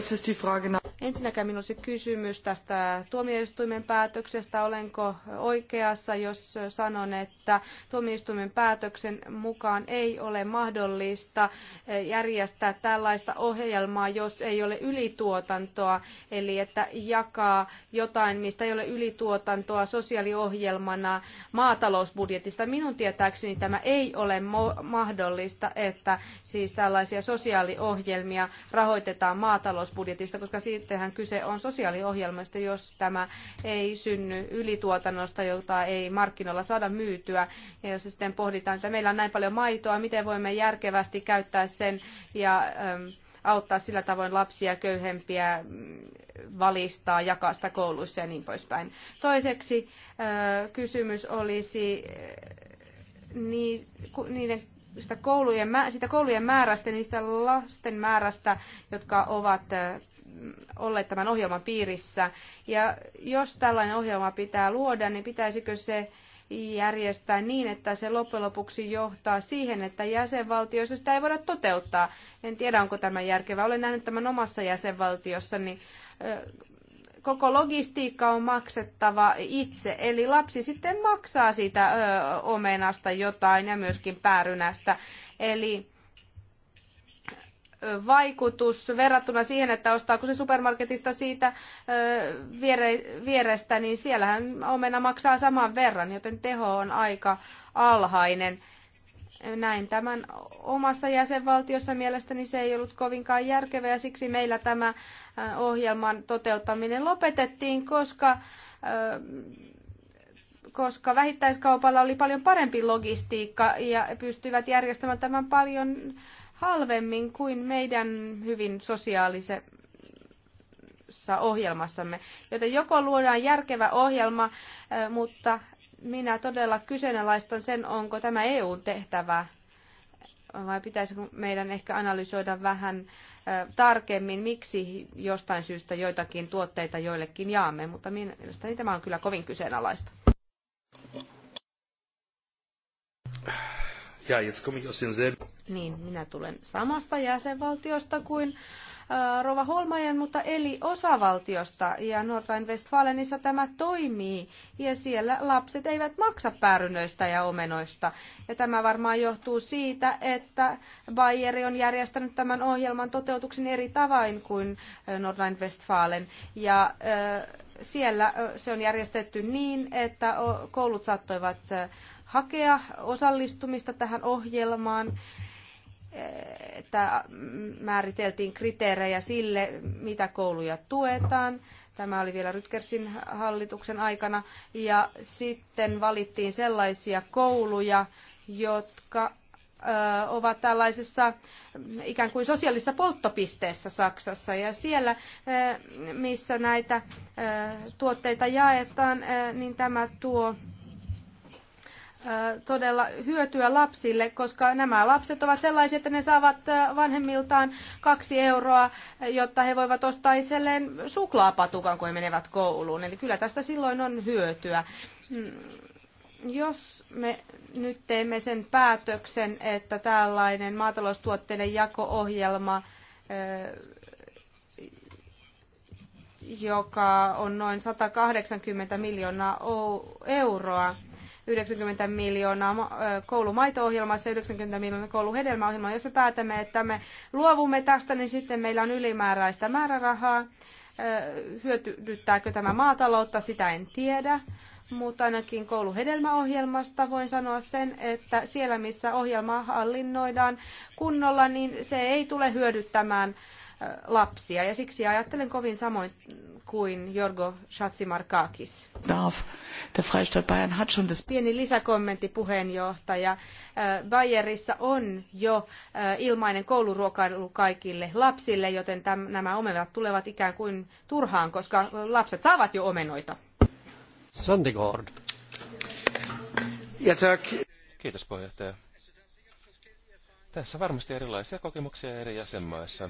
Ensinnäkään minulla olisi kysymys tästä tuomioistuimen päätöksestä. Olenko oikeassa, jos sanon, että tuomioistuimen päätöksen mukaan ei ole mahdollista järjestää tällaista ohjelmaa, jos ei ole ylituotantoa, eli että jakaa jotain, mistä ei ole ylituotantoa sosiaaliohjelmana maatalousbudjetista. Minun tietääkseni tämä ei ole mahdollista, että siis tällaisia sosiaaliohjelmia rahoitetaan maatalousbudjetista, koska siitä sittenhän kyse on sosiaaliohjelmasta, jos tämä ei synny ylituotannosta, jota ei markkinoilla saada myytyä. Ja jos sitten pohditaan, että meillä on näin paljon maitoa, miten voimme järkevästi käyttää sen ja auttaa sillä tavoin lapsia köyhempiä mm, valistaa, jakaa sitä kouluissa ja niin poispäin. Toiseksi kysymys olisi niiden sitä koulujen, sitä koulujen määrästä, niistä lasten määrästä, jotka ovat olleet tämän ohjelman piirissä. Ja jos tällainen ohjelma pitää luoda, niin pitäisikö se järjestää niin, että se loppujen lopuksi johtaa siihen, että jäsenvaltioissa sitä ei voida toteuttaa. En tiedä, onko tämä järkevää. Olen nähnyt tämän omassa jäsenvaltiossa, niin Koko logistiikka on maksettava itse, eli lapsi sitten maksaa siitä omenasta jotain ja myöskin päärynästä. Eli vaikutus verrattuna siihen, että ostaako se supermarketista siitä viere, vierestä, niin siellähän omena maksaa saman verran, joten teho on aika alhainen. Näin tämän omassa jäsenvaltiossa mielestäni se ei ollut kovinkaan järkevää ja siksi meillä tämä ohjelman toteuttaminen lopetettiin, koska koska vähittäiskaupalla oli paljon parempi logistiikka ja pystyivät järjestämään tämän paljon halvemmin kuin meidän hyvin sosiaalisessa ohjelmassamme. Joten joko luodaan järkevä ohjelma, mutta minä todella kyseenalaistan sen, onko tämä EUn tehtävä vai pitäisikö meidän ehkä analysoida vähän tarkemmin, miksi jostain syystä joitakin tuotteita joillekin jaamme, mutta mielestäni tämä on kyllä kovin kyseenalaista. Ja, jetzt komme ich aus Niin, minä tulen samasta jäsenvaltiosta kuin äh, Rova Holmajan, mutta eli osavaltiosta. Ja Nordrhein-Westfalenissa tämä toimii. Ja siellä lapset eivät maksa päärynöistä ja omenoista. Ja tämä varmaan johtuu siitä, että Bayeri on järjestänyt tämän ohjelman toteutuksen eri tavoin kuin äh, Nordrhein-Westfalen. Ja äh, siellä äh, se on järjestetty niin, että koulut saattoivat äh, hakea osallistumista tähän ohjelmaan että määriteltiin kriteerejä sille, mitä kouluja tuetaan. Tämä oli vielä Rytkersin hallituksen aikana. Ja sitten valittiin sellaisia kouluja, jotka ovat tällaisessa mm, ikään kuin sosiaalisessa polttopisteessä Saksassa. Ja siellä, missä näitä tuotteita jaetaan, niin tämä tuo todella hyötyä lapsille, koska nämä lapset ovat sellaisia, että ne saavat vanhemmiltaan kaksi euroa, jotta he voivat ostaa itselleen suklaapatukan, kun he menevät kouluun. Eli kyllä tästä silloin on hyötyä. Mm, jos me nyt teemme sen päätöksen, että tällainen maataloustuotteiden jako-ohjelma joka on noin 180 miljoonaa euroa, 90 miljoonaa koulumaito-ohjelmassa ja 90 miljoonaa kouluhedelmäohjelmaa. Jos me päätämme, että me luovumme tästä, niin sitten meillä on ylimääräistä määrärahaa. Hyödyttääkö tämä maataloutta, sitä en tiedä mutta ainakin kouluhedelmäohjelmasta voin sanoa sen, että siellä missä ohjelmaa hallinnoidaan kunnolla, niin se ei tule hyödyttämään lapsia. Ja siksi ajattelen kovin samoin kuin Jorgo Shatsimarkakis. Pieni lisäkommentti puheenjohtaja. Äh, Bayerissa on jo äh, ilmainen kouluruokailu kaikille lapsille, joten täm, nämä omenat tulevat ikään kuin turhaan, koska lapset saavat jo omenoita. Söndergaard. Ja Kiitos puheenjohtaja. Tässä varmasti erilaisia kokemuksia eri jäsenmaissa.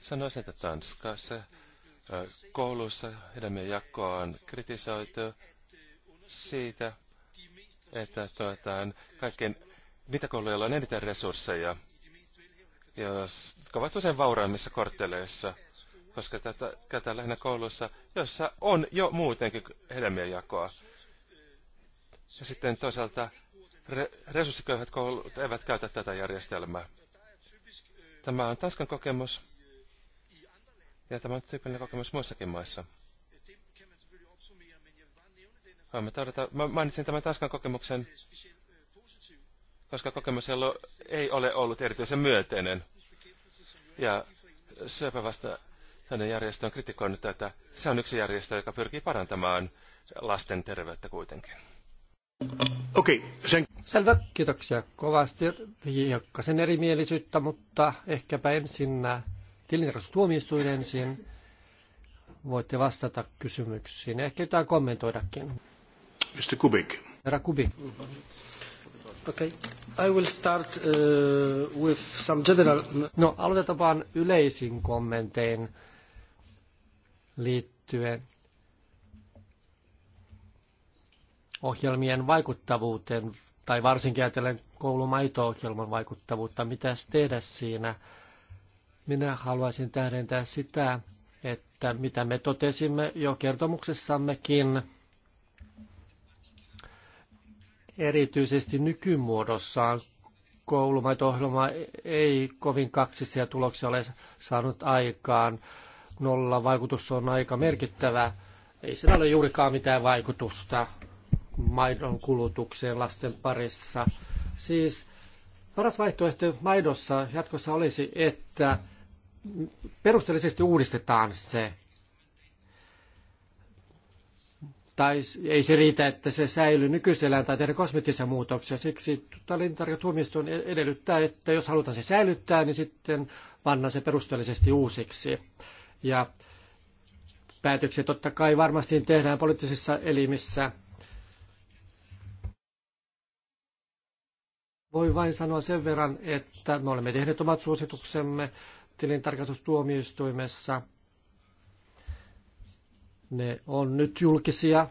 Sanoisin, että Tanskassa koulussa hedelmien jakoa on kritisoitu siitä, että tuota, kaikkein niitä kouluja, joilla on eniten resursseja, jotka ovat usein vauraimmissa kortteleissa, koska tätä käytetään lähinnä koulussa, jossa on jo muutenkin hedelmien jakoa. Ja sitten toisaalta re- resurssiköyhät koulut eivät käytä tätä järjestelmää. Tämä on Tanskan kokemus. Ja tämä on tyypillinen kokemus muissakin maissa. Me tarvita, mä mainitsin tämän Tanskan kokemuksen, koska kokemus ei ole ollut erityisen myönteinen. Ja vasta tänne järjestö on kritikoinut tätä. Se on yksi järjestö, joka pyrkii parantamaan lasten terveyttä kuitenkin. Okei, okay, sen... Selvä, kiitoksia kovasti. Hiukkasen erimielisyyttä, mutta ehkäpä ensin tilintarkastustuomioistuin ensin. Voitte vastata kysymyksiin. Ehkä jotain kommentoidakin. Mr. Kubik. Herra Kubik. Okay. I will start uh, with some general... No, aloitetaan vaan yleisin kommentein liittyen ohjelmien vaikuttavuuteen, tai varsinkin ajatellen koulumaito-ohjelman vaikuttavuutta, mitä tehdä siinä – minä haluaisin tähdentää sitä, että mitä me totesimme jo kertomuksessammekin, erityisesti nykymuodossaan koulumaito-ohjelma ei kovin kaksisia tuloksia ole saanut aikaan. Nolla vaikutus on aika merkittävä. Ei sillä ole juurikaan mitään vaikutusta maidon kulutukseen lasten parissa. Siis paras vaihtoehto maidossa jatkossa olisi, että perusteellisesti uudistetaan se. Tai ei se riitä, että se säilyy nykyisellään tai tehdä kosmettisia muutoksia. Siksi tuomioistuin edellyttää, että jos halutaan se säilyttää, niin sitten vannaan se perusteellisesti uusiksi. Ja päätöksiä totta kai varmasti tehdään poliittisissa elimissä. Voi vain sanoa sen verran, että me olemme tehneet omat suosituksemme tilintarkastustuomioistuimessa. Ne on nyt julkisia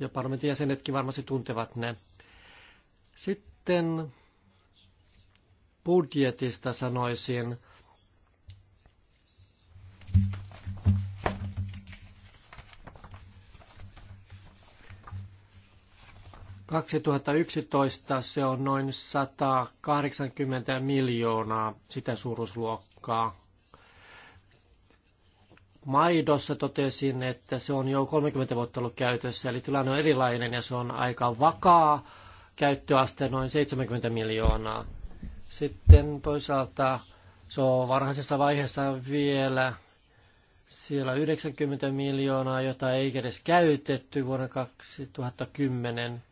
ja parlamentin jäsenetkin varmasti tuntevat ne. Sitten budjetista sanoisin, 2011 se on noin 180 miljoonaa sitä suuruusluokkaa. Maidossa totesin, että se on jo 30 vuotta ollut käytössä, eli tilanne on erilainen ja se on aika vakaa käyttöaste noin 70 miljoonaa. Sitten toisaalta se on varhaisessa vaiheessa vielä siellä 90 miljoonaa, jota ei edes käytetty vuonna 2010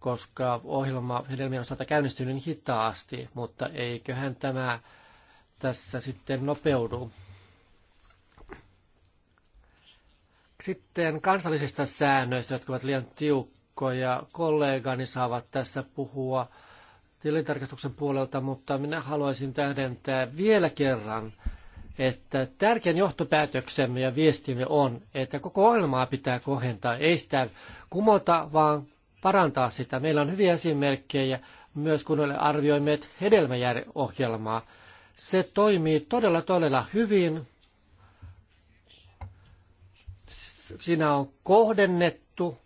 koska ohjelma hedelmien osalta käynnistyy niin hitaasti, mutta eiköhän tämä tässä sitten nopeudu. Sitten kansallisista säännöistä, jotka ovat liian tiukkoja. Kollegani saavat tässä puhua tilintarkastuksen puolelta, mutta minä haluaisin tähdentää vielä kerran, että tärkein johtopäätöksemme ja viestimme on, että koko ohjelmaa pitää kohentaa, ei sitä kumota, vaan parantaa sitä. Meillä on hyviä esimerkkejä myös kun arvioimme hedelmäohjelmaa. Se toimii todella todella hyvin. Siinä on kohdennettu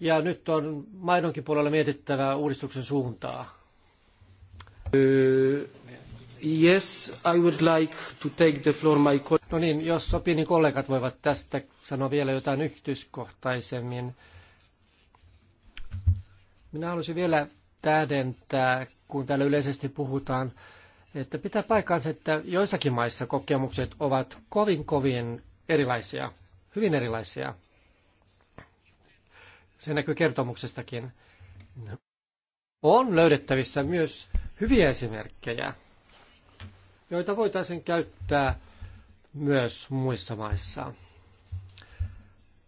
ja nyt on maidonkin puolella mietittävää uudistuksen suuntaa. Uh, yes, I would like to take the floor my No niin, jos sopii, niin kollegat voivat tästä sanoa vielä jotain yhtyskohtaisemmin. Minä haluaisin vielä tähdentää, kun täällä yleisesti puhutaan, että pitää paikkaansa, että joissakin maissa kokemukset ovat kovin kovin erilaisia, hyvin erilaisia. Se näkyy kertomuksestakin. On löydettävissä myös hyviä esimerkkejä, joita voitaisiin käyttää myös muissa maissa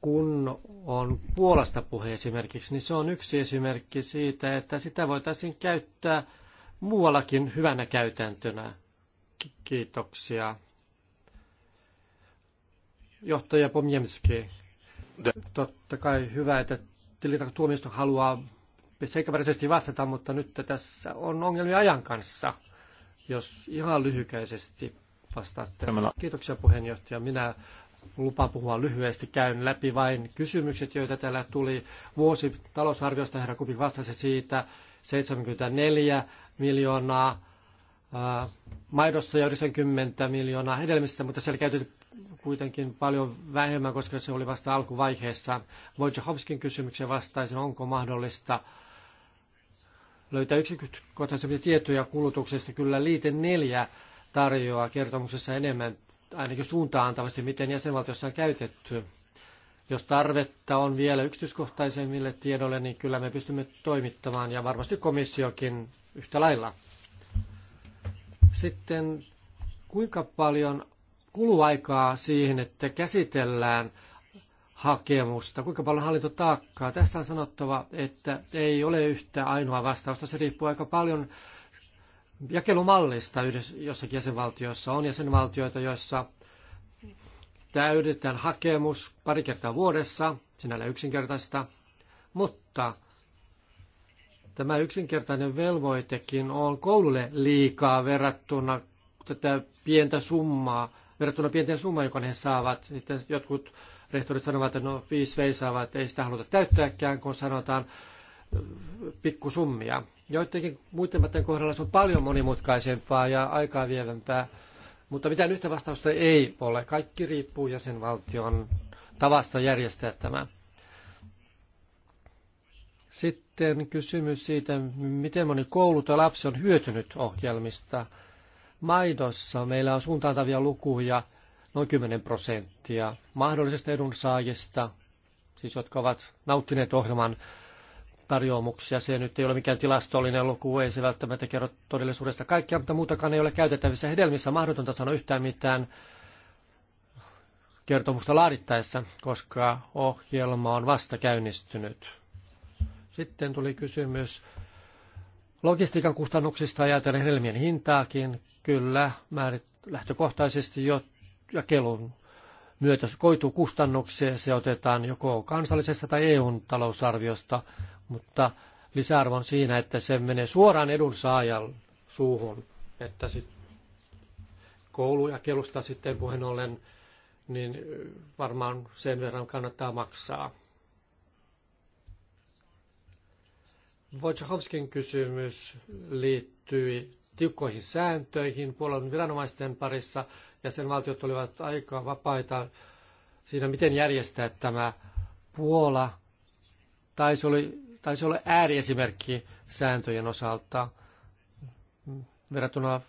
kun on Puolasta puhe esimerkiksi, niin se on yksi esimerkki siitä, että sitä voitaisiin käyttää muuallakin hyvänä käytäntönä. Kiitoksia. Johtaja Pomjemski. Totta kai hyvä, että tilintarkastuomioistuin haluaa seikkaperäisesti vastata, mutta nyt tässä on ongelmia ajan kanssa, jos ihan lyhykäisesti vastaatte. Kiitoksia puheenjohtaja. Minä lupa puhua lyhyesti. Käyn läpi vain kysymykset, joita täällä tuli. Vuosi talousarviosta herra Kupi vastasi siitä 74 miljoonaa ää, maidosta ja 90 miljoonaa hedelmistä, mutta siellä käytetty kuitenkin paljon vähemmän, koska se oli vasta alkuvaiheessa. Wojciechowskin kysymykseen vastaisin, onko mahdollista löytää yksityiskohtaisempia tietoja kulutuksesta. Kyllä liite neljä tarjoaa kertomuksessa enemmän ainakin suuntaan antavasti, miten jäsenvaltiossa on käytetty. Jos tarvetta on vielä yksityiskohtaisemmille tiedolle, niin kyllä me pystymme toimittamaan ja varmasti komissiokin yhtä lailla. Sitten kuinka paljon kuluu aikaa siihen, että käsitellään hakemusta, kuinka paljon hallintotaakkaa. Tässä on sanottava, että ei ole yhtä ainoa vastausta. Se riippuu aika paljon jakelumallista jossakin jäsenvaltioissa. On jäsenvaltioita, joissa täydetään hakemus pari kertaa vuodessa, sinällä yksinkertaista, mutta tämä yksinkertainen velvoitekin on koululle liikaa verrattuna tätä pientä summaa, verrattuna pienten summaan, jonka he saavat. Sitten jotkut rehtorit sanovat, että no viisi veisaavat, ei sitä haluta täyttääkään, kun sanotaan äh, pikkusummia. Joidenkin muiden maiden kohdalla se on paljon monimutkaisempaa ja aikaa vievämpää, mutta mitään yhtä vastausta ei ole. Kaikki riippuu jäsenvaltion tavasta järjestää tämä. Sitten kysymys siitä, miten moni koulu tai lapsi on hyötynyt ohjelmista. Maidossa meillä on suuntaantavia lukuja noin 10 prosenttia mahdollisista edunsaajista, siis jotka ovat nauttineet ohjelman tarjoamuksia. Se nyt ei ole mikään tilastollinen luku, ei se välttämättä kerro todellisuudesta kaikkea, mutta muutakaan ei ole käytettävissä hedelmissä. Mahdotonta sanoa yhtään mitään kertomusta laadittaessa, koska ohjelma on vasta käynnistynyt. Sitten tuli kysymys logistiikan kustannuksista ajatellen hedelmien hintaakin. Kyllä, määrit lähtökohtaisesti jo jakelun myötä koituu kustannuksia. Se otetaan joko kansallisessa tai EUn talousarviosta mutta lisäarvo on siinä, että se menee suoraan edunsaajan suuhun, että sit koulu ja kelusta sitten puheen ollen, niin varmaan sen verran kannattaa maksaa. Wojciechowskin kysymys liittyi tiukkoihin sääntöihin puolen viranomaisten parissa. ja sen valtiot olivat aika vapaita siinä, miten järjestää tämä Puola. Tai se oli taisi olla ääriesimerkki sääntöjen osalta verrattuna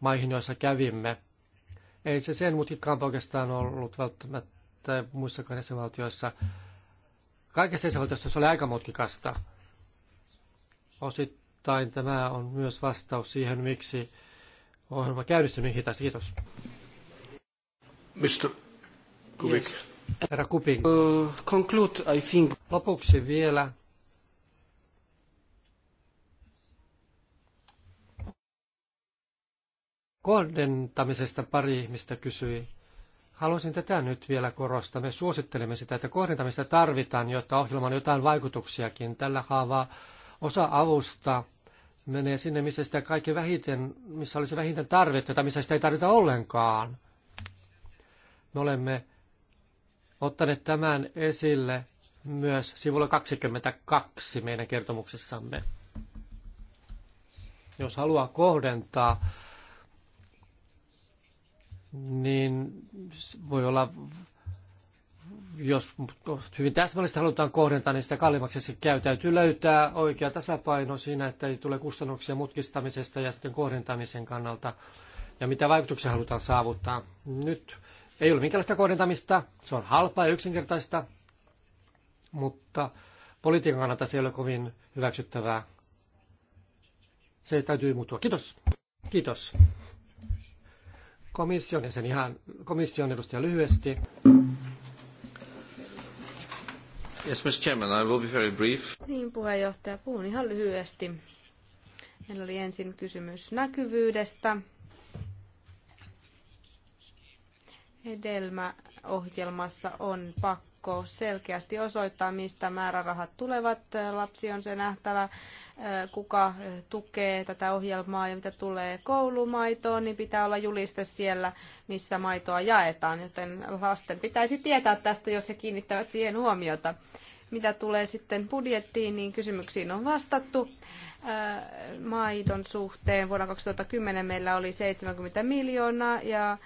maihin, joissa kävimme. Ei se sen mutkikkaampaa oikeastaan ollut välttämättä muissakaan jäsenvaltioissa. Kaikissa jäsenvaltioissa se oli aika mutkikasta. Osittain tämä on myös vastaus siihen, miksi ohjelma käynnistynyt niin hitaasti. Kiitos. Mr. Kubik. Yes. Herra Kubik. Uh, conclude, I think. Lopuksi vielä kohdentamisesta pari ihmistä kysyi. Haluaisin tätä nyt vielä korostaa. Me suosittelemme sitä, että kohdentamista tarvitaan, jotta ohjelma on jotain vaikutuksiakin. Tällä haavaa osa avusta menee sinne, missä sitä kaikki vähiten, missä olisi vähiten tarvetta tai missä sitä ei tarvita ollenkaan. Me olemme ottaneet tämän esille myös sivulla 22 meidän kertomuksessamme. Jos haluaa kohdentaa niin voi olla, jos hyvin täsmällistä halutaan kohdentaa, niin sitä kalliimmaksi se käy. Täytyy löytää oikea tasapaino siinä, että ei tule kustannuksia mutkistamisesta ja sitten kohdentamisen kannalta. Ja mitä vaikutuksia halutaan saavuttaa. Nyt ei ole minkäänlaista kohdentamista, se on halpaa ja yksinkertaista, mutta politiikan kannalta se ei ole kovin hyväksyttävää. Se täytyy muuttua. Kiitos. Kiitos komission ja sen ihan komission edustaja lyhyesti. Yes, Mr. Chairman, I will be very brief. Niin, puheenjohtaja, puhun ihan lyhyesti. Meillä oli ensin kysymys näkyvyydestä. Hedelmäohjelmassa on pakko selkeästi osoittaa, mistä määrärahat tulevat. Lapsi on se nähtävä kuka tukee tätä ohjelmaa ja mitä tulee koulumaitoon, niin pitää olla juliste siellä, missä maitoa jaetaan, joten lasten pitäisi tietää tästä, jos he kiinnittävät siihen huomiota. Mitä tulee sitten budjettiin, niin kysymyksiin on vastattu. Maidon suhteen vuonna 2010 meillä oli 70 miljoonaa ja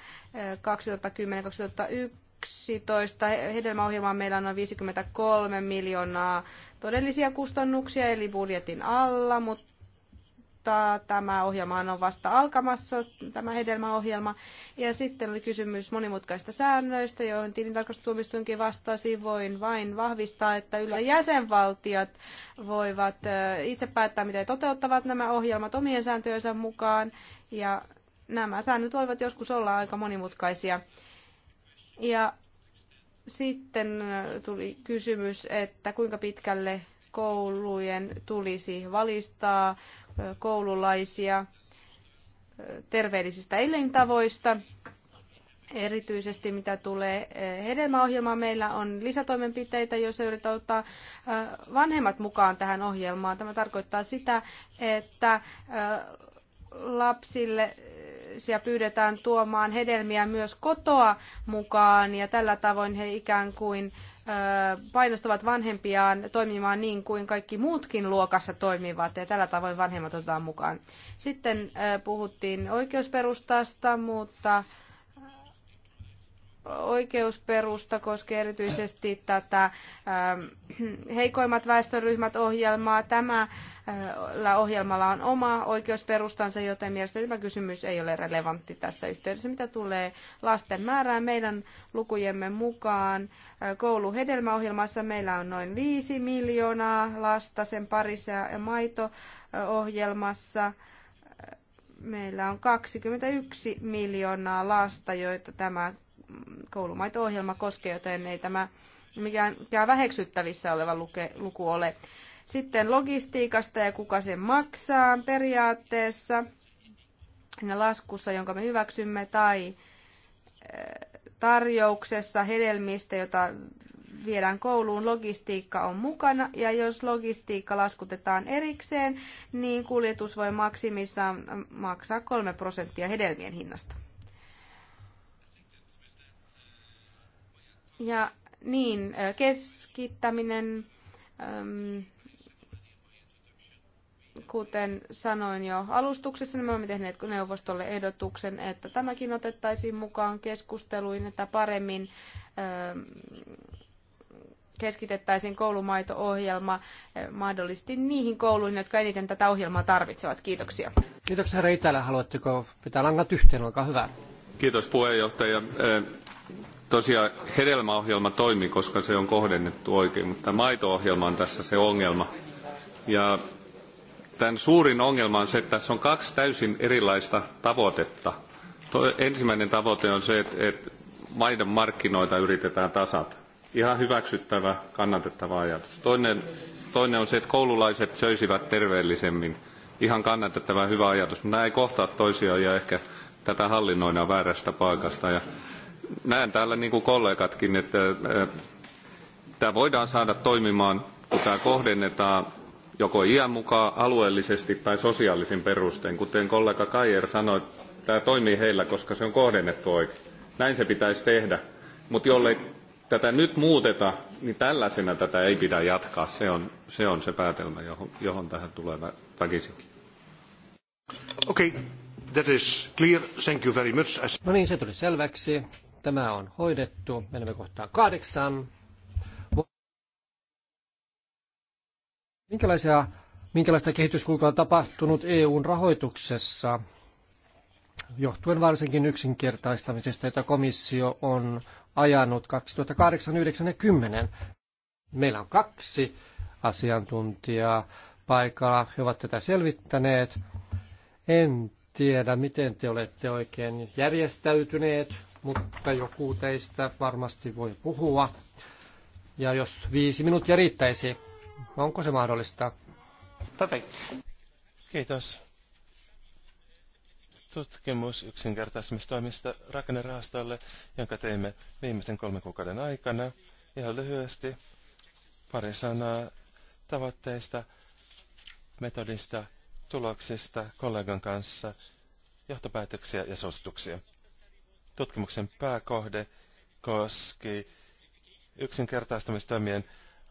2010-2011 hedelmäohjelmaan meillä on noin 53 miljoonaa todellisia kustannuksia, eli budjetin alla, mutta tämä ohjelma on vasta alkamassa, tämä hedelmäohjelma. Ja sitten oli kysymys monimutkaista säännöistä, joihin tilintarkastustuomistuinkin vastasi. Voin vain vahvistaa, että yllä jäsenvaltiot voivat itse päättää, miten toteuttavat nämä ohjelmat omien sääntöjensä mukaan. Ja nämä säännöt voivat joskus olla aika monimutkaisia. Ja sitten äh, tuli kysymys, että kuinka pitkälle koulujen tulisi valistaa äh, koululaisia äh, terveellisistä elintavoista. Erityisesti mitä tulee hedelmäohjelmaan, meillä on lisätoimenpiteitä, jos yritetään ottaa vanhemmat mukaan tähän ohjelmaan. Tämä tarkoittaa sitä, että lapsille ihmisiä pyydetään tuomaan hedelmiä myös kotoa mukaan ja tällä tavoin he ikään kuin painostavat vanhempiaan toimimaan niin kuin kaikki muutkin luokassa toimivat ja tällä tavoin vanhemmat otetaan mukaan. Sitten puhuttiin oikeusperustasta, mutta oikeusperusta koskee erityisesti tätä ähm, heikoimmat väestöryhmät ohjelmaa. Tämä äh, ohjelmalla on oma oikeusperustansa, joten mielestäni tämä kysymys ei ole relevantti tässä yhteydessä. Mitä tulee lasten määrään meidän lukujemme mukaan, äh, kouluhedelmäohjelmassa meillä on noin 5 miljoonaa lasta sen parissa ja maito-ohjelmassa äh, meillä on 21 miljoonaa lasta, joita tämä koulumaito-ohjelma koskee, joten ei tämä mikään, väheksyttävissä oleva luke, luku ole. Sitten logistiikasta ja kuka sen maksaa periaatteessa siinä laskussa, jonka me hyväksymme, tai eh, tarjouksessa hedelmistä, jota viedään kouluun, logistiikka on mukana, ja jos logistiikka laskutetaan erikseen, niin kuljetus voi maksimissaan maksaa 3 prosenttia hedelmien hinnasta. Ja niin, keskittäminen, kuten sanoin jo alustuksessa, niin me olemme tehneet neuvostolle ehdotuksen, että tämäkin otettaisiin mukaan keskusteluin, että paremmin keskitettäisiin koulumaito-ohjelma mahdollisesti niihin kouluihin, jotka eniten tätä ohjelmaa tarvitsevat. Kiitoksia. Kiitoksia herra Itälä. Haluatteko pitää langat yhteen? Olkaa hyvä. Kiitos puheenjohtaja tosiaan hedelmäohjelma toimii, koska se on kohdennettu oikein, mutta maito-ohjelma on tässä se ongelma. Ja tämän suurin ongelma on se, että tässä on kaksi täysin erilaista tavoitetta. ensimmäinen tavoite on se, että, että maidon markkinoita yritetään tasata. Ihan hyväksyttävä, kannatettava ajatus. Toinen, toinen on se, että koululaiset söisivät terveellisemmin. Ihan kannatettava hyvä ajatus, mutta nämä ei kohtaa toisiaan ja ehkä tätä hallinnoidaan väärästä paikasta. Ja näen täällä niin kuin kollegatkin, että äh, tämä voidaan saada toimimaan, kun tämä kohdennetaan joko iän mukaan alueellisesti tai sosiaalisin perustein. Kuten kollega Kajer sanoi, tämä toimii heillä, koska se on kohdennettu oikein. Näin se pitäisi tehdä. Mutta jollei tätä nyt muuteta, niin tällaisena tätä ei pidä jatkaa. Se on se, on se päätelmä, johon, johon tähän tulee väkisinkin. Okei, okay. that is clear. Thank you very much. No niin, se tuli selväksi. Tämä on hoidettu. Menemme kohtaan kahdeksan. Minkälaisia, minkälaista kehityskulkua on tapahtunut EUn rahoituksessa, johtuen varsinkin yksinkertaistamisesta, jota komissio on ajanut 2008, 9 ja 10. Meillä on kaksi asiantuntijaa paikalla. He ovat tätä selvittäneet. En tiedä, miten te olette oikein järjestäytyneet mutta joku teistä varmasti voi puhua. Ja jos viisi minuuttia riittäisi, onko se mahdollista? Perfect. Kiitos. Tutkimus yksinkertaistamistoimista rakennerahastolle, jonka teimme viimeisen kolmen kuukauden aikana. Ihan lyhyesti pari sanaa tavoitteista, metodista, tuloksista kollegan kanssa, johtopäätöksiä ja suosituksia. Tutkimuksen pääkohde koski yksinkertaistamistoimien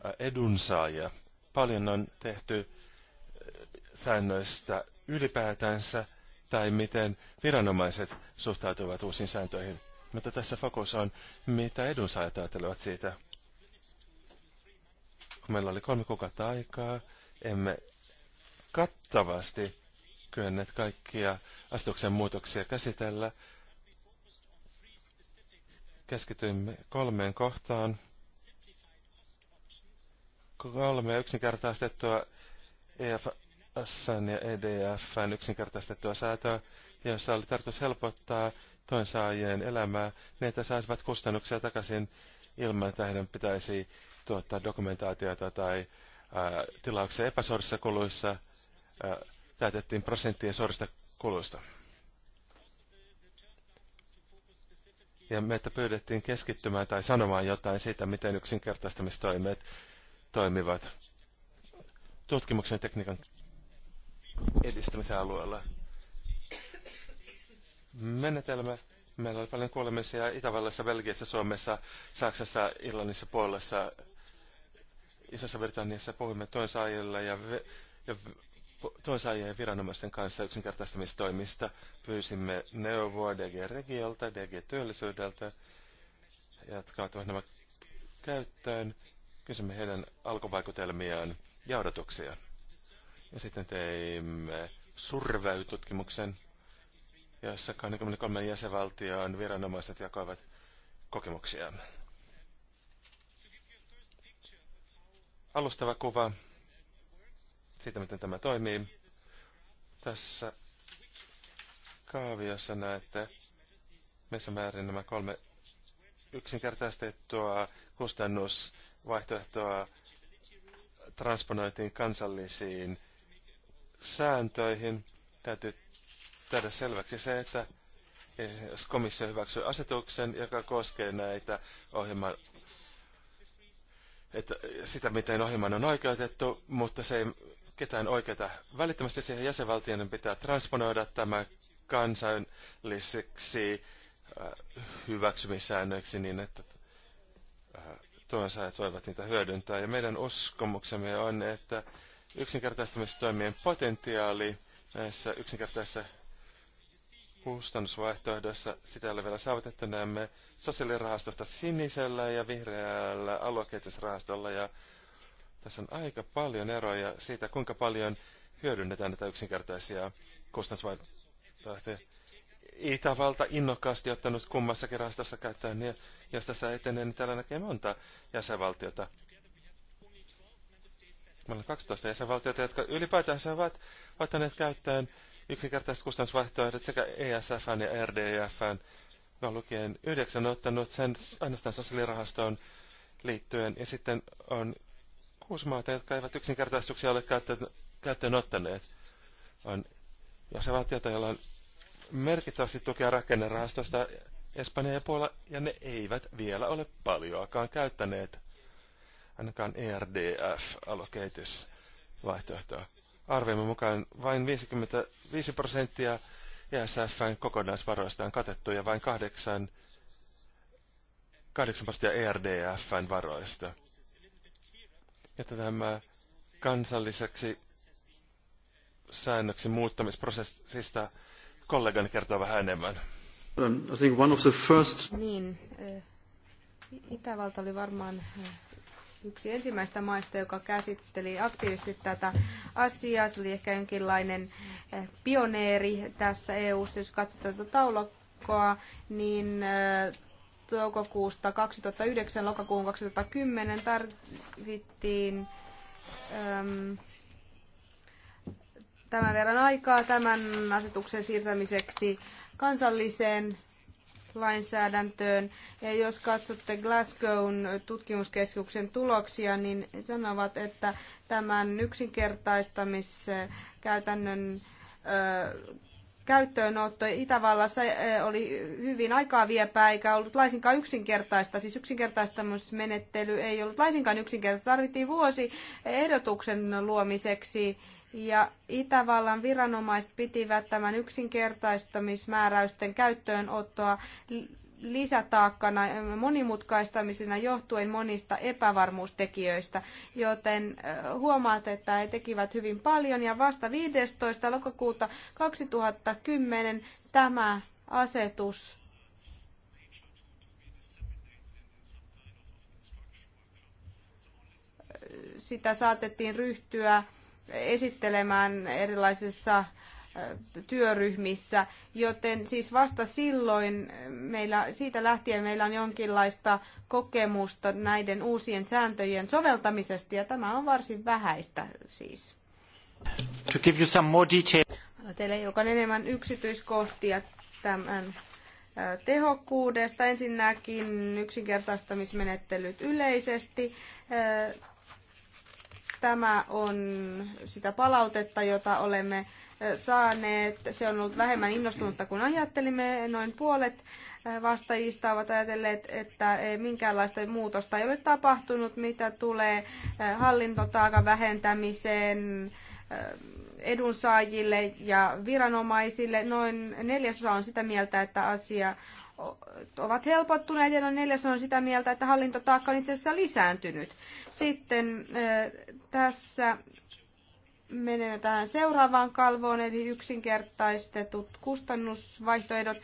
äh, edunsaajia. Paljon on tehty äh, säännöistä ylipäätänsä tai miten viranomaiset suhtautuvat uusiin sääntöihin. Mutta tässä fokus on, mitä edunsaajat ajattelevat siitä. Kun meillä oli kolme kuukautta aikaa, emme kattavasti kyenneet kaikkia asetuksen muutoksia käsitellä, Keskityimme kolmeen kohtaan. Kolme yksinkertaistettua EFSn ja EDFn yksinkertaistettua säätöä, joissa oli tarkoitus helpottaa saajien elämää niin, että saisivat kustannuksia takaisin ilman, että heidän pitäisi tuottaa dokumentaatiota tai ää, tilauksia epäsuorissa kuluissa. Ää, täytettiin prosenttien suorista kuluista. ja meitä pyydettiin keskittymään tai sanomaan jotain siitä, miten yksinkertaistamistoimet toimivat tutkimuksen ja tekniikan edistämisen alueella. Menetelmä. Meillä oli paljon kuulemisia Itävallassa, Belgiassa, Suomessa, Saksassa, Irlannissa, Puolassa, Isossa Britanniassa puhumme tuensaajille ja, ve- ja toisaajien viranomaisten kanssa yksinkertaistamistoimista. Pyysimme neuvoa DG Regiolta, DG Työllisyydeltä, jotka ovat nämä käyttöön. Kysymme heidän alkuvaikutelmiaan ja odotuksia. Ja sitten teimme surveytutkimuksen, jossa 23 jäsenvaltion viranomaiset jakavat kokemuksiaan. Alustava kuva siitä, miten tämä toimii. Tässä kaaviossa näette, missä määrin nämä kolme yksinkertaistettua kustannusvaihtoehtoa transponoitiin kansallisiin sääntöihin. Täytyy tehdä selväksi se, että jos komissio hyväksyy asetuksen, joka koskee näitä ohjelman, että sitä miten ohjelman on oikeutettu, mutta se ei ketään oikeita. Välittömästi siihen jäsenvaltioiden pitää transponoida tämä kansallisiksi äh, hyväksymisäännöiksi niin, että äh, saajat voivat niitä hyödyntää. Ja meidän uskomuksemme on, että yksinkertaistamistoimien potentiaali näissä yksinkertaisissa kustannusvaihtoehdossa, sitä ei ole vielä saavutettu, näemme sosiaalirahastosta sinisellä ja vihreällä aluekehitysrahastolla ja tässä on aika paljon eroja siitä, kuinka paljon hyödynnetään näitä yksinkertaisia kustannusvaihtoehtoja. Itävalta innokkaasti ottanut kummassakin rahastossa käyttöön, ja jos tässä etenee, niin täällä näkee monta jäsenvaltiota. Meillä on 12 jäsenvaltiota, jotka ylipäätään ovat ottaneet käyttöön yksinkertaiset kustannusvaihtoehdot sekä ESF ja RDF. Mä no, lukien yhdeksän ottanut sen ainoastaan sosiaalirahastoon liittyen, ja sitten on kuusi maata, jotka eivät yksinkertaistuksia ole käyttöön, käyttöön ottaneet. On jäsenvaltioita, joilla on merkittävästi tukea rakennerahastosta Espanja ja Puola, ja ne eivät vielä ole paljoakaan käyttäneet ainakaan ERDF-allocatus-vaihtoehtoa. Arvioimme mukaan vain 55 prosenttia ESFn kokonaisvaroista on katettu ja vain 8, 8 prosenttia ERDFn varoista että tämä kansalliseksi säännöksi muuttamisprosessista kollegani kertoo vähän enemmän. Um, I think one of the first... Niin, eh, Itävalta oli varmaan eh, yksi ensimmäistä maista, joka käsitteli aktiivisesti tätä asiaa. Se oli ehkä jonkinlainen eh, pioneeri tässä EU-ssa. Jos katsotaan tätä tuota taulukkoa, niin toukokuusta 2009 lokakuun 2010 tarvittiin äm, tämän verran aikaa tämän asetuksen siirtämiseksi kansalliseen lainsäädäntöön. Ja jos katsotte Glasgown tutkimuskeskuksen tuloksia, niin sanovat, että tämän yksinkertaistamiskäytännön ö, käyttöönotto Itävallassa eh, oli hyvin aikaa viepää eikä ollut laisinkaan yksinkertaista. Siis yksinkertaistamismenettely ei ollut laisinkaan yksinkertaista. Tarvittiin vuosi ehdotuksen luomiseksi ja Itävallan viranomaiset pitivät tämän yksinkertaistamismääräysten käyttöönottoa lisätaakkana monimutkaistamisena johtuen monista epävarmuustekijöistä, joten huomaat, että he tekivät hyvin paljon ja vasta 15. lokakuuta 2010 tämä asetus sitä saatettiin ryhtyä esittelemään erilaisissa työryhmissä, joten siis vasta silloin meillä, siitä lähtien meillä on jonkinlaista kokemusta näiden uusien sääntöjen soveltamisesta ja tämä on varsin vähäistä siis. To give you some more detail. Anna teille hiukan enemmän yksityiskohtia tämän tehokkuudesta. Ensinnäkin yksinkertaistamismenettelyt yleisesti. Tämä on sitä palautetta, jota olemme saaneet. Se on ollut vähemmän innostunutta kuin ajattelimme. Noin puolet äh, vastaajista ovat ajatelleet, että äh, minkäänlaista muutosta ei ole tapahtunut, mitä tulee äh, hallintotaakan vähentämiseen edunsaajille ja viranomaisille. Noin neljäsosa on sitä mieltä, että asia ovat helpottuneet ja noin neljäs on sitä mieltä, että hallintotaakka on itse asiassa lisääntynyt. Sitten tässä menemme tähän seuraavaan kalvoon, eli yksinkertaistetut kustannusvaihtoehdot.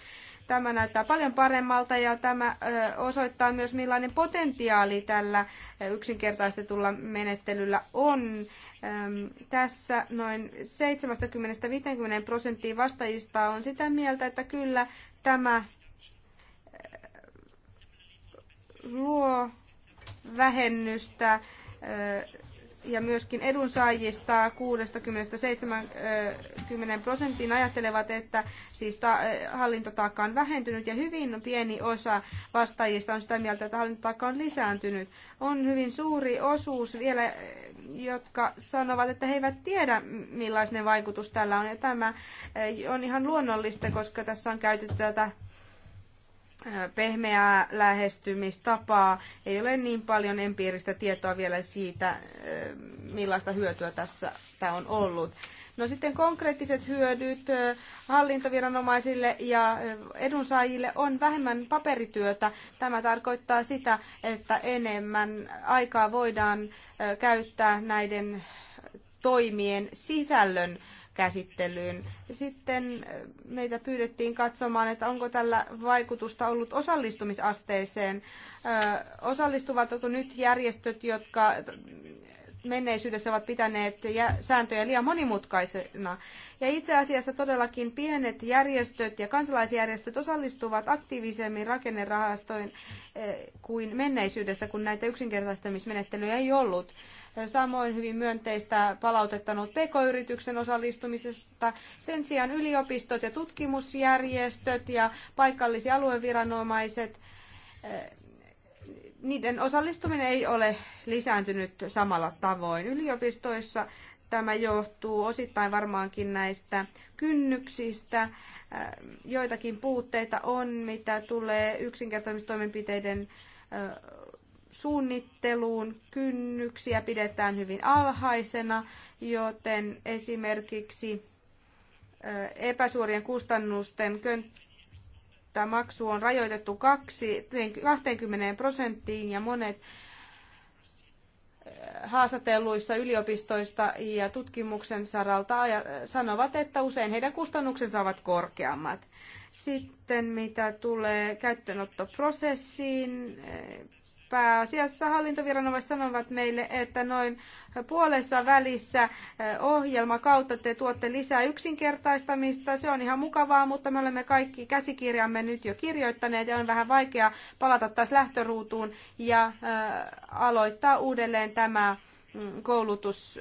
Tämä näyttää paljon paremmalta ja tämä osoittaa myös, millainen potentiaali tällä yksinkertaistetulla menettelyllä on. Tässä noin 70-50 prosenttia vastaajista on sitä mieltä, että kyllä tämä luo vähennystä ja myöskin edunsaajista 60-70 prosenttiin ajattelevat, että siis ta- eh, hallintotaakka on vähentynyt ja hyvin pieni osa vastaajista on sitä mieltä, että hallintotaakka on lisääntynyt. On hyvin suuri osuus vielä, eh, jotka sanovat, että he eivät tiedä millainen vaikutus tällä on ja tämä eh, on ihan luonnollista, koska tässä on käyty tätä pehmeää lähestymistapaa. Ei ole niin paljon empiiristä tietoa vielä siitä, millaista hyötyä tässä tämä on ollut. No sitten konkreettiset hyödyt hallintoviranomaisille ja edunsaajille on vähemmän paperityötä. Tämä tarkoittaa sitä, että enemmän aikaa voidaan käyttää näiden toimien sisällön käsittelyyn. Sitten äh, meitä pyydettiin katsomaan, että onko tällä vaikutusta ollut osallistumisasteeseen. Äh, Osallistuvatko nyt järjestöt, jotka menneisyydessä ovat pitäneet sääntöjä liian monimutkaisena. Ja itse asiassa todellakin pienet järjestöt ja kansalaisjärjestöt osallistuvat aktiivisemmin rakennerahastoin äh, kuin menneisyydessä, kun näitä yksinkertaistamismenettelyjä ei ollut. Samoin hyvin myönteistä palautetta on PK-yrityksen osallistumisesta. Sen sijaan yliopistot ja tutkimusjärjestöt ja paikallisia alueviranomaiset eh, niiden osallistuminen ei ole lisääntynyt samalla tavoin. Yliopistoissa tämä johtuu osittain varmaankin näistä kynnyksistä. Eh, joitakin puutteita on, mitä tulee yksinkertaistoimenpiteiden eh, suunnitteluun kynnyksiä pidetään hyvin alhaisena, joten esimerkiksi epäsuorien kustannusten könttämaksu on rajoitettu 20 prosenttiin ja monet haastatelluissa yliopistoista ja tutkimuksen saralta sanovat, että usein heidän kustannuksensa ovat korkeammat. Sitten mitä tulee käyttöönottoprosessiin, Pääasiassa hallintoviranomaiset sanovat meille, että noin puolessa välissä eh, ohjelma kautta te tuotte lisää yksinkertaistamista. Se on ihan mukavaa, mutta me olemme kaikki käsikirjamme nyt jo kirjoittaneet ja on vähän vaikea palata taas lähtöruutuun ja eh, aloittaa uudelleen tämä mm, koulutus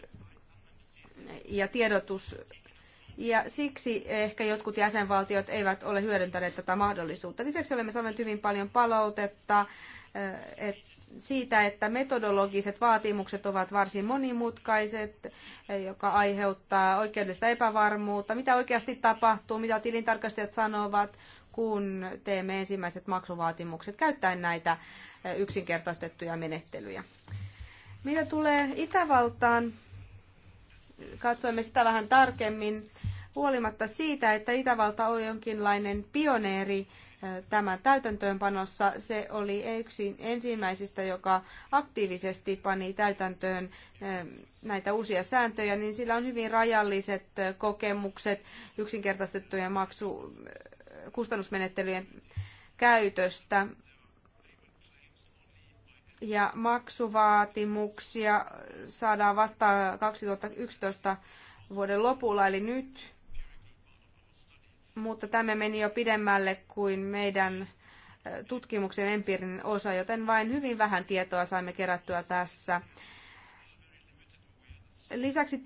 ja tiedotus ja siksi ehkä jotkut jäsenvaltiot eivät ole hyödyntäneet tätä mahdollisuutta. Lisäksi olemme saaneet hyvin paljon palautetta siitä, että metodologiset vaatimukset ovat varsin monimutkaiset, joka aiheuttaa oikeudellista epävarmuutta, mitä oikeasti tapahtuu, mitä tilintarkastajat sanovat, kun teemme ensimmäiset maksuvaatimukset käyttäen näitä yksinkertaistettuja menettelyjä. Mitä tulee Itävaltaan, katsoimme sitä vähän tarkemmin, huolimatta siitä, että Itävalta on jonkinlainen pioneeri tämän täytäntöönpanossa. Se oli yksi ensimmäisistä, joka aktiivisesti pani täytäntöön näitä uusia sääntöjä, niin sillä on hyvin rajalliset kokemukset yksinkertaistettujen maksu kustannusmenettelyjen käytöstä. Ja maksuvaatimuksia saadaan vasta 2011 vuoden lopulla, eli nyt mutta tämä meni jo pidemmälle kuin meidän tutkimuksen empiirinen osa, joten vain hyvin vähän tietoa saimme kerättyä tässä. Lisäksi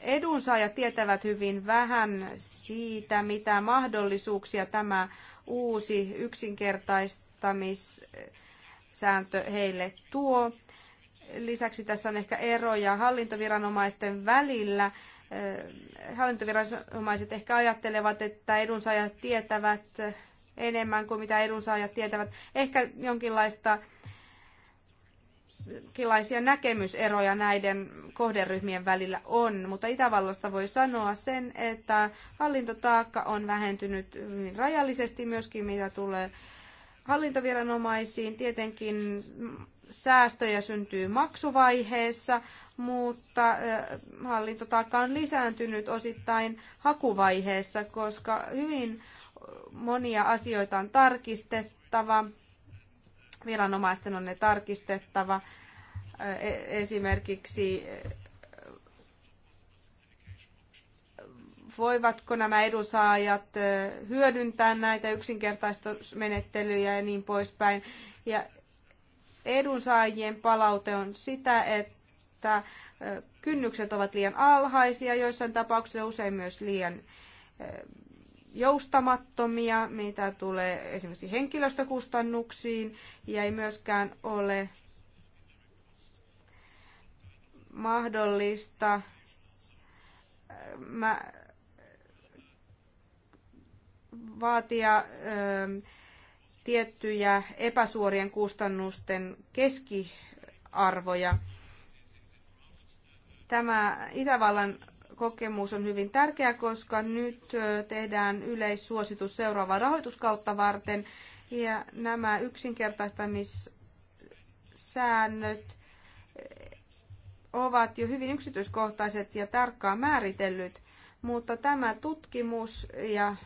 edunsaajat tietävät hyvin vähän siitä, mitä mahdollisuuksia tämä uusi yksinkertaistamissääntö heille tuo. Lisäksi tässä on ehkä eroja hallintoviranomaisten välillä hallintoviranomaiset ehkä ajattelevat, että edunsaajat tietävät enemmän kuin mitä edunsaajat tietävät. Ehkä jonkinlaista jonkinlaisia näkemyseroja näiden kohderyhmien välillä on, mutta Itävallasta voi sanoa sen, että hallintotaakka on vähentynyt hyvin rajallisesti myöskin mitä tulee hallintoviranomaisiin. Tietenkin säästöjä syntyy maksuvaiheessa, mutta hallintotaakka on lisääntynyt osittain hakuvaiheessa, koska hyvin monia asioita on tarkistettava, viranomaisten on ne tarkistettava, e, esimerkiksi voivatko nämä edunsaajat hyödyntää näitä yksinkertaistusmenettelyjä ja niin poispäin. Ja edunsaajien palaute on sitä, että että kynnykset ovat liian alhaisia, joissain tapauksissa usein myös liian joustamattomia, mitä tulee esimerkiksi henkilöstökustannuksiin, ja ei myöskään ole mahdollista mä, vaatia ö, tiettyjä epäsuorien kustannusten keskiarvoja. Tämä Itävallan kokemus on hyvin tärkeä, koska nyt tehdään yleissuositus seuraavaa rahoituskautta varten. Ja nämä yksinkertaistamissäännöt ovat jo hyvin yksityiskohtaiset ja tarkkaan määritellyt, mutta tämä tutkimus ja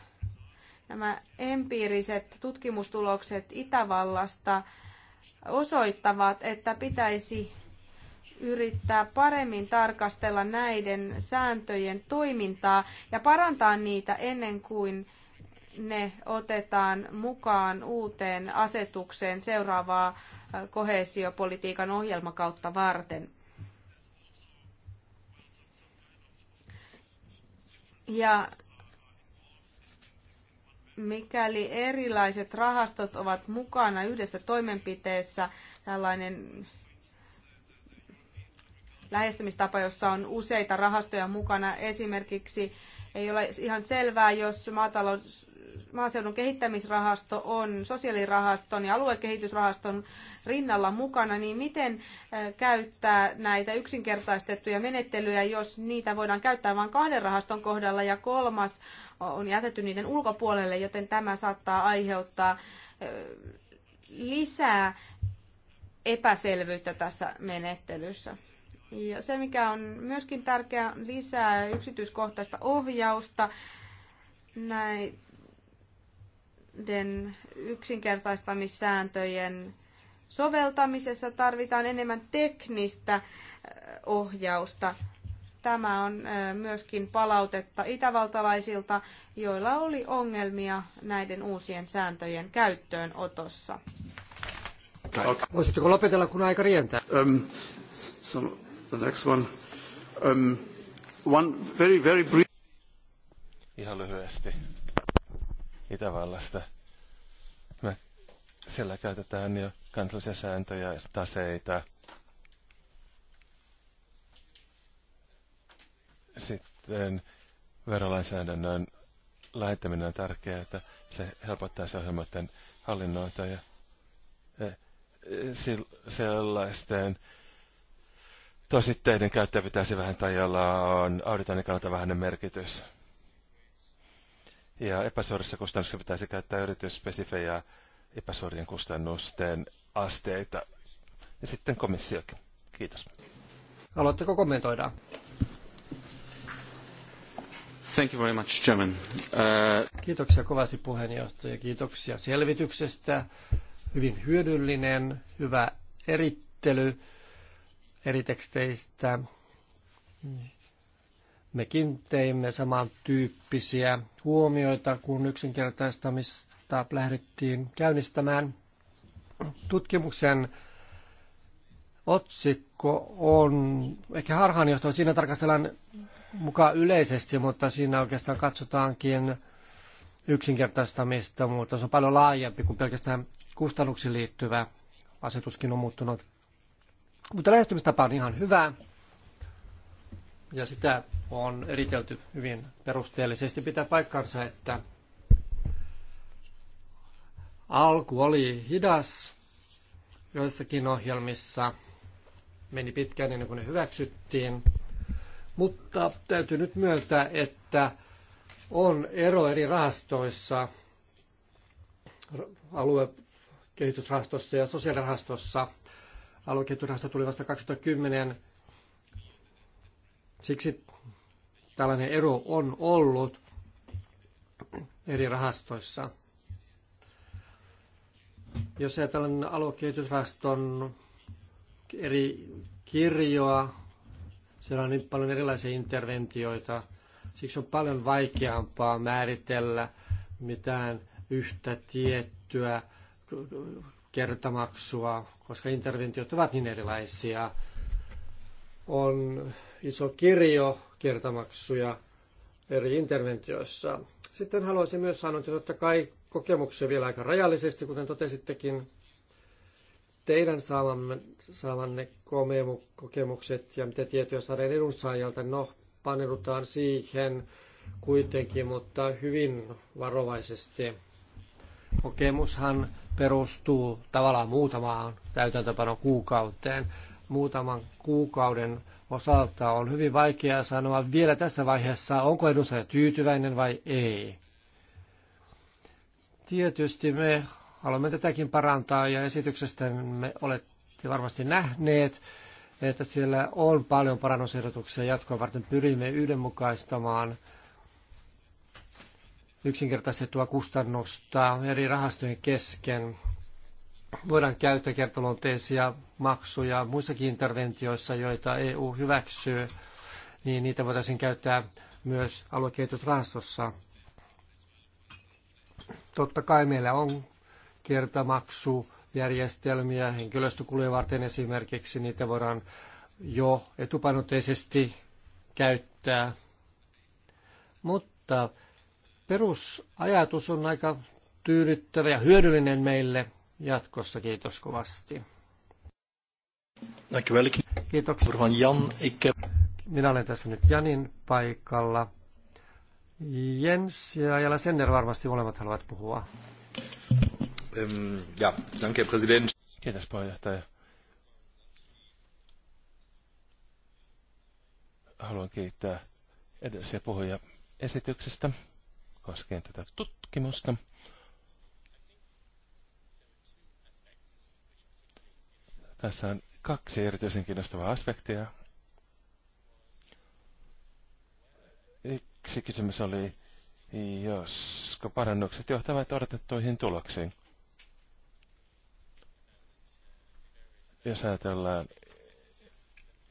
nämä empiiriset tutkimustulokset Itävallasta osoittavat, että pitäisi yrittää paremmin tarkastella näiden sääntöjen toimintaa ja parantaa niitä ennen kuin ne otetaan mukaan uuteen asetukseen seuraavaa äh, kohesiopolitiikan ohjelmakautta varten. Ja mikäli erilaiset rahastot ovat mukana yhdessä toimenpiteessä, tällainen lähestymistapa, jossa on useita rahastoja mukana. Esimerkiksi ei ole ihan selvää, jos maatalous, maaseudun kehittämisrahasto on sosiaalirahaston ja aluekehitysrahaston rinnalla mukana, niin miten käyttää näitä yksinkertaistettuja menettelyjä, jos niitä voidaan käyttää vain kahden rahaston kohdalla ja kolmas on jätetty niiden ulkopuolelle, joten tämä saattaa aiheuttaa lisää epäselvyyttä tässä menettelyssä. Ja se, mikä on myöskin tärkeää, lisää yksityiskohtaista ohjausta näiden yksinkertaistamissääntöjen soveltamisessa tarvitaan enemmän teknistä ohjausta. Tämä on myöskin palautetta itävaltalaisilta, joilla oli ongelmia näiden uusien sääntöjen käyttöönotossa. Voisitteko lopetella, kun aika rientää? Um, the next one. Um, one very, very brief... Ihan lyhyesti Itävallasta. Me siellä käytetään jo kansallisia sääntöjä, taseita. Sitten verolainsäädännön lähettäminen on tärkeää, että se helpottaa se ohjelmoiden hallinnointia ja eh, sellaisten tositteiden käyttäjä pitäisi vähentää, jolla on auditoinnin kannalta vähäinen merkitys. Ja epäsuorissa kustannuksissa pitäisi käyttää yritysspesifejä epäsuorien kustannusten asteita. Ja sitten komissiokin. Kiitos. Haluatteko kommentoida? Thank you very much, Chairman. Uh... Kiitoksia kovasti puheenjohtaja. Kiitoksia selvityksestä. Hyvin hyödyllinen, hyvä erittely eri teksteistä. Mekin teimme samantyyppisiä huomioita, kun yksinkertaistamista lähdettiin käynnistämään. Tutkimuksen otsikko on ehkä harhaanjohtava. Siinä tarkastellaan mukaan yleisesti, mutta siinä oikeastaan katsotaankin yksinkertaistamista, mutta se on paljon laajempi kuin pelkästään kustannuksiin liittyvä asetuskin on muuttunut. Mutta lähestymistapa on ihan hyvä ja sitä on eritelty hyvin perusteellisesti. Pitää paikkansa, että alku oli hidas joissakin ohjelmissa. Meni pitkään ennen kuin ne hyväksyttiin. Mutta täytyy nyt myöntää, että on ero eri rahastoissa, aluekehitysrahastossa ja sosiaalirahastossa – aluekehitysrahasto tuli vasta 2010. Siksi tällainen ero on ollut eri rahastoissa. Jos ajatellaan aluekehitysrahaston eri kirjoa, siellä on niin paljon erilaisia interventioita, siksi on paljon vaikeampaa määritellä mitään yhtä tiettyä kertamaksua koska interventiot ovat niin erilaisia. On iso kirjo kertamaksuja eri interventioissa. Sitten haluaisin myös sanoa, että totta kai kokemuksia vielä aika rajallisesti, kuten totesittekin, teidän saamamme, saamanne kokemukset ja mitä tietoja saadaan edunsaajalta, no paneudutaan siihen kuitenkin, mutta hyvin varovaisesti. Kokemushan perustuu tavallaan muutamaan täytäntöpano kuukauteen. Muutaman kuukauden osalta on hyvin vaikea sanoa vielä tässä vaiheessa, onko edustaja tyytyväinen vai ei. Tietysti me haluamme tätäkin parantaa ja esityksestä me olette varmasti nähneet, että siellä on paljon parannusehdotuksia jatkoa varten. Pyrimme yhdenmukaistamaan – yksinkertaistettua kustannusta eri rahastojen kesken. Voidaan käyttää kertaluonteisia maksuja muissakin interventioissa, joita EU hyväksyy, niin niitä voitaisiin käyttää myös aluekehitysrahastossa. Totta kai meillä on kertamaksujärjestelmiä järjestelmiä, varten esimerkiksi, niitä voidaan jo etupainotteisesti käyttää. Mutta perusajatus on aika tyydyttävä ja hyödyllinen meille jatkossa. Kiitos kovasti. Kiitoksia. Jan, Minä olen tässä nyt Janin paikalla. Jens ja Jala Senner varmasti molemmat haluavat puhua. Ehm, ja, danke, president. Kiitos puheenjohtaja. Haluan kiittää edellisiä puhuja esityksestä koskien tätä tutkimusta. Tässä on kaksi erityisen kiinnostavaa aspektia. Yksi kysymys oli, josko parannukset johtavat odotettuihin tuloksiin. Jos ajatellaan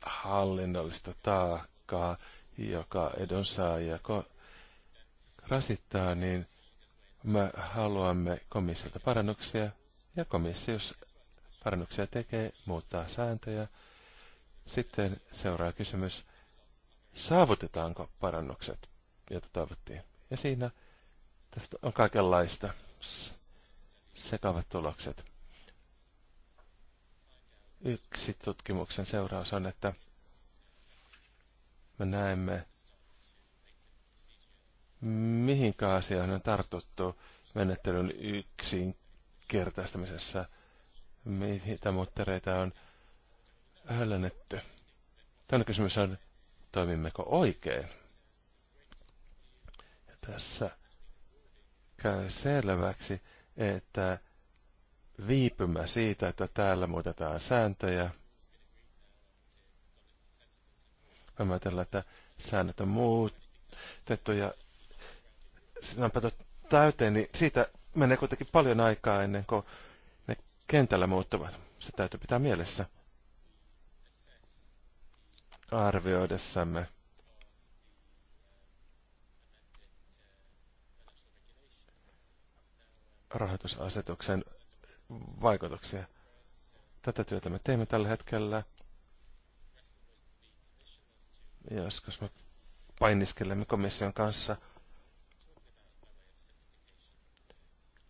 hallinnollista taakkaa, joka edunsaajia rasittaa, niin me haluamme komissiolta parannuksia ja komissio, jos parannuksia tekee, muuttaa sääntöjä. Sitten seuraa kysymys, saavutetaanko parannukset, joita toivottiin. Ja siinä tästä on kaikenlaista sekavat tulokset. Yksi tutkimuksen seuraus on, että me näemme Mihin asiaan on tartuttu menettelyn yksinkertaistamisessa, mitä muttereita on höllennetty. Tämä kysymys on, toimimmeko oikein? Ja tässä käy selväksi, että viipymä siitä, että täällä muutetaan sääntöjä, Mä ajatellaan, että säännöt on muutettu ja sinä on täyteen, niin siitä menee kuitenkin paljon aikaa ennen kuin ne kentällä muuttuvat. Se täytyy pitää mielessä arvioidessamme. rahoitusasetuksen vaikutuksia. Tätä työtä me teemme tällä hetkellä. Joskus me painiskelemme komission kanssa –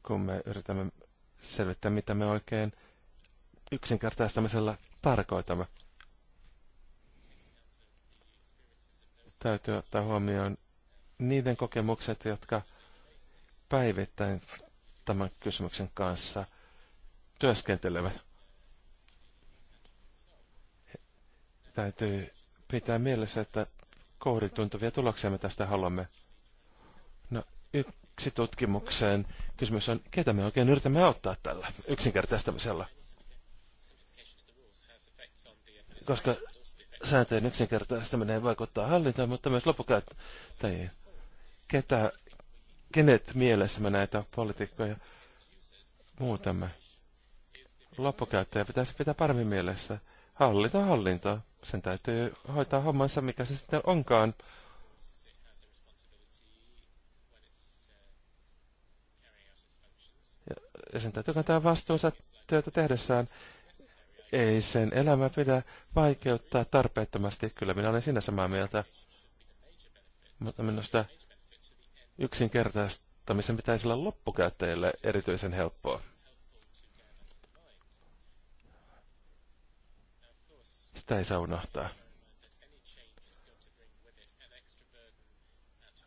kun me yritämme selvittää, mitä me oikein yksinkertaistamisella tarkoitamme. Täytyy ottaa huomioon niiden kokemukset, jotka päivittäin tämän kysymyksen kanssa työskentelevät. Täytyy pitää mielessä, että kohdituntuvia tuloksia me tästä haluamme. No, yksi tutkimukseen Kysymys on, ketä me oikein yritämme auttaa tällä yksinkertaistamisella. Koska sääntöjen yksinkertaistaminen vaikuttaa hallintaan, mutta myös lopukäyttäjiin. Ketä, kenet mielessä me näitä poliitikkoja muutamme? Loppukäyttäjä pitäisi pitää paremmin mielessä. Hallinta, hallinto. Sen täytyy hoitaa hommansa, mikä se sitten onkaan. ja sen täytyy kantaa vastuunsa työtä tehdessään. Ei sen elämä pidä vaikeuttaa tarpeettomasti. Kyllä minä olen siinä samaa mieltä. Mutta minusta yksinkertaistamisen pitäisi olla loppukäyttäjille erityisen helppoa. Sitä ei saa unohtaa.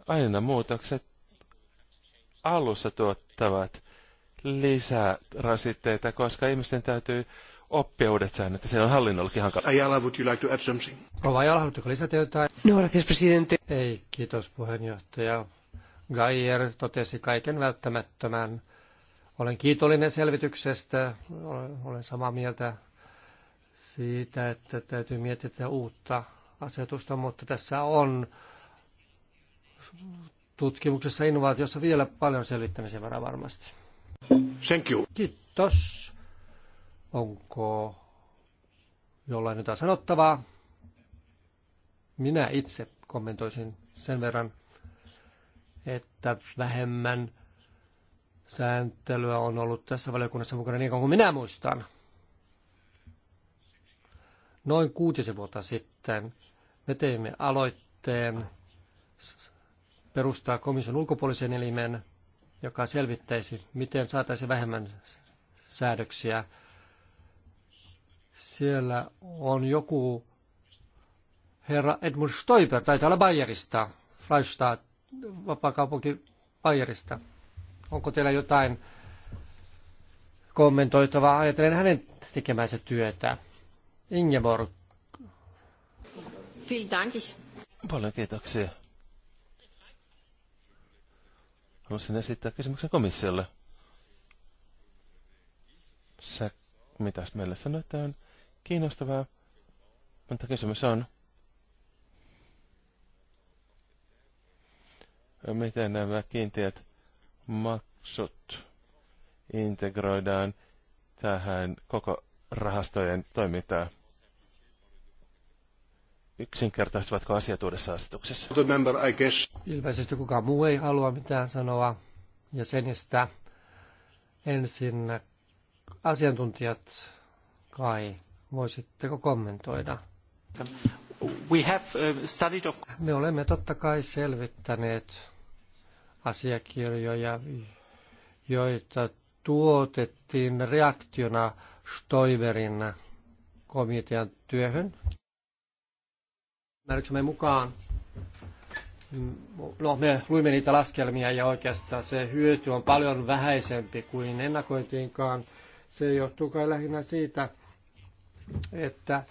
Aina muutokset alussa tuottavat lisää rasitteita, koska ihmisten täytyy oppia uudet säännöt, se on hallinnollakin hankala. Ajala, would you like to add something? Rova Ajala, haluatteko lisätä jotain? No, gracias, presidente. Ei, kiitos puheenjohtaja. Gaier totesi kaiken välttämättömän. Olen kiitollinen selvityksestä. Olen samaa mieltä siitä, että täytyy miettiä uutta asetusta, mutta tässä on tutkimuksessa innovaatiossa vielä paljon selvittämisen varaa varmasti. Thank you. Kiitos. Onko jollain jotain sanottavaa? Minä itse kommentoisin sen verran, että vähemmän sääntelyä on ollut tässä valiokunnassa mukana niin kauan kuin minä muistan. Noin kuutisen vuotta sitten me teimme aloitteen perustaa komission ulkopuolisen elimen – joka selvittäisi, miten saataisiin vähemmän säädöksiä. Siellä on joku herra Edmund Stoiber, taitaa olla Bayerista, Freistaat, vapaakaupunki Bayerista. Onko teillä jotain kommentoitavaa ajatellen hänen tekemänsä työtä? Ingeborg. Vielen Paljon kiitoksia. Haluaisin esittää kysymyksen komissiolle. Sä, mitäs meille sanoit, että on kiinnostavaa, mutta kysymys on, miten nämä kiinteät maksut integroidaan tähän koko rahastojen toimintaan. Yksinkertaistuvatko asiat uudessa asetuksessa? Ilmeisesti kukaan muu ei halua mitään sanoa jäsenistä. Ensin asiantuntijat kai, voisitteko kommentoida? We have uh, studied of... Me olemme totta kai selvittäneet asiakirjoja, joita tuotettiin reaktiona Stoiberin komitean työhön määräyksemme mukaan, no me luimme niitä laskelmia ja oikeastaan se hyöty on paljon vähäisempi kuin ennakoitiinkaan. Se johtuu kai lähinnä siitä, että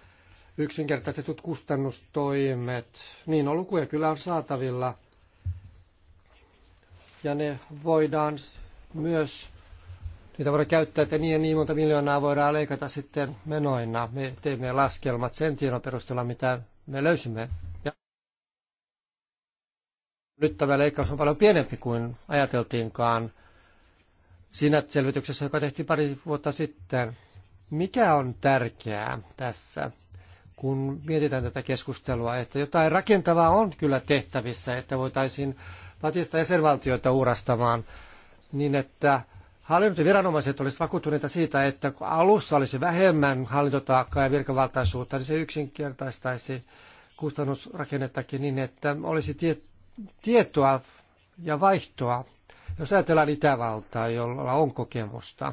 yksinkertaistetut kustannustoimet, niin on no, lukuja kyllä on saatavilla – ja ne voidaan myös, niitä voidaan käyttää, että niin ja niin monta miljoonaa voidaan leikata sitten menoina. Me teemme laskelmat sen tiedon perusteella, mitä me löysimme. Ja nyt tämä leikkaus on paljon pienempi kuin ajateltiinkaan siinä selvityksessä, joka tehtiin pari vuotta sitten. Mikä on tärkeää tässä, kun mietitään tätä keskustelua, että jotain rakentavaa on kyllä tehtävissä, että voitaisiin patista jäsenvaltioita uurastamaan niin, että hallintoviranomaiset olisivat vakuuttuneita siitä, että kun alussa olisi vähemmän hallintotaakkaa ja virkavaltaisuutta, niin se yksinkertaistaisi kustannusrakennettakin niin, että olisi tie- tietoa ja vaihtoa. Jos ajatellaan Itävaltaa, jolla on kokemusta,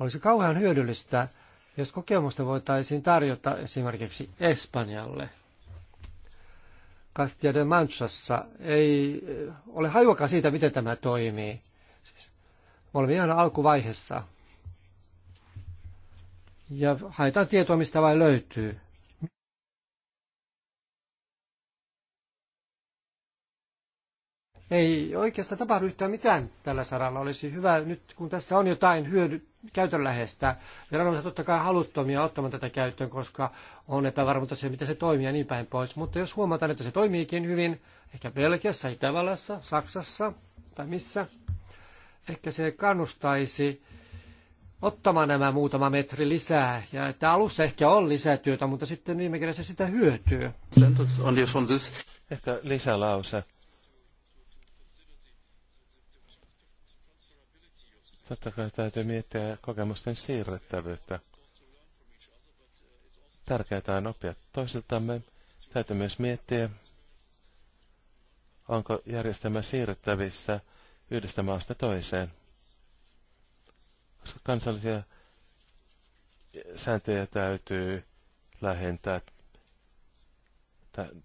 olisi kauhean hyödyllistä, jos kokemusta voitaisiin tarjota esimerkiksi Espanjalle. Castilla de Manchassa ei eh, ole hajuakaan siitä, miten tämä toimii olemme ihan alkuvaiheessa. Ja haetaan tietoa, mistä vain löytyy. Ei oikeastaan tapahdu yhtään mitään tällä saralla. Olisi hyvä nyt, kun tässä on jotain hyödy käytönläheistä. Viranomaiset totta kai haluttomia ottamaan tätä käyttöön, koska on epävarmuutta se, miten se toimii ja niin päin pois. Mutta jos huomataan, että se toimiikin hyvin, ehkä Belgiassa, Itävallassa, Saksassa tai missä, ehkä se kannustaisi ottamaan nämä muutama metri lisää. Ja että alussa ehkä on lisätyötä, mutta sitten viime kädessä sitä hyötyy. on Ehkä lisälause. Totta kai täytyy miettiä kokemusten siirrettävyyttä. Tärkeää on oppia toisiltamme. Täytyy myös miettiä, onko järjestelmä siirrettävissä – yhdestä maasta toiseen. Koska kansallisia sääntöjä täytyy lähentää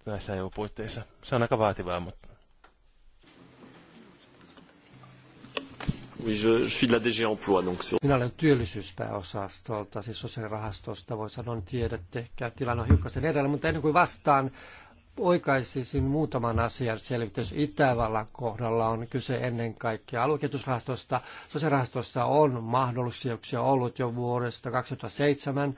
näissä EU-puitteissa. Se on aika vaativaa, mutta... Minä olen työllisyyspääosastolta, siis sosiaalirahastosta. Voi sanoa, niin tiedätte, ehkä tilanne on hiukan sen edellä, mutta ennen kuin vastaan, oikaisisin muutaman asian selvitys. Itävallan kohdalla on kyse ennen kaikkea aluekehitysrahastosta. Sosiaalirahastossa on mahdollisuuksia ollut jo vuodesta 2007.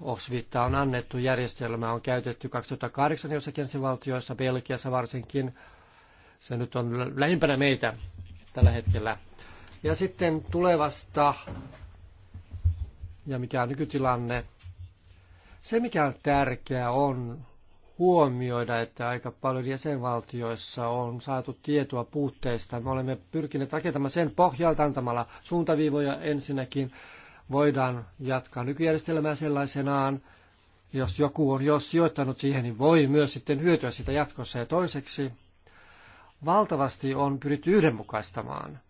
Osviitta on annettu, järjestelmä on käytetty 2008 jossakin valtioissa, Belgiassa varsinkin. Se nyt on lähimpänä meitä tällä hetkellä. Ja sitten tulevasta ja mikä on nykytilanne. Se, mikä on tärkeää, on huomioida, että aika paljon jäsenvaltioissa on saatu tietoa puutteista. Me olemme pyrkineet rakentamaan sen pohjalta antamalla suuntaviivoja ensinnäkin. Voidaan jatkaa nykyjärjestelmää sellaisenaan. Jos joku on jo sijoittanut siihen, niin voi myös sitten hyötyä sitä jatkossa. Ja toiseksi valtavasti on pyritty yhdenmukaistamaan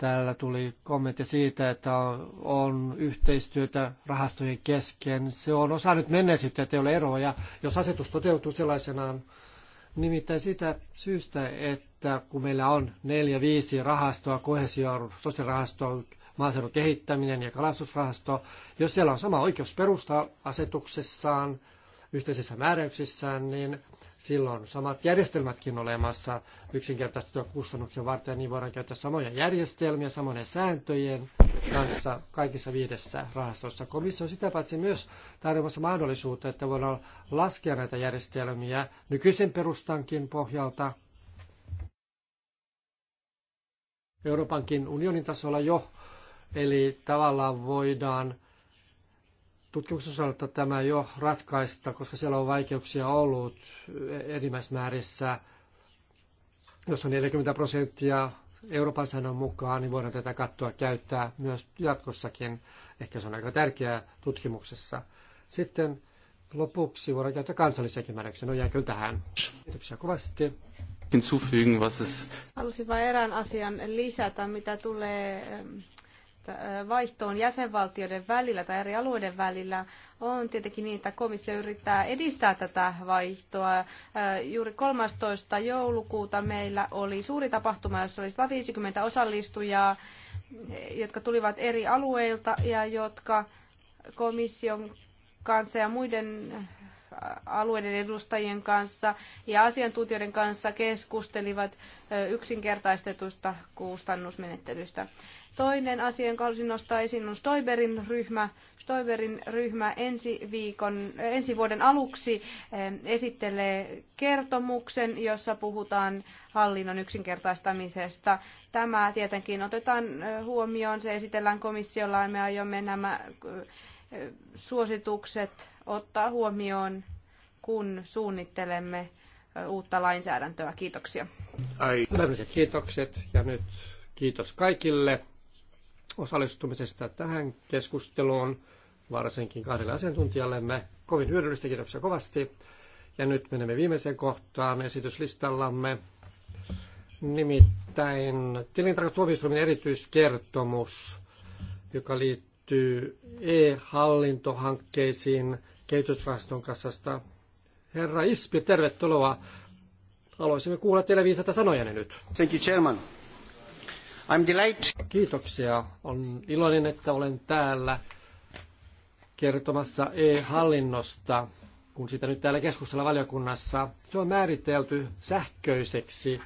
Täällä tuli kommentti siitä, että on yhteistyötä rahastojen kesken. Se on osa nyt menneisyyttä, ettei ole eroja, jos asetus toteutuu sellaisenaan. Nimittäin sitä syystä, että kun meillä on neljä, viisi rahastoa, kohesio, sosiaalirahasto, maaseudun kehittäminen ja kalastusrahasto, jos siellä on sama oikeus perusta asetuksessaan, yhteisissä määräyksissään, niin silloin samat järjestelmätkin olemassa yksinkertaistettua kustannuksia varten, niin voidaan käyttää samoja järjestelmiä samojen sääntöjen kanssa kaikissa viidessä rahastossa. Komissio on sitä paitsi myös tarjoamassa mahdollisuutta, että voidaan laskea näitä järjestelmiä nykyisen perustankin pohjalta Euroopankin unionin tasolla jo. Eli tavallaan voidaan että tämä jo ratkaista, koska siellä on vaikeuksia ollut enimmäismäärissä. Jos on 40 prosenttia Euroopan sanon mukaan, niin voidaan tätä kattoa käyttää myös jatkossakin. Ehkä se on aika tärkeää tutkimuksessa. Sitten lopuksi voidaan käyttää kansallisiakin määräyksiä. No jäänkö tähän? Kiitoksia kovasti. Halusin vain erään asian lisätä, mitä tulee vaihtoon jäsenvaltioiden välillä tai eri alueiden välillä on tietenkin niin, että komissio yrittää edistää tätä vaihtoa. Juuri 13. joulukuuta meillä oli suuri tapahtuma, jossa oli 150 osallistujaa, jotka tulivat eri alueilta ja jotka komission kanssa ja muiden alueiden edustajien kanssa ja asiantuntijoiden kanssa keskustelivat yksinkertaistetusta kustannusmenettelystä. Toinen asia, jonka haluaisin nostaa esiin, on Stoiberin ryhmä. Stoiberin ryhmä ensi, viikon, eh, ensi vuoden aluksi eh, esittelee kertomuksen, jossa puhutaan hallinnon yksinkertaistamisesta. Tämä tietenkin otetaan eh, huomioon, se esitellään komissiolla ja me aiomme nämä suositukset ottaa huomioon, kun suunnittelemme uutta lainsäädäntöä. Kiitoksia. Ai. kiitokset ja nyt kiitos kaikille osallistumisesta tähän keskusteluun, varsinkin kahdelle asiantuntijallemme. Kovin hyödyllistä, kiitoksia kovasti. Ja nyt menemme viimeiseen kohtaan esityslistallamme, nimittäin tilintarkastuomioistuimen erityiskertomus, joka liittyy e-hallintohankkeisiin kehitysrahaston kassasta. Herra Ispi, tervetuloa. Haluaisimme kuulla teille viisata sanoja nyt. Thank you, Chairman. I'm delighted. Kiitoksia. On iloinen, että olen täällä kertomassa e-hallinnosta, kun sitä nyt täällä keskustellaan valiokunnassa. Se on määritelty sähköiseksi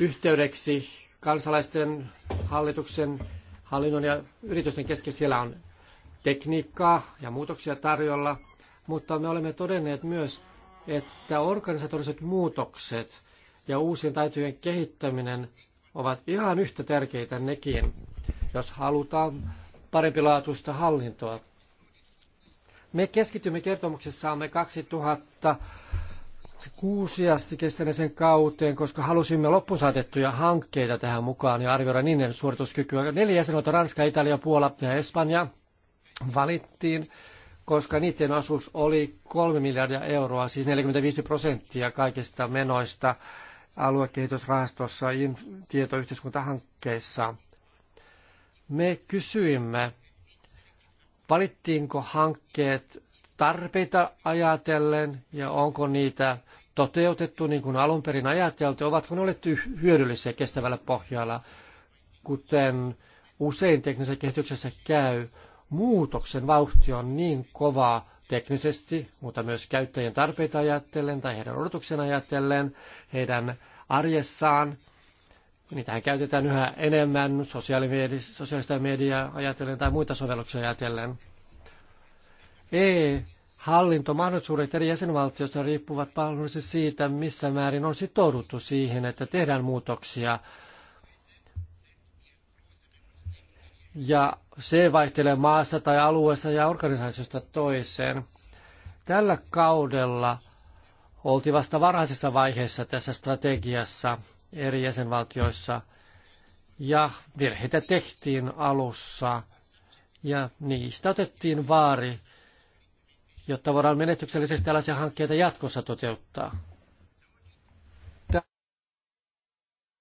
yhteydeksi kansalaisten, hallituksen, hallinnon ja yritysten kesken. Siellä on tekniikkaa ja muutoksia tarjolla, mutta me olemme todenneet myös, että organisatoriset muutokset ja uusien taitojen kehittäminen – ovat ihan yhtä tärkeitä nekin, jos halutaan laatuista hallintoa. Me keskitymme kertomuksessaamme 2000 asti kestäneeseen kauteen, koska halusimme loppusaatettuja hankkeita tähän mukaan ja arvioida niiden suorituskykyä. Neljä jäsenoita, Ranska, Italia, Puola ja Espanja, valittiin, koska niiden osuus oli 3 miljardia euroa, siis 45 prosenttia kaikista menoista aluekehitysrahastossa ja tietoyhteiskuntahankkeissa. Me kysyimme, valittiinko hankkeet tarpeita ajatellen ja onko niitä toteutettu niin kuin alun perin ajateltu, ovatko ne olleet hyödyllisiä kestävällä pohjalla, kuten usein teknisessä kehityksessä käy. Muutoksen vauhti on niin kova, teknisesti, mutta myös käyttäjien tarpeita ajatellen tai heidän odotuksen ajatellen, heidän arjessaan. Niitähän käytetään yhä enemmän sosiaalista mediaa ajatellen tai muita sovelluksia ajatellen. E-hallintomahdollisuudet eri jäsenvaltioista riippuvat paljon siitä, missä määrin on sitouduttu siihen, että tehdään muutoksia ja se vaihtelee maasta tai alueesta ja organisaatiosta toiseen. Tällä kaudella oltiin vasta varhaisessa vaiheessa tässä strategiassa eri jäsenvaltioissa ja virheitä tehtiin alussa ja niistä otettiin vaari, jotta voidaan menestyksellisesti tällaisia hankkeita jatkossa toteuttaa.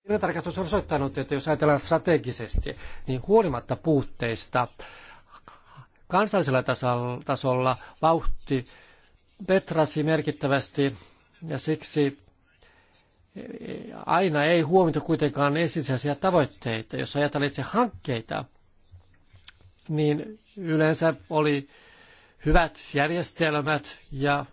Tilintarkastus on osoittanut, että jos ajatellaan strategisesti, niin huolimatta puutteista kansallisella tasolla vauhti petrasi merkittävästi ja siksi aina ei huomioitu kuitenkaan ensisijaisia tavoitteita. Jos ajatellaan itse hankkeita, niin yleensä oli hyvät järjestelmät ja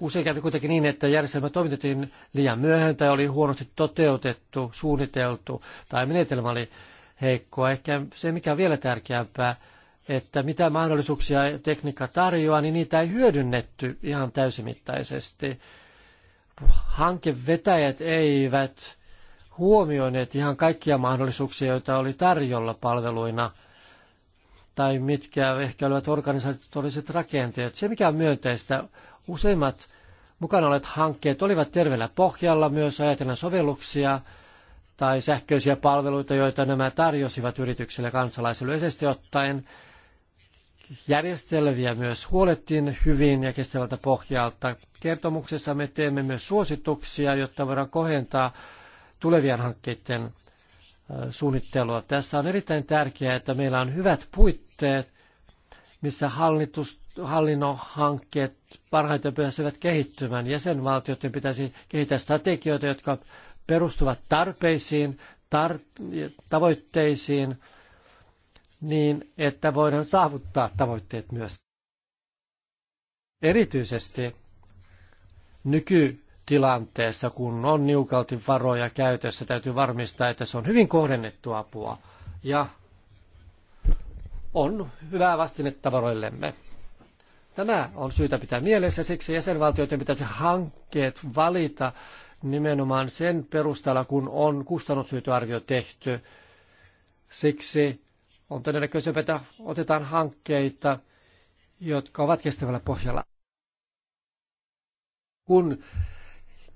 usein kävi kuitenkin niin, että järjestelmä toimitettiin liian myöhään tai oli huonosti toteutettu, suunniteltu tai menetelmä oli heikkoa. Ehkä se, mikä on vielä tärkeämpää, että mitä mahdollisuuksia tekniikka tarjoaa, niin niitä ei hyödynnetty ihan täysimittaisesti. Hankevetäjät eivät huomioineet ihan kaikkia mahdollisuuksia, joita oli tarjolla palveluina, tai mitkä ehkä olivat organisatoriset rakenteet. Se, mikä on myönteistä, Useimmat mukana olet hankkeet olivat terveellä pohjalla myös ajatellen sovelluksia tai sähköisiä palveluita, joita nämä tarjosivat yrityksille kansalaisille yleisesti ottaen. Järjestelviä myös huolettiin hyvin ja kestävältä pohjalta. Kertomuksessa me teemme myös suosituksia, jotta voidaan kohentaa tulevien hankkeiden suunnittelua. Tässä on erittäin tärkeää, että meillä on hyvät puitteet, missä hallitus hallinnon hankkeet parhaiten pääsevät kehittymään. Jäsenvaltioiden pitäisi kehittää strategioita, jotka perustuvat tarpeisiin, tar- tavoitteisiin, niin että voidaan saavuttaa tavoitteet myös. Erityisesti nykytilanteessa, kun on niukalti varoja käytössä, täytyy varmistaa, että se on hyvin kohdennettu apua ja on hyvää vastinetta varoillemme. Tämä on syytä pitää mielessä, siksi jäsenvaltioiden pitäisi hankkeet valita nimenomaan sen perusteella, kun on kustannushyötyarvio tehty. Siksi on todennäköisempää, että otetaan hankkeita, jotka ovat kestävällä pohjalla. Kun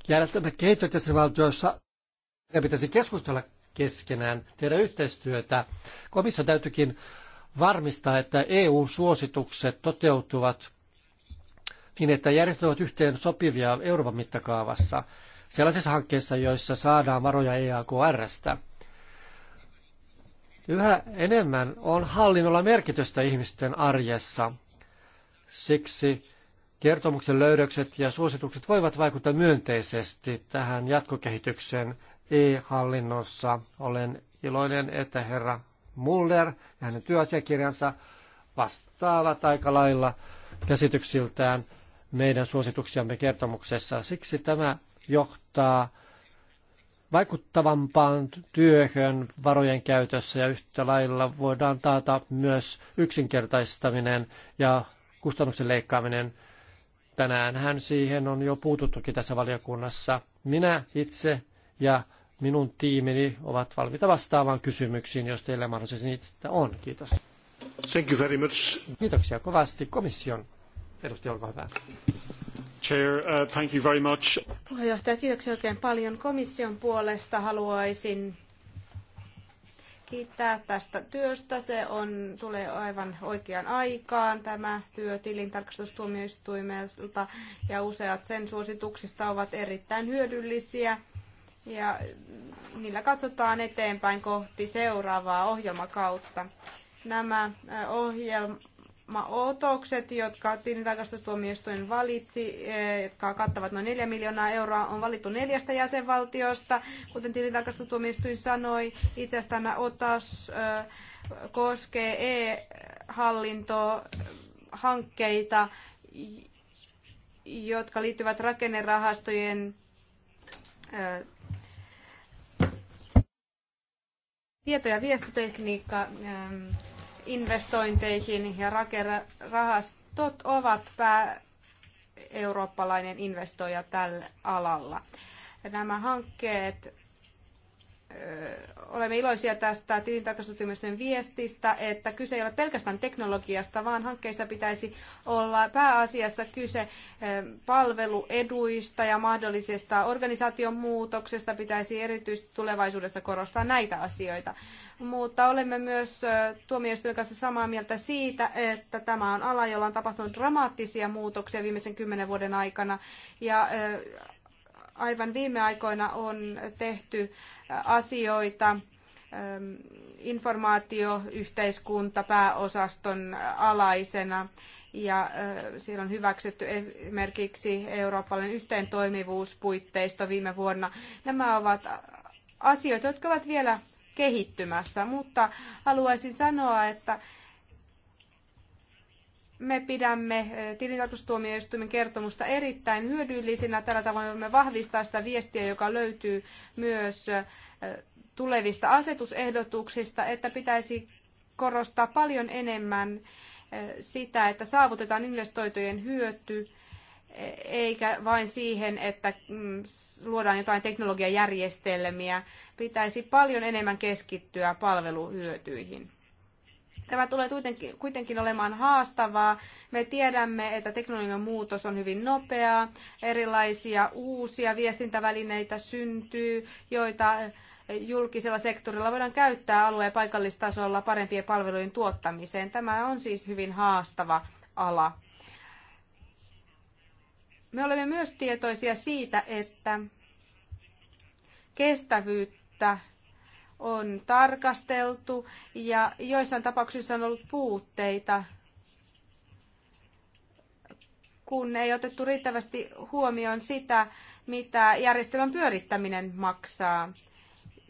järjestelmä kehittyy jäsenvaltioissa, ne pitäisi keskustella keskenään, tehdä yhteistyötä. Komissio täytyykin varmistaa, että EU-suositukset toteutuvat niin, että järjestöt ovat yhteen sopivia Euroopan mittakaavassa sellaisissa hankkeissa, joissa saadaan varoja EAKRstä. Yhä enemmän on hallinnolla merkitystä ihmisten arjessa. Siksi kertomuksen löydökset ja suositukset voivat vaikuttaa myönteisesti tähän jatkokehitykseen e-hallinnossa. Olen iloinen, että herra Muller ja hänen työasiakirjansa vastaavat aika lailla käsityksiltään meidän suosituksiamme kertomuksessa. Siksi tämä johtaa vaikuttavampaan työhön varojen käytössä ja yhtä lailla voidaan taata myös yksinkertaistaminen ja kustannuksen leikkaaminen. Tänään hän siihen on jo puututtukin tässä valiokunnassa. Minä itse ja minun tiimini ovat valmiita vastaamaan kysymyksiin, jos teillä mahdollisesti niitä on. Kiitos. Thank you very much. Kiitoksia kovasti komission. Edustaja, olkaa hyvä. Chair, uh, thank you very much. Puheenjohtaja, kiitoksia oikein paljon komission puolesta. Haluaisin kiittää tästä työstä. Se on, tulee aivan oikeaan aikaan tämä työ tilintarkastustuomioistuimelta ja useat sen suosituksista ovat erittäin hyödyllisiä ja niillä katsotaan eteenpäin kohti seuraavaa ohjelmakautta. Nämä ohjelmaotokset, jotka tilintarkastustuomioistuin valitsi, jotka kattavat noin 4 miljoonaa euroa, on valittu neljästä jäsenvaltiosta. Kuten tilintarkastustuomioistuin sanoi, itse asiassa tämä otas koskee e-hallintohankkeita, jotka liittyvät rakennerahastojen tieto- ja viestitekniikka ähm, investointeihin ja rakerahastot ovat pää eurooppalainen investoija tällä alalla. Nämä hankkeet olemme iloisia tästä tilintarkastustyömyysten viestistä, että kyse ei ole pelkästään teknologiasta, vaan hankkeissa pitäisi olla pääasiassa kyse palvelueduista ja mahdollisesta organisaation muutoksesta. Pitäisi erityisesti tulevaisuudessa korostaa näitä asioita. Mutta olemme myös tuomioistuimen kanssa samaa mieltä siitä, että tämä on ala, jolla on tapahtunut dramaattisia muutoksia viimeisen kymmenen vuoden aikana. Ja aivan viime aikoina on tehty asioita ähm, informaatioyhteiskunta pääosaston äh, alaisena ja äh, siellä on hyväksytty esimerkiksi eurooppalainen yhteentoimivuuspuitteisto viime vuonna. Nämä ovat asioita, jotka ovat vielä kehittymässä, mutta haluaisin sanoa, että me pidämme eh, tilintarkastustuomioistuimen kertomusta erittäin hyödyllisinä. Tällä tavoin voimme vahvistaa sitä viestiä, joka löytyy myös eh, tulevista asetusehdotuksista, että pitäisi korostaa paljon enemmän eh, sitä, että saavutetaan investoitujen hyöty, eikä vain siihen, että mm, luodaan jotain teknologiajärjestelmiä. Pitäisi paljon enemmän keskittyä palveluhyötyihin. Tämä tulee kuitenkin olemaan haastavaa. Me tiedämme, että teknologian muutos on hyvin nopeaa, erilaisia uusia viestintävälineitä syntyy, joita eh, julkisella sektorilla voidaan käyttää alue- ja paikallistasolla parempien palvelujen tuottamiseen. Tämä on siis hyvin haastava ala. Me olemme myös tietoisia siitä, että kestävyyttä on tarkasteltu ja joissain tapauksissa on ollut puutteita, kun ei otettu riittävästi huomioon sitä, mitä järjestelmän pyörittäminen maksaa.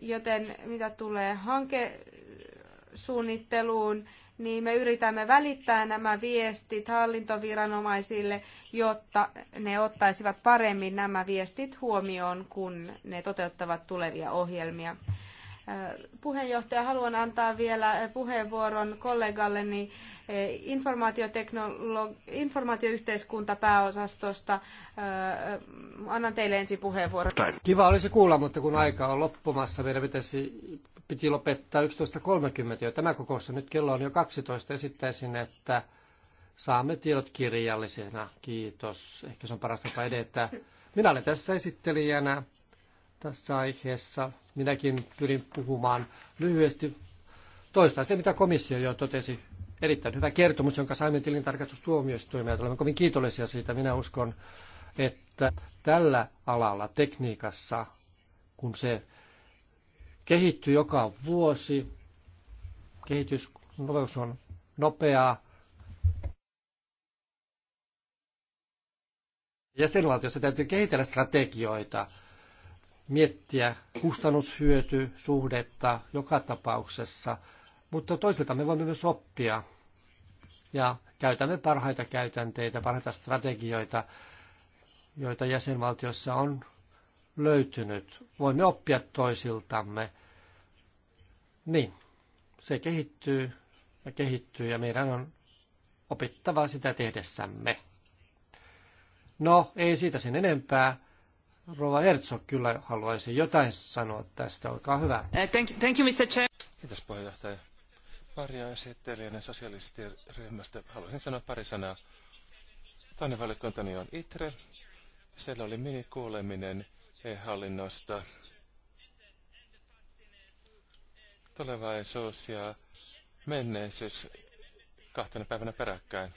Joten mitä tulee hankesuunnitteluun, niin me yritämme välittää nämä viestit hallintoviranomaisille, jotta ne ottaisivat paremmin nämä viestit huomioon, kun ne toteuttavat tulevia ohjelmia. Äh, puheenjohtaja, haluan antaa vielä puheenvuoron kollegalleni äh, informaatioyhteiskuntapääosastosta. Äh, annan teille ensin puheenvuoron. Kiva olisi kuulla, mutta kun aika on loppumassa, meidän pitäisi, piti lopettaa 11.30 jo tämä kokous. Nyt kello on jo 12. Esittäisin, että saamme tiedot kirjallisena. Kiitos. Ehkä se on paras tapa edetä. Minä olen tässä esittelijänä tässä aiheessa. Minäkin pyrin puhumaan lyhyesti. Toistaan se, mitä komissio jo totesi. Erittäin hyvä kertomus, jonka saimme tilintarkastustuomioistuimelta. Olemme kovin kiitollisia siitä. Minä uskon, että tällä alalla tekniikassa, kun se kehittyy joka vuosi, kehitys on nopeaa. Jäsenvaltiossa täytyy kehitellä strategioita miettiä kustannushyötysuhdetta joka tapauksessa, mutta toisilta me voimme myös oppia ja käytämme parhaita käytänteitä, parhaita strategioita, joita jäsenvaltiossa on löytynyt. Voimme oppia toisiltamme. Niin, se kehittyy ja kehittyy ja meidän on opittava sitä tehdessämme. No, ei siitä sen enempää. Rova Ertso kyllä haluaisi jotain sanoa tästä. Olkaa hyvä. Uh, thank, thank you, Mr. Chair. Kiitos puheenjohtaja. Paria esittelijänä ryhmästä haluaisin sanoa pari sanaa. Toinen valiokuntani on ITRE. Siellä oli minikuuleminen e-hallinnosta. Tulevaisuus ja menneisyys kahtena päivänä peräkkäin.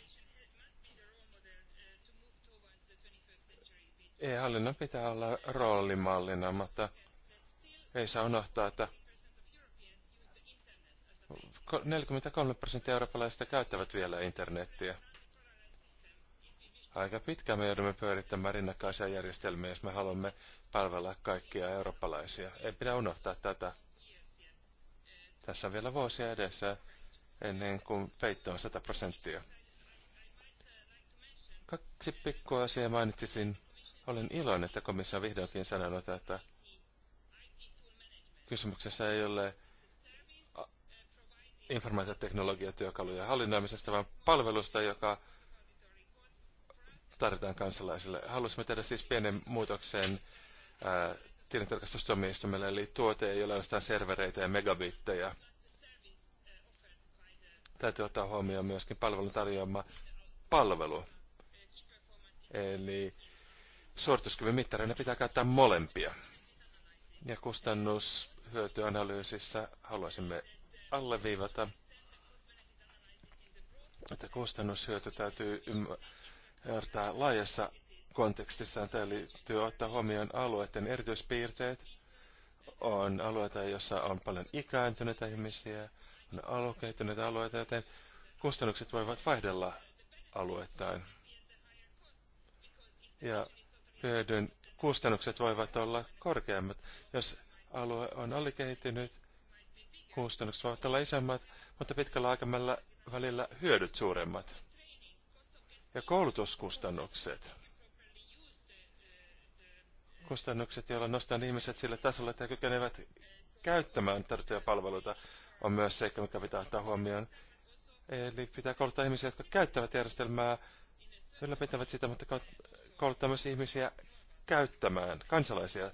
Ei hallinnon pitää olla roolimallina, mutta ei saa unohtaa, että 43 prosenttia eurooppalaisista käyttävät vielä internettiä. Aika pitkään me joudumme pyörittämään rinnakkaisia järjestelmiä, jos me haluamme palvella kaikkia eurooppalaisia. Ei pidä unohtaa tätä. Tässä on vielä vuosia edessä ennen kuin peitto on 100 prosenttia. Kaksi pikkua asiaa mainitsisin. Olen iloinen, että komissio on vihdoinkin sanonut, että kysymyksessä ei ole informaatioteknologiatyökaluja hallinnoimisesta, vaan palvelusta, joka tarjotaan kansalaisille. Haluaisimme tehdä siis pienen muutoksen tilintarkastustuomioistuimelle, eli tuote ei ole ainoastaan servereitä ja megabittejä. Täytyy ottaa huomioon myöskin palvelun tarjoama palvelu. Eli suorituskyvyn mittareina pitää käyttää molempia. Ja kustannushyötyanalyysissä haluaisimme alleviivata, että kustannushyöty täytyy ymmärtää laajassa kontekstissa, Tämä liittyy ottaa huomioon alueiden erityispiirteet. On alueita, joissa on paljon ikääntyneitä ihmisiä, on alokehittyneitä alueita, joten kustannukset voivat vaihdella alueittain. Ja hyödyn kustannukset voivat olla korkeammat. Jos alue on alikehittynyt, kustannukset voivat olla isommat, mutta pitkällä aikavälillä välillä hyödyt suuremmat. Ja koulutuskustannukset. Kustannukset, joilla nostan ihmiset sille tasolle, että he kykenevät käyttämään tarjottuja palveluita, on myös seikka, mikä pitää ottaa huomioon. Eli pitää kouluttaa ihmisiä, jotka käyttävät järjestelmää, ylläpitävät sitä, mutta kouluttaa myös ihmisiä käyttämään, kansalaisia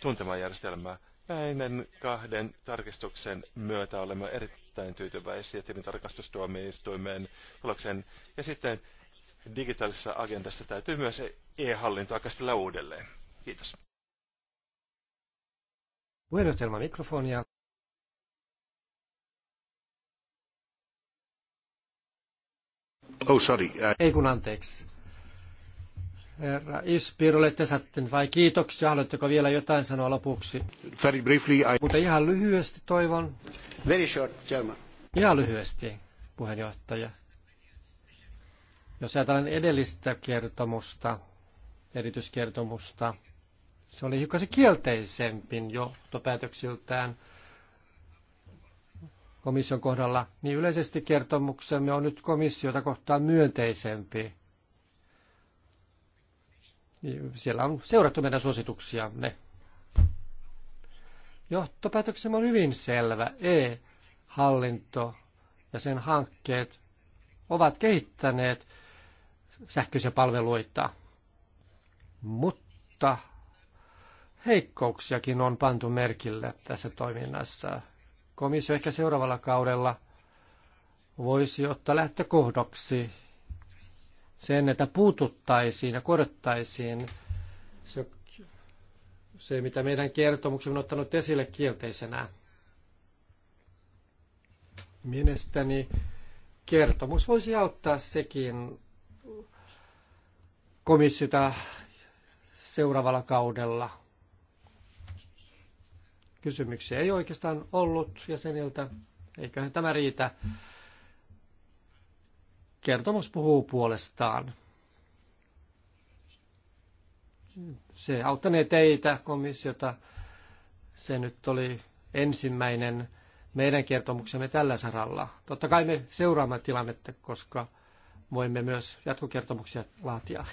tuntemaan järjestelmää. Näiden kahden tarkistuksen myötä olemme erittäin tyytyväisiä tilintarkastustuomioistuimeen tulokseen. Ja sitten digitaalisessa agendassa täytyy myös e-hallintoa käsitellä uudelleen. Kiitos. Puheenjohtajelma mikrofonia. Oh, sorry. Ei kun anteeksi. Herra Ispir, olette vai kiitoksia? Haluatteko vielä jotain sanoa lopuksi? Very briefly, I... Mutta ihan lyhyesti toivon. Very short, German. Ihan lyhyesti, puheenjohtaja. Jos ajatellaan edellistä kertomusta, erityiskertomusta, se oli hiukan se kielteisempi johtopäätöksiltään komission kohdalla, niin yleisesti kertomuksemme on nyt komissiota kohtaan myönteisempi niin, siellä on seurattu meidän suosituksiamme. Johtopäätöksemme on hyvin selvä. E-hallinto ja sen hankkeet ovat kehittäneet sähköisiä palveluita, mutta heikkouksiakin on pantu merkille tässä toiminnassa. Komissio ehkä seuraavalla kaudella voisi ottaa lähtökohdaksi sen, että puututtaisiin ja korjattaisiin se, se, mitä meidän kertomuksemme on ottanut esille kielteisenä. Mielestäni kertomus voisi auttaa sekin komissiota seuraavalla kaudella. Kysymyksiä ei oikeastaan ollut jäseniltä. Eiköhän tämä riitä. Kertomus puhuu puolestaan. Se auttanee teitä, komissiota. Se nyt oli ensimmäinen meidän kertomuksemme tällä saralla. Totta kai me seuraamme tilannetta, koska voimme myös jatkokertomuksia laatia.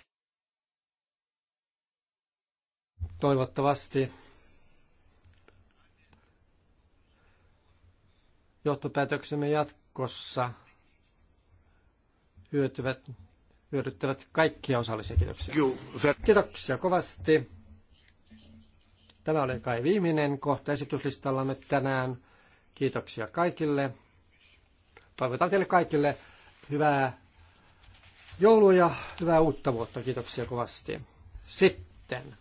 Toivottavasti johtopäätöksemme jatkossa hyötyvät, hyödyttävät kaikkia osallisia. Kiitoksia. Kiitoksia kovasti. Tämä oli kai viimeinen kohta esityslistallamme tänään. Kiitoksia kaikille. Toivotan teille kaikille hyvää joulua ja hyvää uutta vuotta. Kiitoksia kovasti. Sitten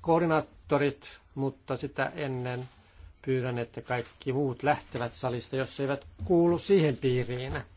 koordinaattorit, mutta sitä ennen pyydän, että kaikki muut lähtevät salista, jos eivät kuulu siihen piiriin.